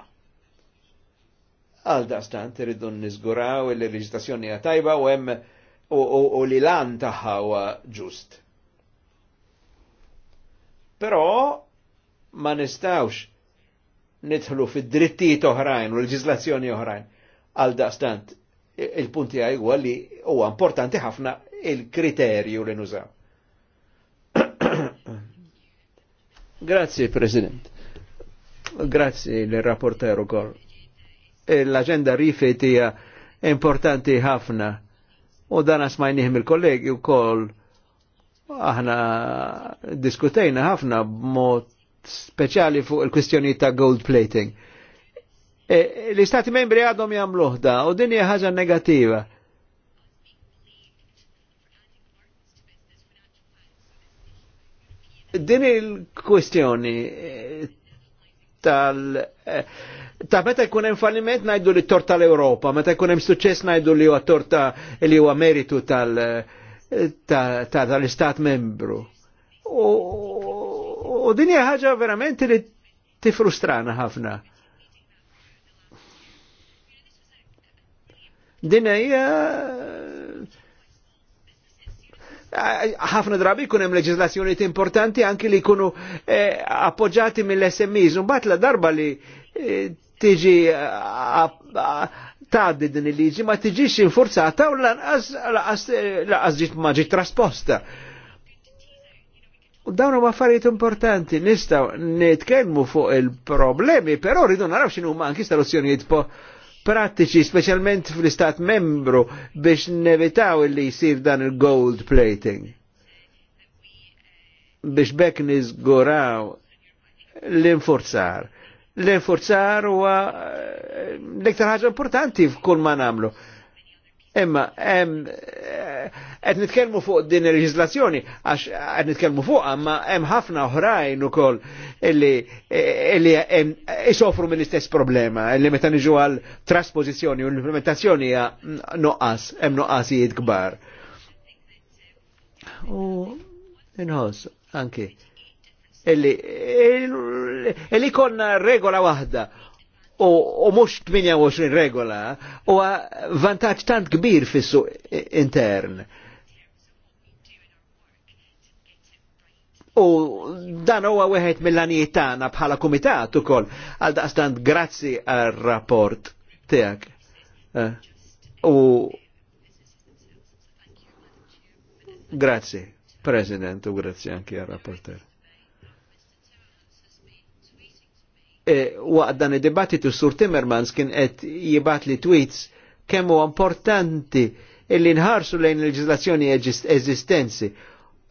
Għal dastant irridu nizguraw il-reġistrazzjoni hija tajba u hemm u li lan tagħha ġust. Però ma nistawx nidħlu fid-drittijiet oħrajn u leġislazzjoni oħrajn. Għal daqstant, il-punti għaj huwa li huwa importanti ħafna il-kriterju li nużaw. Grazie, President. Grazie l-rapporteru kol. L-agenda rifet hija importanti ħafna u dan smajniħim il-kollegi u kol aħna diskutejna ħafna mod speċjali fuq il-kwistjoni ta' gold plating. E, L-istati membri għadhom jagħmluħda u din hija ħaġa negattiva. Din il-kwistjoni eh, tal- eh, ta' meta jkun hemm falliment ngħidu li torta l ewropa meta jkun hemm suċċess ngħidu li huwa torta li huwa meritu eh, tal-istat membru. U dinja ħaġa verament li tifrustrana ħafna. Din hija eh, ħafna drabi kunem hemm leġislazzjoni importanti anki li jkunu eh, appoġġati mill-SMEs. Mbagħad la darba li eh, tiġi eh, taħdi din il-liġi ma tiġix infurzata u lanqas għaz eh, ma ġiet trasposta. Eh, U dawn huma affarijiet importanti, nistgħu nitkellmu fuq il-problemi, però rridu naraw x'inhu huma anki soluzzjonijiet prattiċi, speċjalment fl-istat membru biex nevitaw li jsir dan il-gold plating. Biex bekk niżguraw l-infurzar. L-infurzar huwa eh, l-iktar ħaġa importanti f'kull ma nagħmlu Imma, għed eh, nitkelmu fuq din il-leġislazzjoni, għax għed nitkelmu fuq, ma hemm ħafna uħrajn u koll illi jisofru eh, eh, mill-istess problema, illi meta nġu għal trasposizzjoni u l-implementazzjoni hija noqqas, noqqas noqqasijiet kbar. U nħos, anki illi illi konna regola wahda, u mux 28 regola u vantaċ tant kbir fissu intern. U dan huwa wieħed mill-għanijiet tagħna bħala kumitat ukoll għal daqstant grazzi għar rapport tiegħek. Eh, u grazzi, President, u grazzi anki għal rapporter. Eh, waqt dan id-dibattitu Sur Timmermans kien qed jibat li tweets kemm huwa importanti illi nħarsu lejn il-leġislazzjoni eżistenzi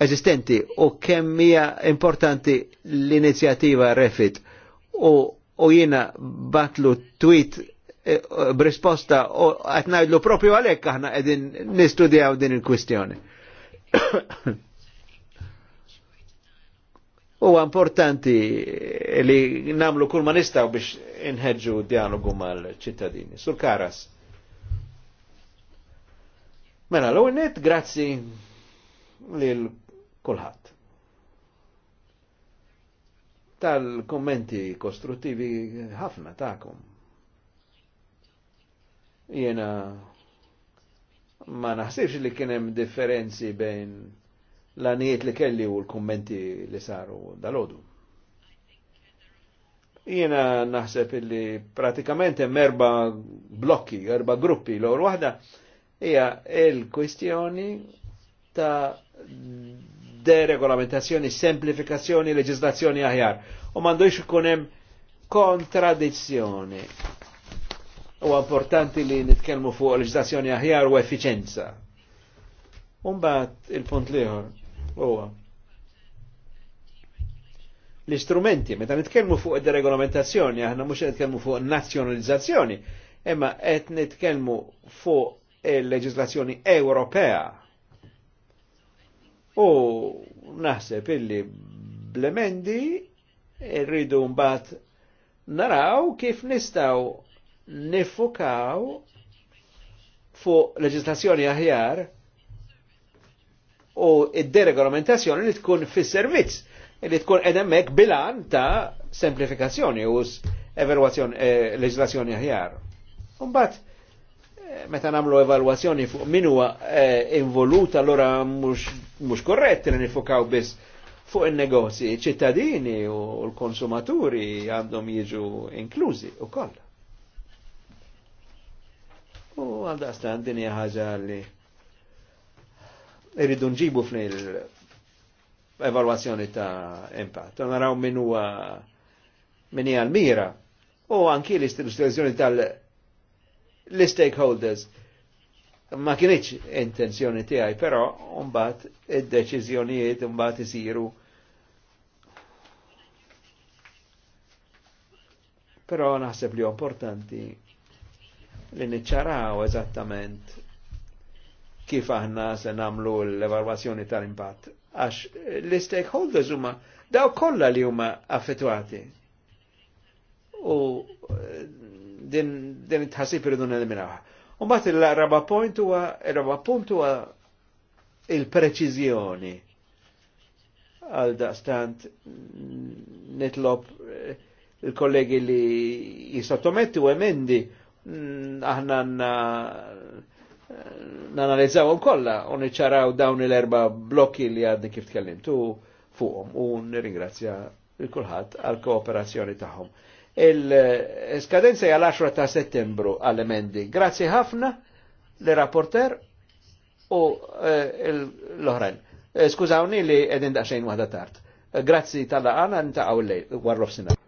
eżistenti u kemm hija importanti l-inizjattiva Refit u, u jiena batlu tweet eh, b'risposta u qed ngħidlu propju għalhekk aħna qegħdin nistudjaw din il-kwistjoni. U importanti li namlu kull ma nistaw biex inħedġu dialogu mal-ċittadini. Sur Karas. Mela, l net grazzi lil kulħadd. Tal-kommenti kostruttivi ħafna ta'kom. Jena ma naħsibx li kienem differenzi bejn l-għaniet li kelli u l-kommenti li saru dal-ħodu. Jena naħseb li pratikament hemm erba blokki, erba gruppi, l-għor wahda hija il-kwistjoni ta' deregolamentazzjoni, semplifikazzjoni, leġislazzjoni aħjar. U mandux ikun hemm kontradizzjoni. U importanti li nitkellmu fuq leġislazzjoni aħjar u effiċenza. Umbat il-punt liħor Uwa. l-istrumenti, meta nitkellmu fuq id aħna mhux qed fuq nazjonalizzazzjoni imma qed nitkellmu fuq il-leġislazzjoni Ewropea. U naħseb illi blemendi rridu mbagħad naraw kif nistgħu nifukaw fuq leġislazzjoni aħjar u id-deregolamentazzjoni li tkun fis-servizz li tkun edemmek bilan ta' semplifikazzjoni u evaluazzjoni eh, leġislazzjoni aħjar. Umbat, eh, meta namlu evalwazzjoni fuq min huwa eh, involut allora mhux korrett li nifukaw biss fuq in negozi ċittadini u l-konsumaturi għandhom jiġu inklużi u koll. U għal-dastan din li irridu nġibu l-evaluazzjoni ta' impatt. Naraw min huwa min hija l-mira u anki l-istituzzjoni tal-stakeholders ma kienieċ intenzjoni tiegħi, però mbagħad id-deċiżjonijiet mbagħad isiru Però naħseb li importanti li niċċaraw eżattament kif aħna se namlu l-evalwazzjoni tal-impatt. Għax l-stakeholders huma daw kollha li huma affettwati. U eh, din, din tħassib irridu neliminawha. U mbagħad il-raba point huwa raba punt huwa il-preċiżjoni għal daqstant nitlob eh, il-kollegi li jisottomettu emendi mm, aħna nanalizzawhom kollha u niċċaraw dawn il-erba blokki li għadni kif tkellimtu fuqhom u nirringrazzja l-kulħadd għal kooperazzjoni tagħhom. Il-skadenza hija l-10 ta' Settembru għal emendi Grazzi ħafna li rapporter u eh, l-oħrajn. Eh, skużawni li edin daqsxejn waħda tard. Eh, grazzi tal-għana ntaqgħu l-lejl, warrof sinna.